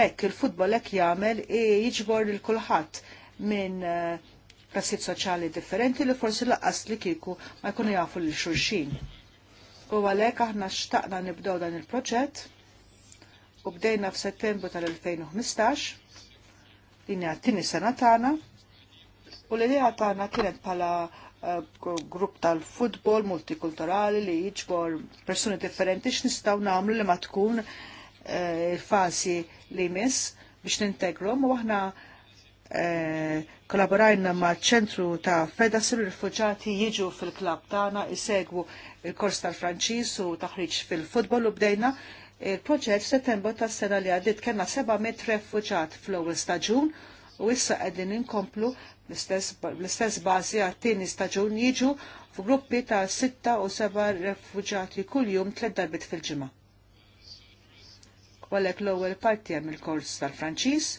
Ek, il-futbol ek jagħmel jiġbor lil kulħadd minn klassit eh, soċjali differenti li forsi laqqas li kieku ma jkunu jafu l xulxin. U għalek aħna xtaqna nibdew dan il-proġett u bdejna f'Settembru tal-2015 din hija t-tieni sena tagħna u l-idea tagħna kienet bħala eh, grupp tal-futbol multikulturali li jiġbor persuni differenti x'nistgħu nagħmlu li ma tkun eh, il-fasi li jmiss biex nintegrom u aħna eh, kollaborajna ma' ċentru ta' feda sir rifuġati jiġu fil-klab tagħna isegwu il-kors tal-Franċiż u taħriġ fil-futbol u bdejna il-proġett settembru tas sena li għaddit kena 700 refuġat fl-ewwel staġun u issa qegħdin inkomplu l-istess bażi għat-tieni staġun jiġu f'gruppi ta' sitta u seba' refuġati kuljum tliet darbit fil-ġimgħa. Għalhekk l-ewwel parti hemm il-kors tal-Franċiż,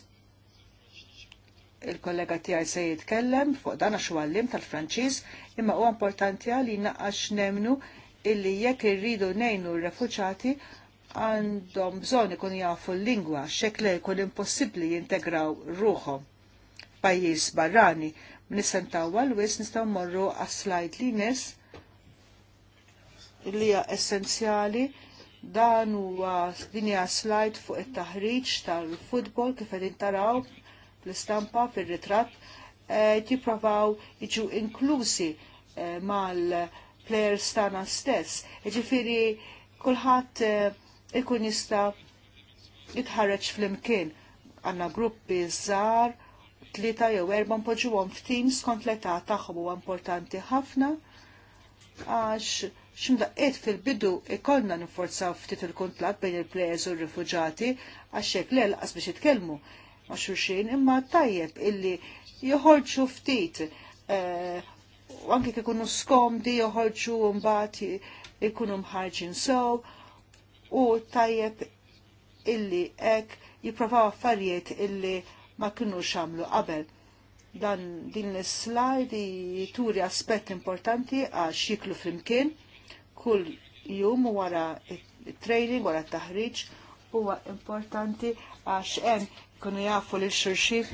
il-kollega tiegħi se jitkellem fuq dan għax tal-Franċiż imma huwa importanti għalina għax nemnu illi jekk irridu nejnu r-refuġati il għandhom bżonn ikun jafu l-lingwa xekle jkun impossibbli jintegraw ruħhom Pajis barrani. Nisentaw għal-wis nistaw morru għaslajt li nis li essenzjali dan huwa din hija slajd fuq it-taħriġ tal-futbol kif għedin taraw fl-istampa fir-ritratt e, jipprovaw jiġu inklusi e, mal-plejers tagħna stess. Jiġifieri kulħadd e, ikun jista jitħarreċ fl-imkien għanna gruppi żgħar tlieta jew erba' npoġġuhom f'tim skont l-età tagħhom huwa importanti ħafna għax x'imdaqqiet fil-bidu ikollna nifforzaw ftit il kontlat bejn il-plejers u r-rifuġati għax hekk lelqas biex jitkellmu ma' xulxin imma tajjeb illi joħorġu ftit u eh, anke kikunu ikunu skomdi joħorġu mbati ikunu mħarġin sow u tajjeb illi ek jiprofaw affarijiet illi ma kienu xamlu qabel. Dan din l-slide jituri aspett importanti għax jiklu flimkien kull jum wara training wara taħriġ huwa importanti għax hemm kunu jafu li xurxin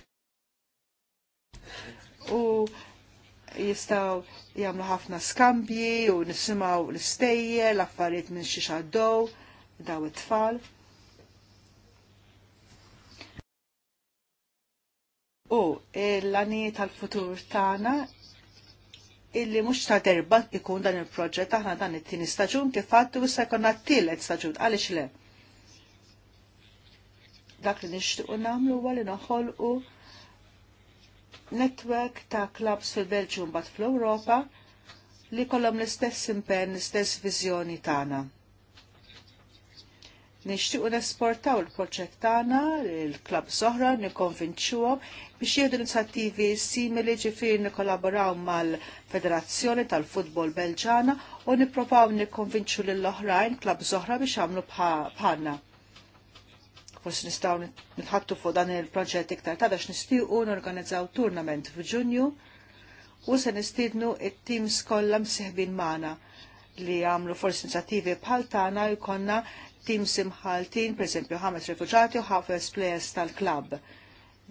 u jistaw jagħmlu ħafna skambji u nisimgħu l-istejjer, l-affarijiet minn xi xaddew daw it-tfal. U l-għani tal-futur tagħna illi mhux ta' derba ikun dan il-proġett aħna dan it-tieni staġun kif għaddu issa sekonna t-tielet staġun għaliex le. Dak li nixtiequ namlu huwa li u netwerk ta' klabs fil-Belġium bat fl-Ewropa li kollhom l-istess impenn, l-istess viżjoni tagħna nixtiequ nesportaw il-proġett tagħna il-klab soħra nikkonvinċuhom biex jieħdu inizjattivi simili ġifieri nikkolaboraw mal-Federazzjoni tal-Futbol Belġana u nippropaw nikkonvinċu lill-oħrajn klab soħra biex għamlu bħalna forsi nistgħu nitħattu fuq dan il-proġett iktar ta' dax nistiqu norganizzaw turnament f'Ġunju u se nistidnu it-teams kollha msieħbin magħna li għamlu forsi inizjattivi bħal tagħna jkollna Tim simħaltin, per esempio ħames refuġati u ħafes players tal-klab.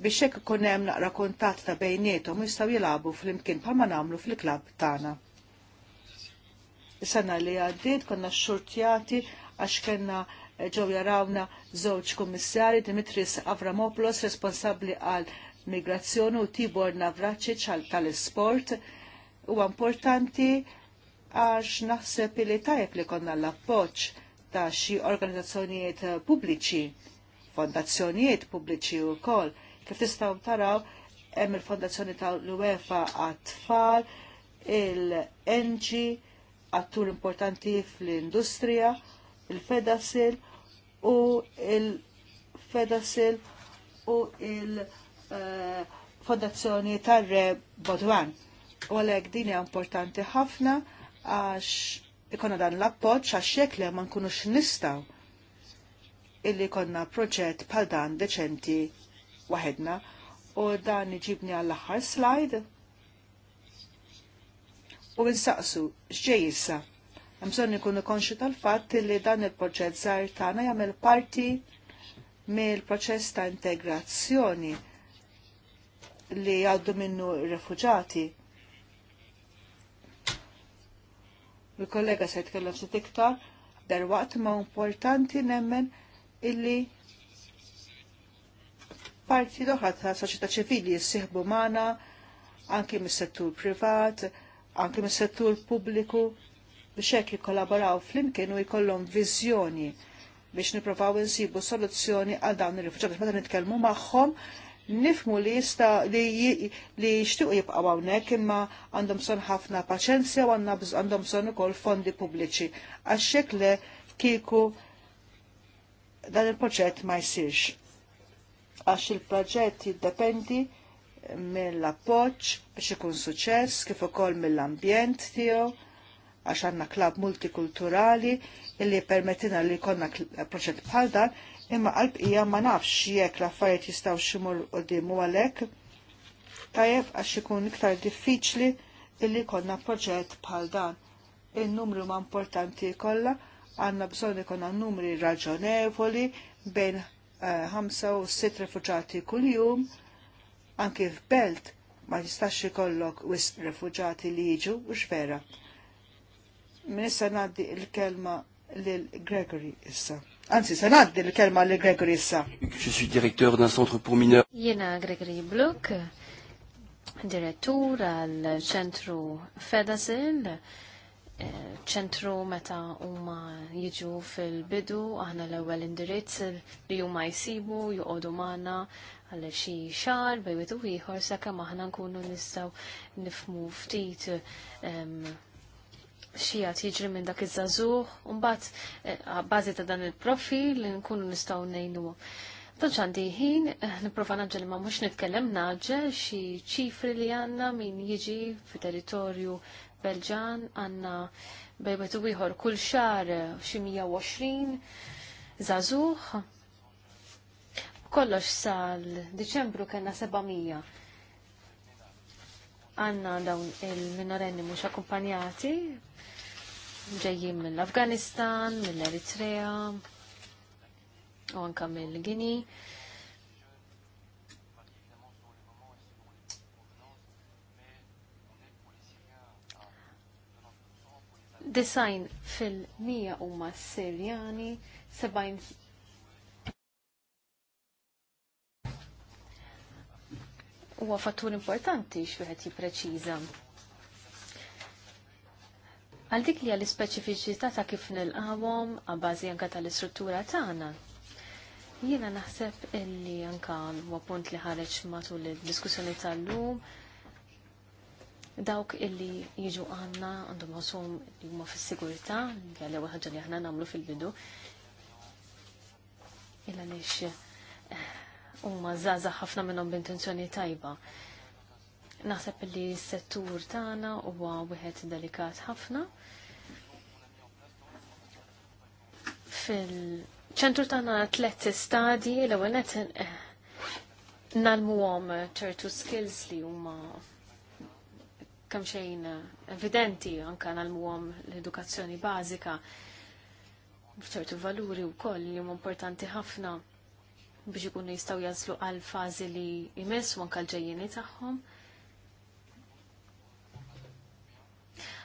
Biex hekk ikun hemm naqra kuntatt ta' bejniethom jistgħu jilagħbu flimkien bħalma nagħmlu fil-klab tagħna. Is-sena li għaddiet konna xxurtjati għax kellna eh, ġew jarawna żewġ kummissarji Dimitris Avramopoulos responsabbli għal migrazzjoni u Tibor Navracic tal-isport u importanti għax naħseb li tajjeb li konna l-appoċ ta' xi organizzazzjonijiet eh, pubbliċi, fondazzjonijiet pubbliċi wkoll. Kif tistaw taraw hemm il-fondazzjoni tal-UEFA għat-tfal, il-NG, attur importanti fl-industrija, il-Fedasil u il-Fedasil u il-fondazzjoni eh, tar re Bodwan. U għalhekk din hija importanti ħafna għax ikonna dan l-appoġġ għax jekk li ma nkunux nistgħu illi konna proġett bħal dan deċenti waħedna u dan iġibni għall aħħar slide u nsaqsu x'ġej issa. Mżon ikunu konxu tal-fatt li dan il-proġett żgħar tagħna jagħmel parti mill-proċess ta' integrazzjoni li għaddu minnu r-refuġati il-kollega se jitkellem se tiktar, derwaqt ma importanti nemmen illi parti doħra ta' soċjetà ċivili jissieħbu magħna anki mis-settur privat, anki mis-settur pubbliku biex hekk jikkollaboraw flimkien u jkollhom viżjoni biex niprofaw insibu soluzzjoni għal dawn ir-rifuġjati meta nitkellmu magħhom nifmu li jista li, li jixtiqu jibqaw hawnhekk imma għandhom son ħafna paċenzja u għandhom son ukoll fondi pubbliċi. Għax le kieku dan il-proġett ma jsirx. Għax il-proġett jiddependi mill-appoġġ biex ikun suċess kif ukoll mill-ambjent tiegħu għax għanna klab multikulturali illi permettina li konna proġett bħal dan imma ija ma nafx jekk l-affarijiet jistgħu ximur qudiem u għalhekk tajjeb għax ikun iktar diffiċli illi konna proġett bħal dan. Il-numru ma importanti kollha għandna bżonn ikonna numri raġonevoli bejn 5 eh, u sitt refuġati kuljum, anke f'belt ma jistax ikollok wis refuġati li jiġu u xvera. Minissa naddi il-kelma lil Gregory issa. Anzi, se naddi l-kelma li Gregory issa. Je suis directeur d'un centre pour mineurs. Jena Gregory Bluk, direttur għal ċentru Fedasil, eh, ċentru meta huma jiġu fil-bidu, aħna l-ewwel indirizz li huma jsibu joqogħdu magħna għal xi xahar bejn u ieħor sakemm aħna nkunu nistgħu nifmu ftit ehm, xijat jiġri minn dak iż-żazuħ, unbat eh, bazi ta' dan il-profil li nkunu nistaw nejnu. Tanċandi ħin, eh, niprofa naġġel ma mux nitkellem naġġel xi ċifri li għanna min jiġi fi territorju Belġan għanna bejbetu wieħor kull xar xi 120 zazuħ. Kollox sal Diċembru kena 700 għanna dawn il-minorenni mux akkumpanjati ġejjin mill-Afganistan, mill-Eritrea, u anka mill-Gini. Design fil-100 huma Sirjani, 70 huwa fattur importanti x'wieħed jippreċiża għal dik li għal-ispeċifiċità ta' kif nilqawhom għabbażi anka tal-istruttura tagħna. Jiena naħseb illi anka huwa punt li ħareġ matul id-diskussjoni tal-lum dawk illi jiġu għanna għandhom għasum li huma fis-sigurtà għal ewwel ħaġa li aħna nagħmlu fil-bidu. Illa lix eh, huma żgħażagħ ħafna minnhom b'intenzjoni tajba. Naħseb li s-settur tagħna huwa wieħed delikat ħafna. Fil-ċentru tagħna tlet stadji l-ewwel qed eh, nalmuhom ċertu skills li huma kemm xejn evidenti anke nalmuhom l-edukazzjoni bażika b'ċertu valuri wkoll li huma importanti ħafna biex ikunu jistgħu jaslu għal fażi li jmessu anke l ġejjieni tagħhom.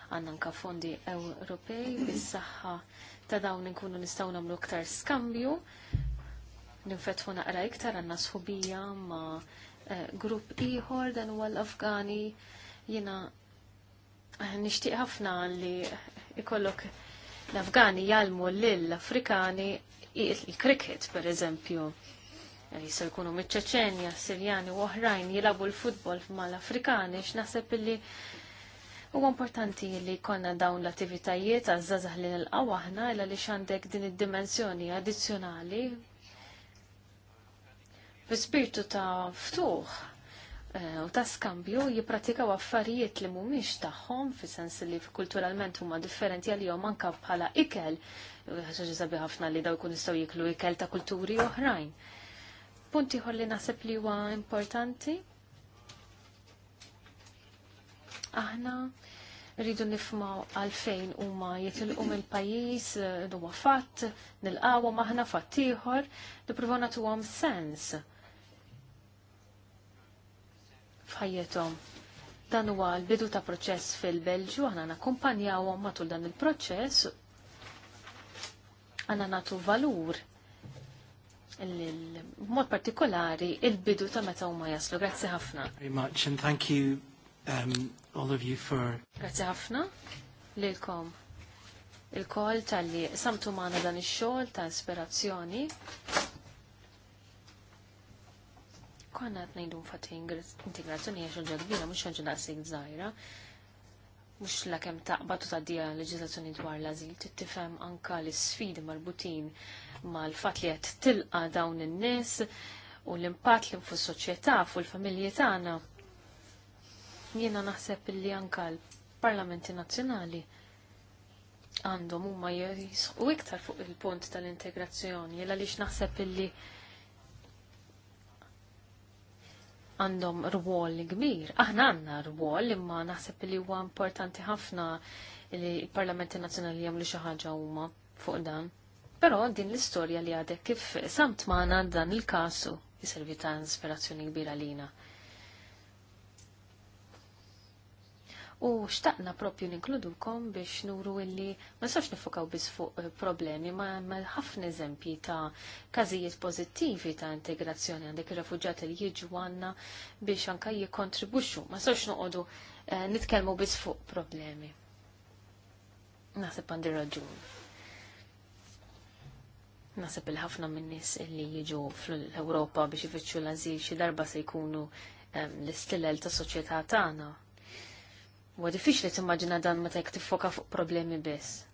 għandna anka fondi Ewropej bis-saħħa ta' dawn inkunu nistgħu nagħmlu iktar skambju. Ninfetħu naqra iktar għandna sħubija ma' eh, grupp ieħor dan huwa l-Afgani jiena eh, nixtieq ħafna li ikollok l-Afgani jalmu lill-Afrikani il-kriket per eżempju eh, jisa jkunu mit-ċeċenja, Sirjani u oħrajn jilabu l-futbol mal-Afrikani, x'naħseb illi U importanti li konna dawn l-attivitajiet għazzazah li nil-qawa ħna illa li xandek din id-dimensjoni addizjonali fi spirtu ta' ftuħ eh, u ta' skambju jipratika affarijiet li mumiex tagħhom fi sens li kulturalment huma differenti jom anka bħala ikel ħaġa ħafna li daw kun jistgħu jiklu ikel ta' kulturi oħrajn. Punti ħolli naħseb li huwa importanti Aħna rridu nifmaw għalfejn huma jitilqu mill pajjiż eh, huma fatt, nilqgħu maħna fatt ieħor, tu nagħtuhom sens f'ħajjithom. Dan huwa l-bidu ta' proċess fil-Belġju, aħna nakkumpanjawhom matul dan il-proċess għana nagħtu valur mod partikolari il-bidu ta' meta huma jaslu. Grazzi ħafna. Very much and thank you um, all of you for... Grazie ħafna lilkom il-kol tal-li samtu maħna dan il-xol ta' ispirazzjoni. Konna għat najdu fatti integrazzjoni għaxol ġadbina, mux ħagġu daqsik zaħira, mux la kem taqbatu ta' dija leġizazzjoni dwar l-azil, t-tifem anka l-sfidi marbutin ma' mal-fat li għat tilqa dawn il-nis u l-impat l s soċieta fu l-familji tagħna. Ta Jiena naħseb li anka l-Parlamenti Nazzjonali għandhom huma jisħu iktar fuq il-punt tal-integrazzjoni, jela lix naħseb illi għandhom rwol kbir. Aħna għandna rwol imma naħseb li huwa importanti ħafna li l-Parlamenti Nazzjonali jagħmlu xi ħaġa huma fuq dan. Però din l-istorja li għadek kif samt ma dan il-kasu jiservi ta' inspirazzjoni kbira lina. u xtaqna propju ninkludukom biex nuru illi ma nistax nifokaw biss fuq eh, problemi ma ħafna eżempji ta' każijiet pożittivi ta' integrazzjoni għandek ir-refuġjati li jiġu għandna biex anka jikkontribwixxu ma nistax noqogħdu nitkelmu eh, nitkellmu biss fuq problemi. Naħseb għandi raġun. Naħseb il-ħafna min-nies li jiġu fl-Ewropa biex ifittxu l-azil xi darba se jkunu eh, l-istilel ta' soċjetà tagħna Huwa diffiċli timmaġina dan meta jekk tiffoka fuq problemi biss.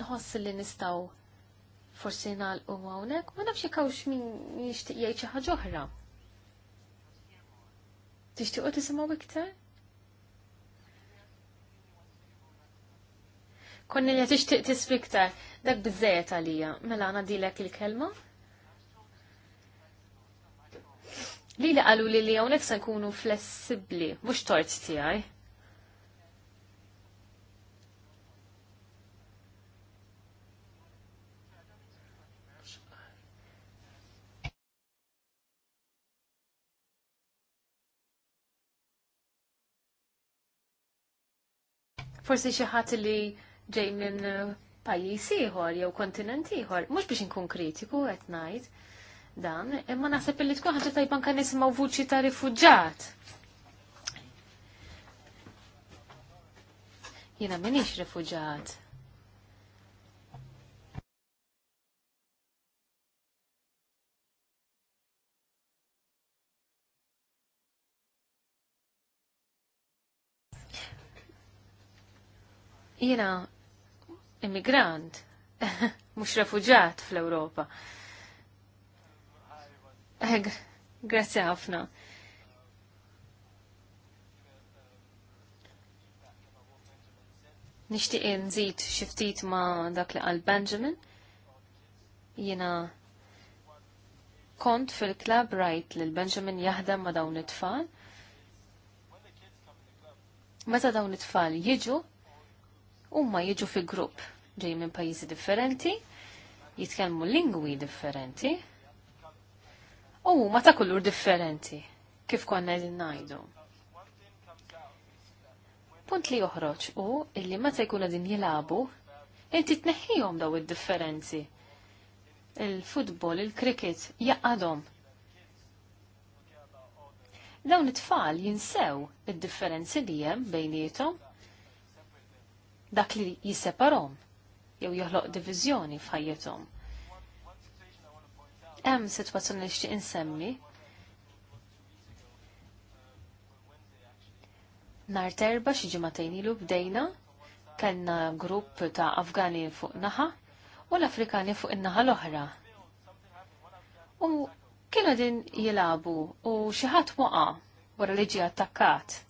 nħoss li nistaw forsi u hawnhekk, ma nafx kawx min jixtieq jgħid xi ħaġa oħra. Tixtiequ tisimgħu iktar? Kornelja tixtieq tisfiktar, dak biżejjed għalija. Mela dilek il-kelma. Li li qalu li li hawnhekk se nkunu flessibbli, mhux ti tiegħi. forsi xi ħadd li ġej minn uh, pajjiż ieħor jew kontinent ieħor, mhux biex inkun kritiku qed ngħid dan, imma naħseb illi tkun ħaġa tajba anke nisimgħu vuċi ta' rifuġġat. Jiena m'iniex rifuġġat. Jiena immigrant, mux refugġat fl-Europa. Eh, grazie ħafna. Nishtiq nżid xiftit ma dak li qal Benjamin. Jena kont fil-klab rajt li l-Benjamin jaħdem ma dawn it-tfal. Meta dawn it-tfal jiġu, huma jiġu fi grupp ġej minn pajjiżi differenti, jitkellmu lingwi differenti, u huma ta' kulur differenti, kif konna qegħdin ngħidu. Punt li joħroġ u illi meta jkunu din jilabu, inti tneħħihom daw id-differenzi. Il-futbol, il-kriket, jaqadhom dawn it-tfal jinsew id-differenzi li hemm bejnietom dak li jisseparhom jew joħloq diviżjoni f'ħajjithom. Hemm sitwazzjoni li xtieq insemmi Nar terba xi ġimagħtejn ilu bdejna kellna grupp ta' Afgani fuq naħa u l-Afrikani fuq in-naħa l-oħra. U kienu din jilabu u xi ħadd waqa' wara li ġie attakkat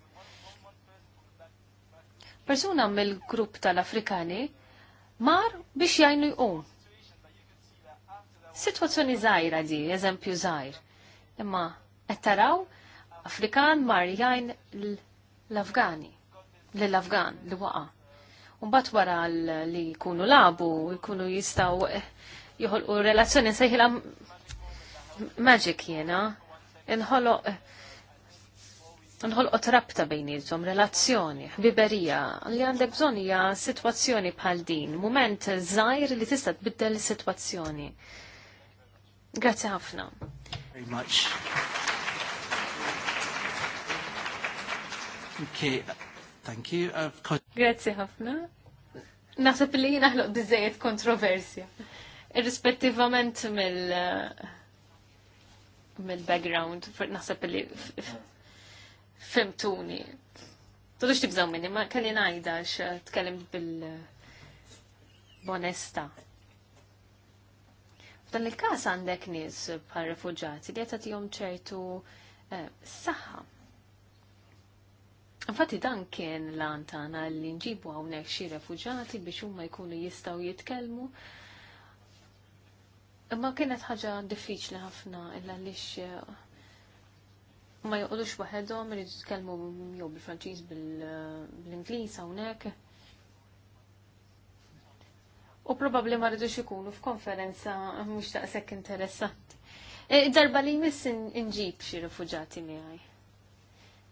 persuna mill-grupp tal-Afrikani mar biex jajnu jqum. Situazzjoni zaħira di, eżempju zaħir. Imma qed taraw Afrikan mar jajn l-Afgani, l-Afgan, li waqa. Unbat wara li jkunu labu, jkunu jistaw eh, joħolqu relazzjoni sejħila magic jena. Inħoloq eh, nħolqot rabta bejnietom, relazzjoni, biberija li għandek bżon hija sitwazzjoni bħal din, mument zaħir li tista' tbiddel is-sitwazzjoni. Grazzi ħafna. Very much. Okay, thank you. Grazzi ħafna. Naħseb li jien naħloq biżejjed kontroversja. Irrispettivament mill mill-background, naħseb li femtuni. Tudux tibżaw minni, ma kelli najda x tkellim bil-bonesta. F'dan il-kas għandek nis bħal refugġati li jom ċertu eh, saħħa. Infatti dan kien lantana li nġibu għawnek xi refugġati biex huma jkunu jistaw jitkellmu. Imma kienet ħaġa diffiċli ħafna illa lix eh, ma joqodux waħedhom irid jitkellmu jew bil-Franċiż bil-Ingliż hawnhekk. U probabbli ma rridux ikunu f'konferenza mhux daqshekk interessanti. E, darba li jmiss inġib xi rifuġati miegħi.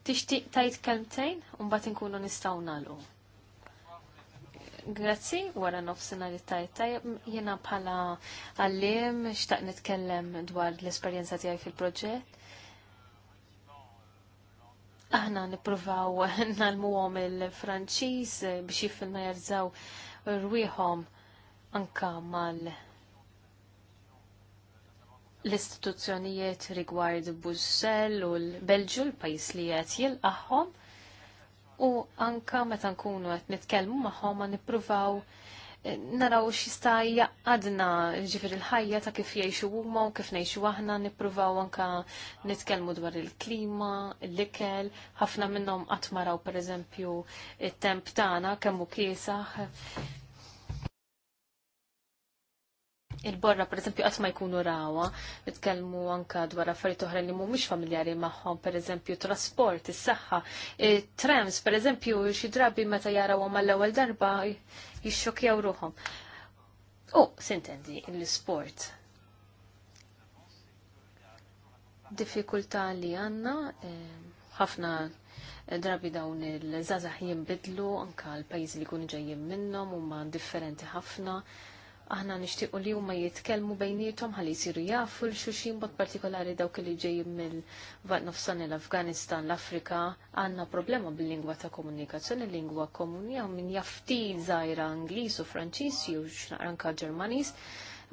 Tixtieq tajt kelmtejn u mbagħad inkunu nistgħu nagħlqu. Grazzi, wara nofsina li tajt jiena bħala għallim xtaq nitkellem dwar l-esperjenza tiegħi fil-proġett Aħna nippruvaw għom il-Franċiż eh, biex jifilna jarżaw rwiħom anka mal l-istituzzjonijiet rigward Bussell u l-Belġu l-pajis li qed jilqaħħom u anka meta nkunu qed nitkellmu magħhom ma nippruvaw naraw xista jaqadna ġifir il-ħajja ta' kif jgħixu huma u kif ngħixu aħna nippruvaw anka nitkellmu dwar il-klima, l-ikel, ħafna minnhom qatt maraw pereżempju il temp tagħna kemm hu kiesaħ il-borra per eżempju qatt ma jkunu rawa, nitkellmu anka dwar affarijiet oħra li mhumiex familjari magħhom, per eżempju trasport, is-saħħa, trams per eżempju xi drabi meta jaraw mal-ewwel darba jixxokjaw ruhom. U sintendi l isport Diffikultà li għandna, eh, ħafna drabi dawn il-żazax jinbidlu anka l pajjiżi li jkunu ġejjin minnhom huma differenti ħafna aħna nixtiequ li huma jitkellmu bejnietom ħalli jsiru jafu l xulxin bot partikolari dawk li ġejjin mill-Vat Nofsan l-Afganistan, l-Afrika, għandna problema bil-lingwa ta' komunikazzjoni, lingwa komuni għaw min jafti żgħira Ingliż u Franċiż jew x'naqranka Ġermaniż,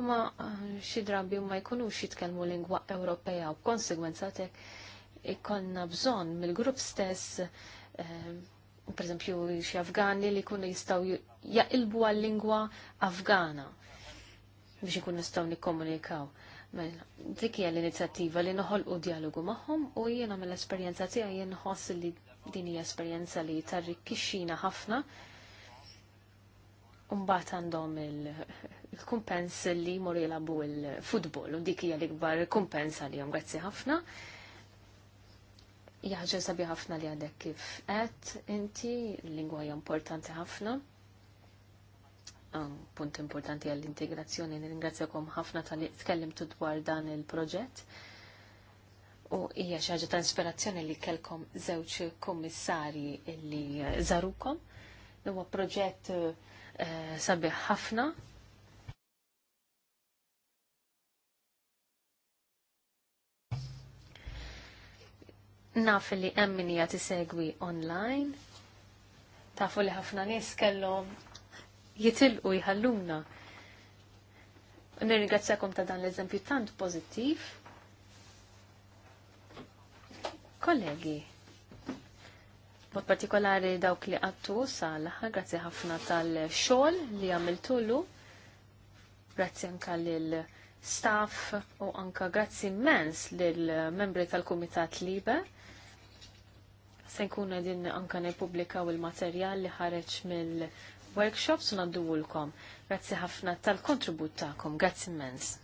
ma eh, xi drabi ma jkunux jitkellmu lingwa Ewropea u konsegwenza tek ikollna bżonn mill-grupp stess eh, per esempio, xi Afgani li jkunu jistgħu jaqilbu għal-lingwa Afgana biex ikun jistaw nikkomunikaw. Mela, dik hija l-inizjattiva li noħolqu dialogu magħhom u jiena mill-esperjenza tiegħi jien nħoss li din hija esperjenza li tarrikkixxina ħafna. u mbagħad għandhom il-kumpens li jmorru jilagħbu il-futbol u dik hija l-ikbar kumpensa għalihom grazzi ħafna jaħġa sabi ħafna li għadek kif għed inti, lingwa hija importanti ħafna. Punt importanti għall-integrazzjoni, nirringrazzjakom ħafna tal-li tkellimtu dwar dan il-proġett. U hija xi ħaġa ta' inspirazzjoni li kellkom żewġ kummissarji li żarukom. Huwa proġett eh, sabiħ ħafna naf li emminija tisegwi online, tafu li ħafna nis kellhom jitilqu jħalluna. Nirringrazzakom ta' dan l-eżempju tant pozittiv. Kollegi, mod partikolari dawk li għattu sal-ħa, grazzi ħafna tal-xol li għamiltullu, grazzi anka l-staff u anka grazzi immens l-membri tal-Kumitat Liber Se nkun għedin anka u il-materjal li ħareġ mill-workshops u naddulkom. Grazzi ħafna tal-kontribut tagħkom. Grazzi immens.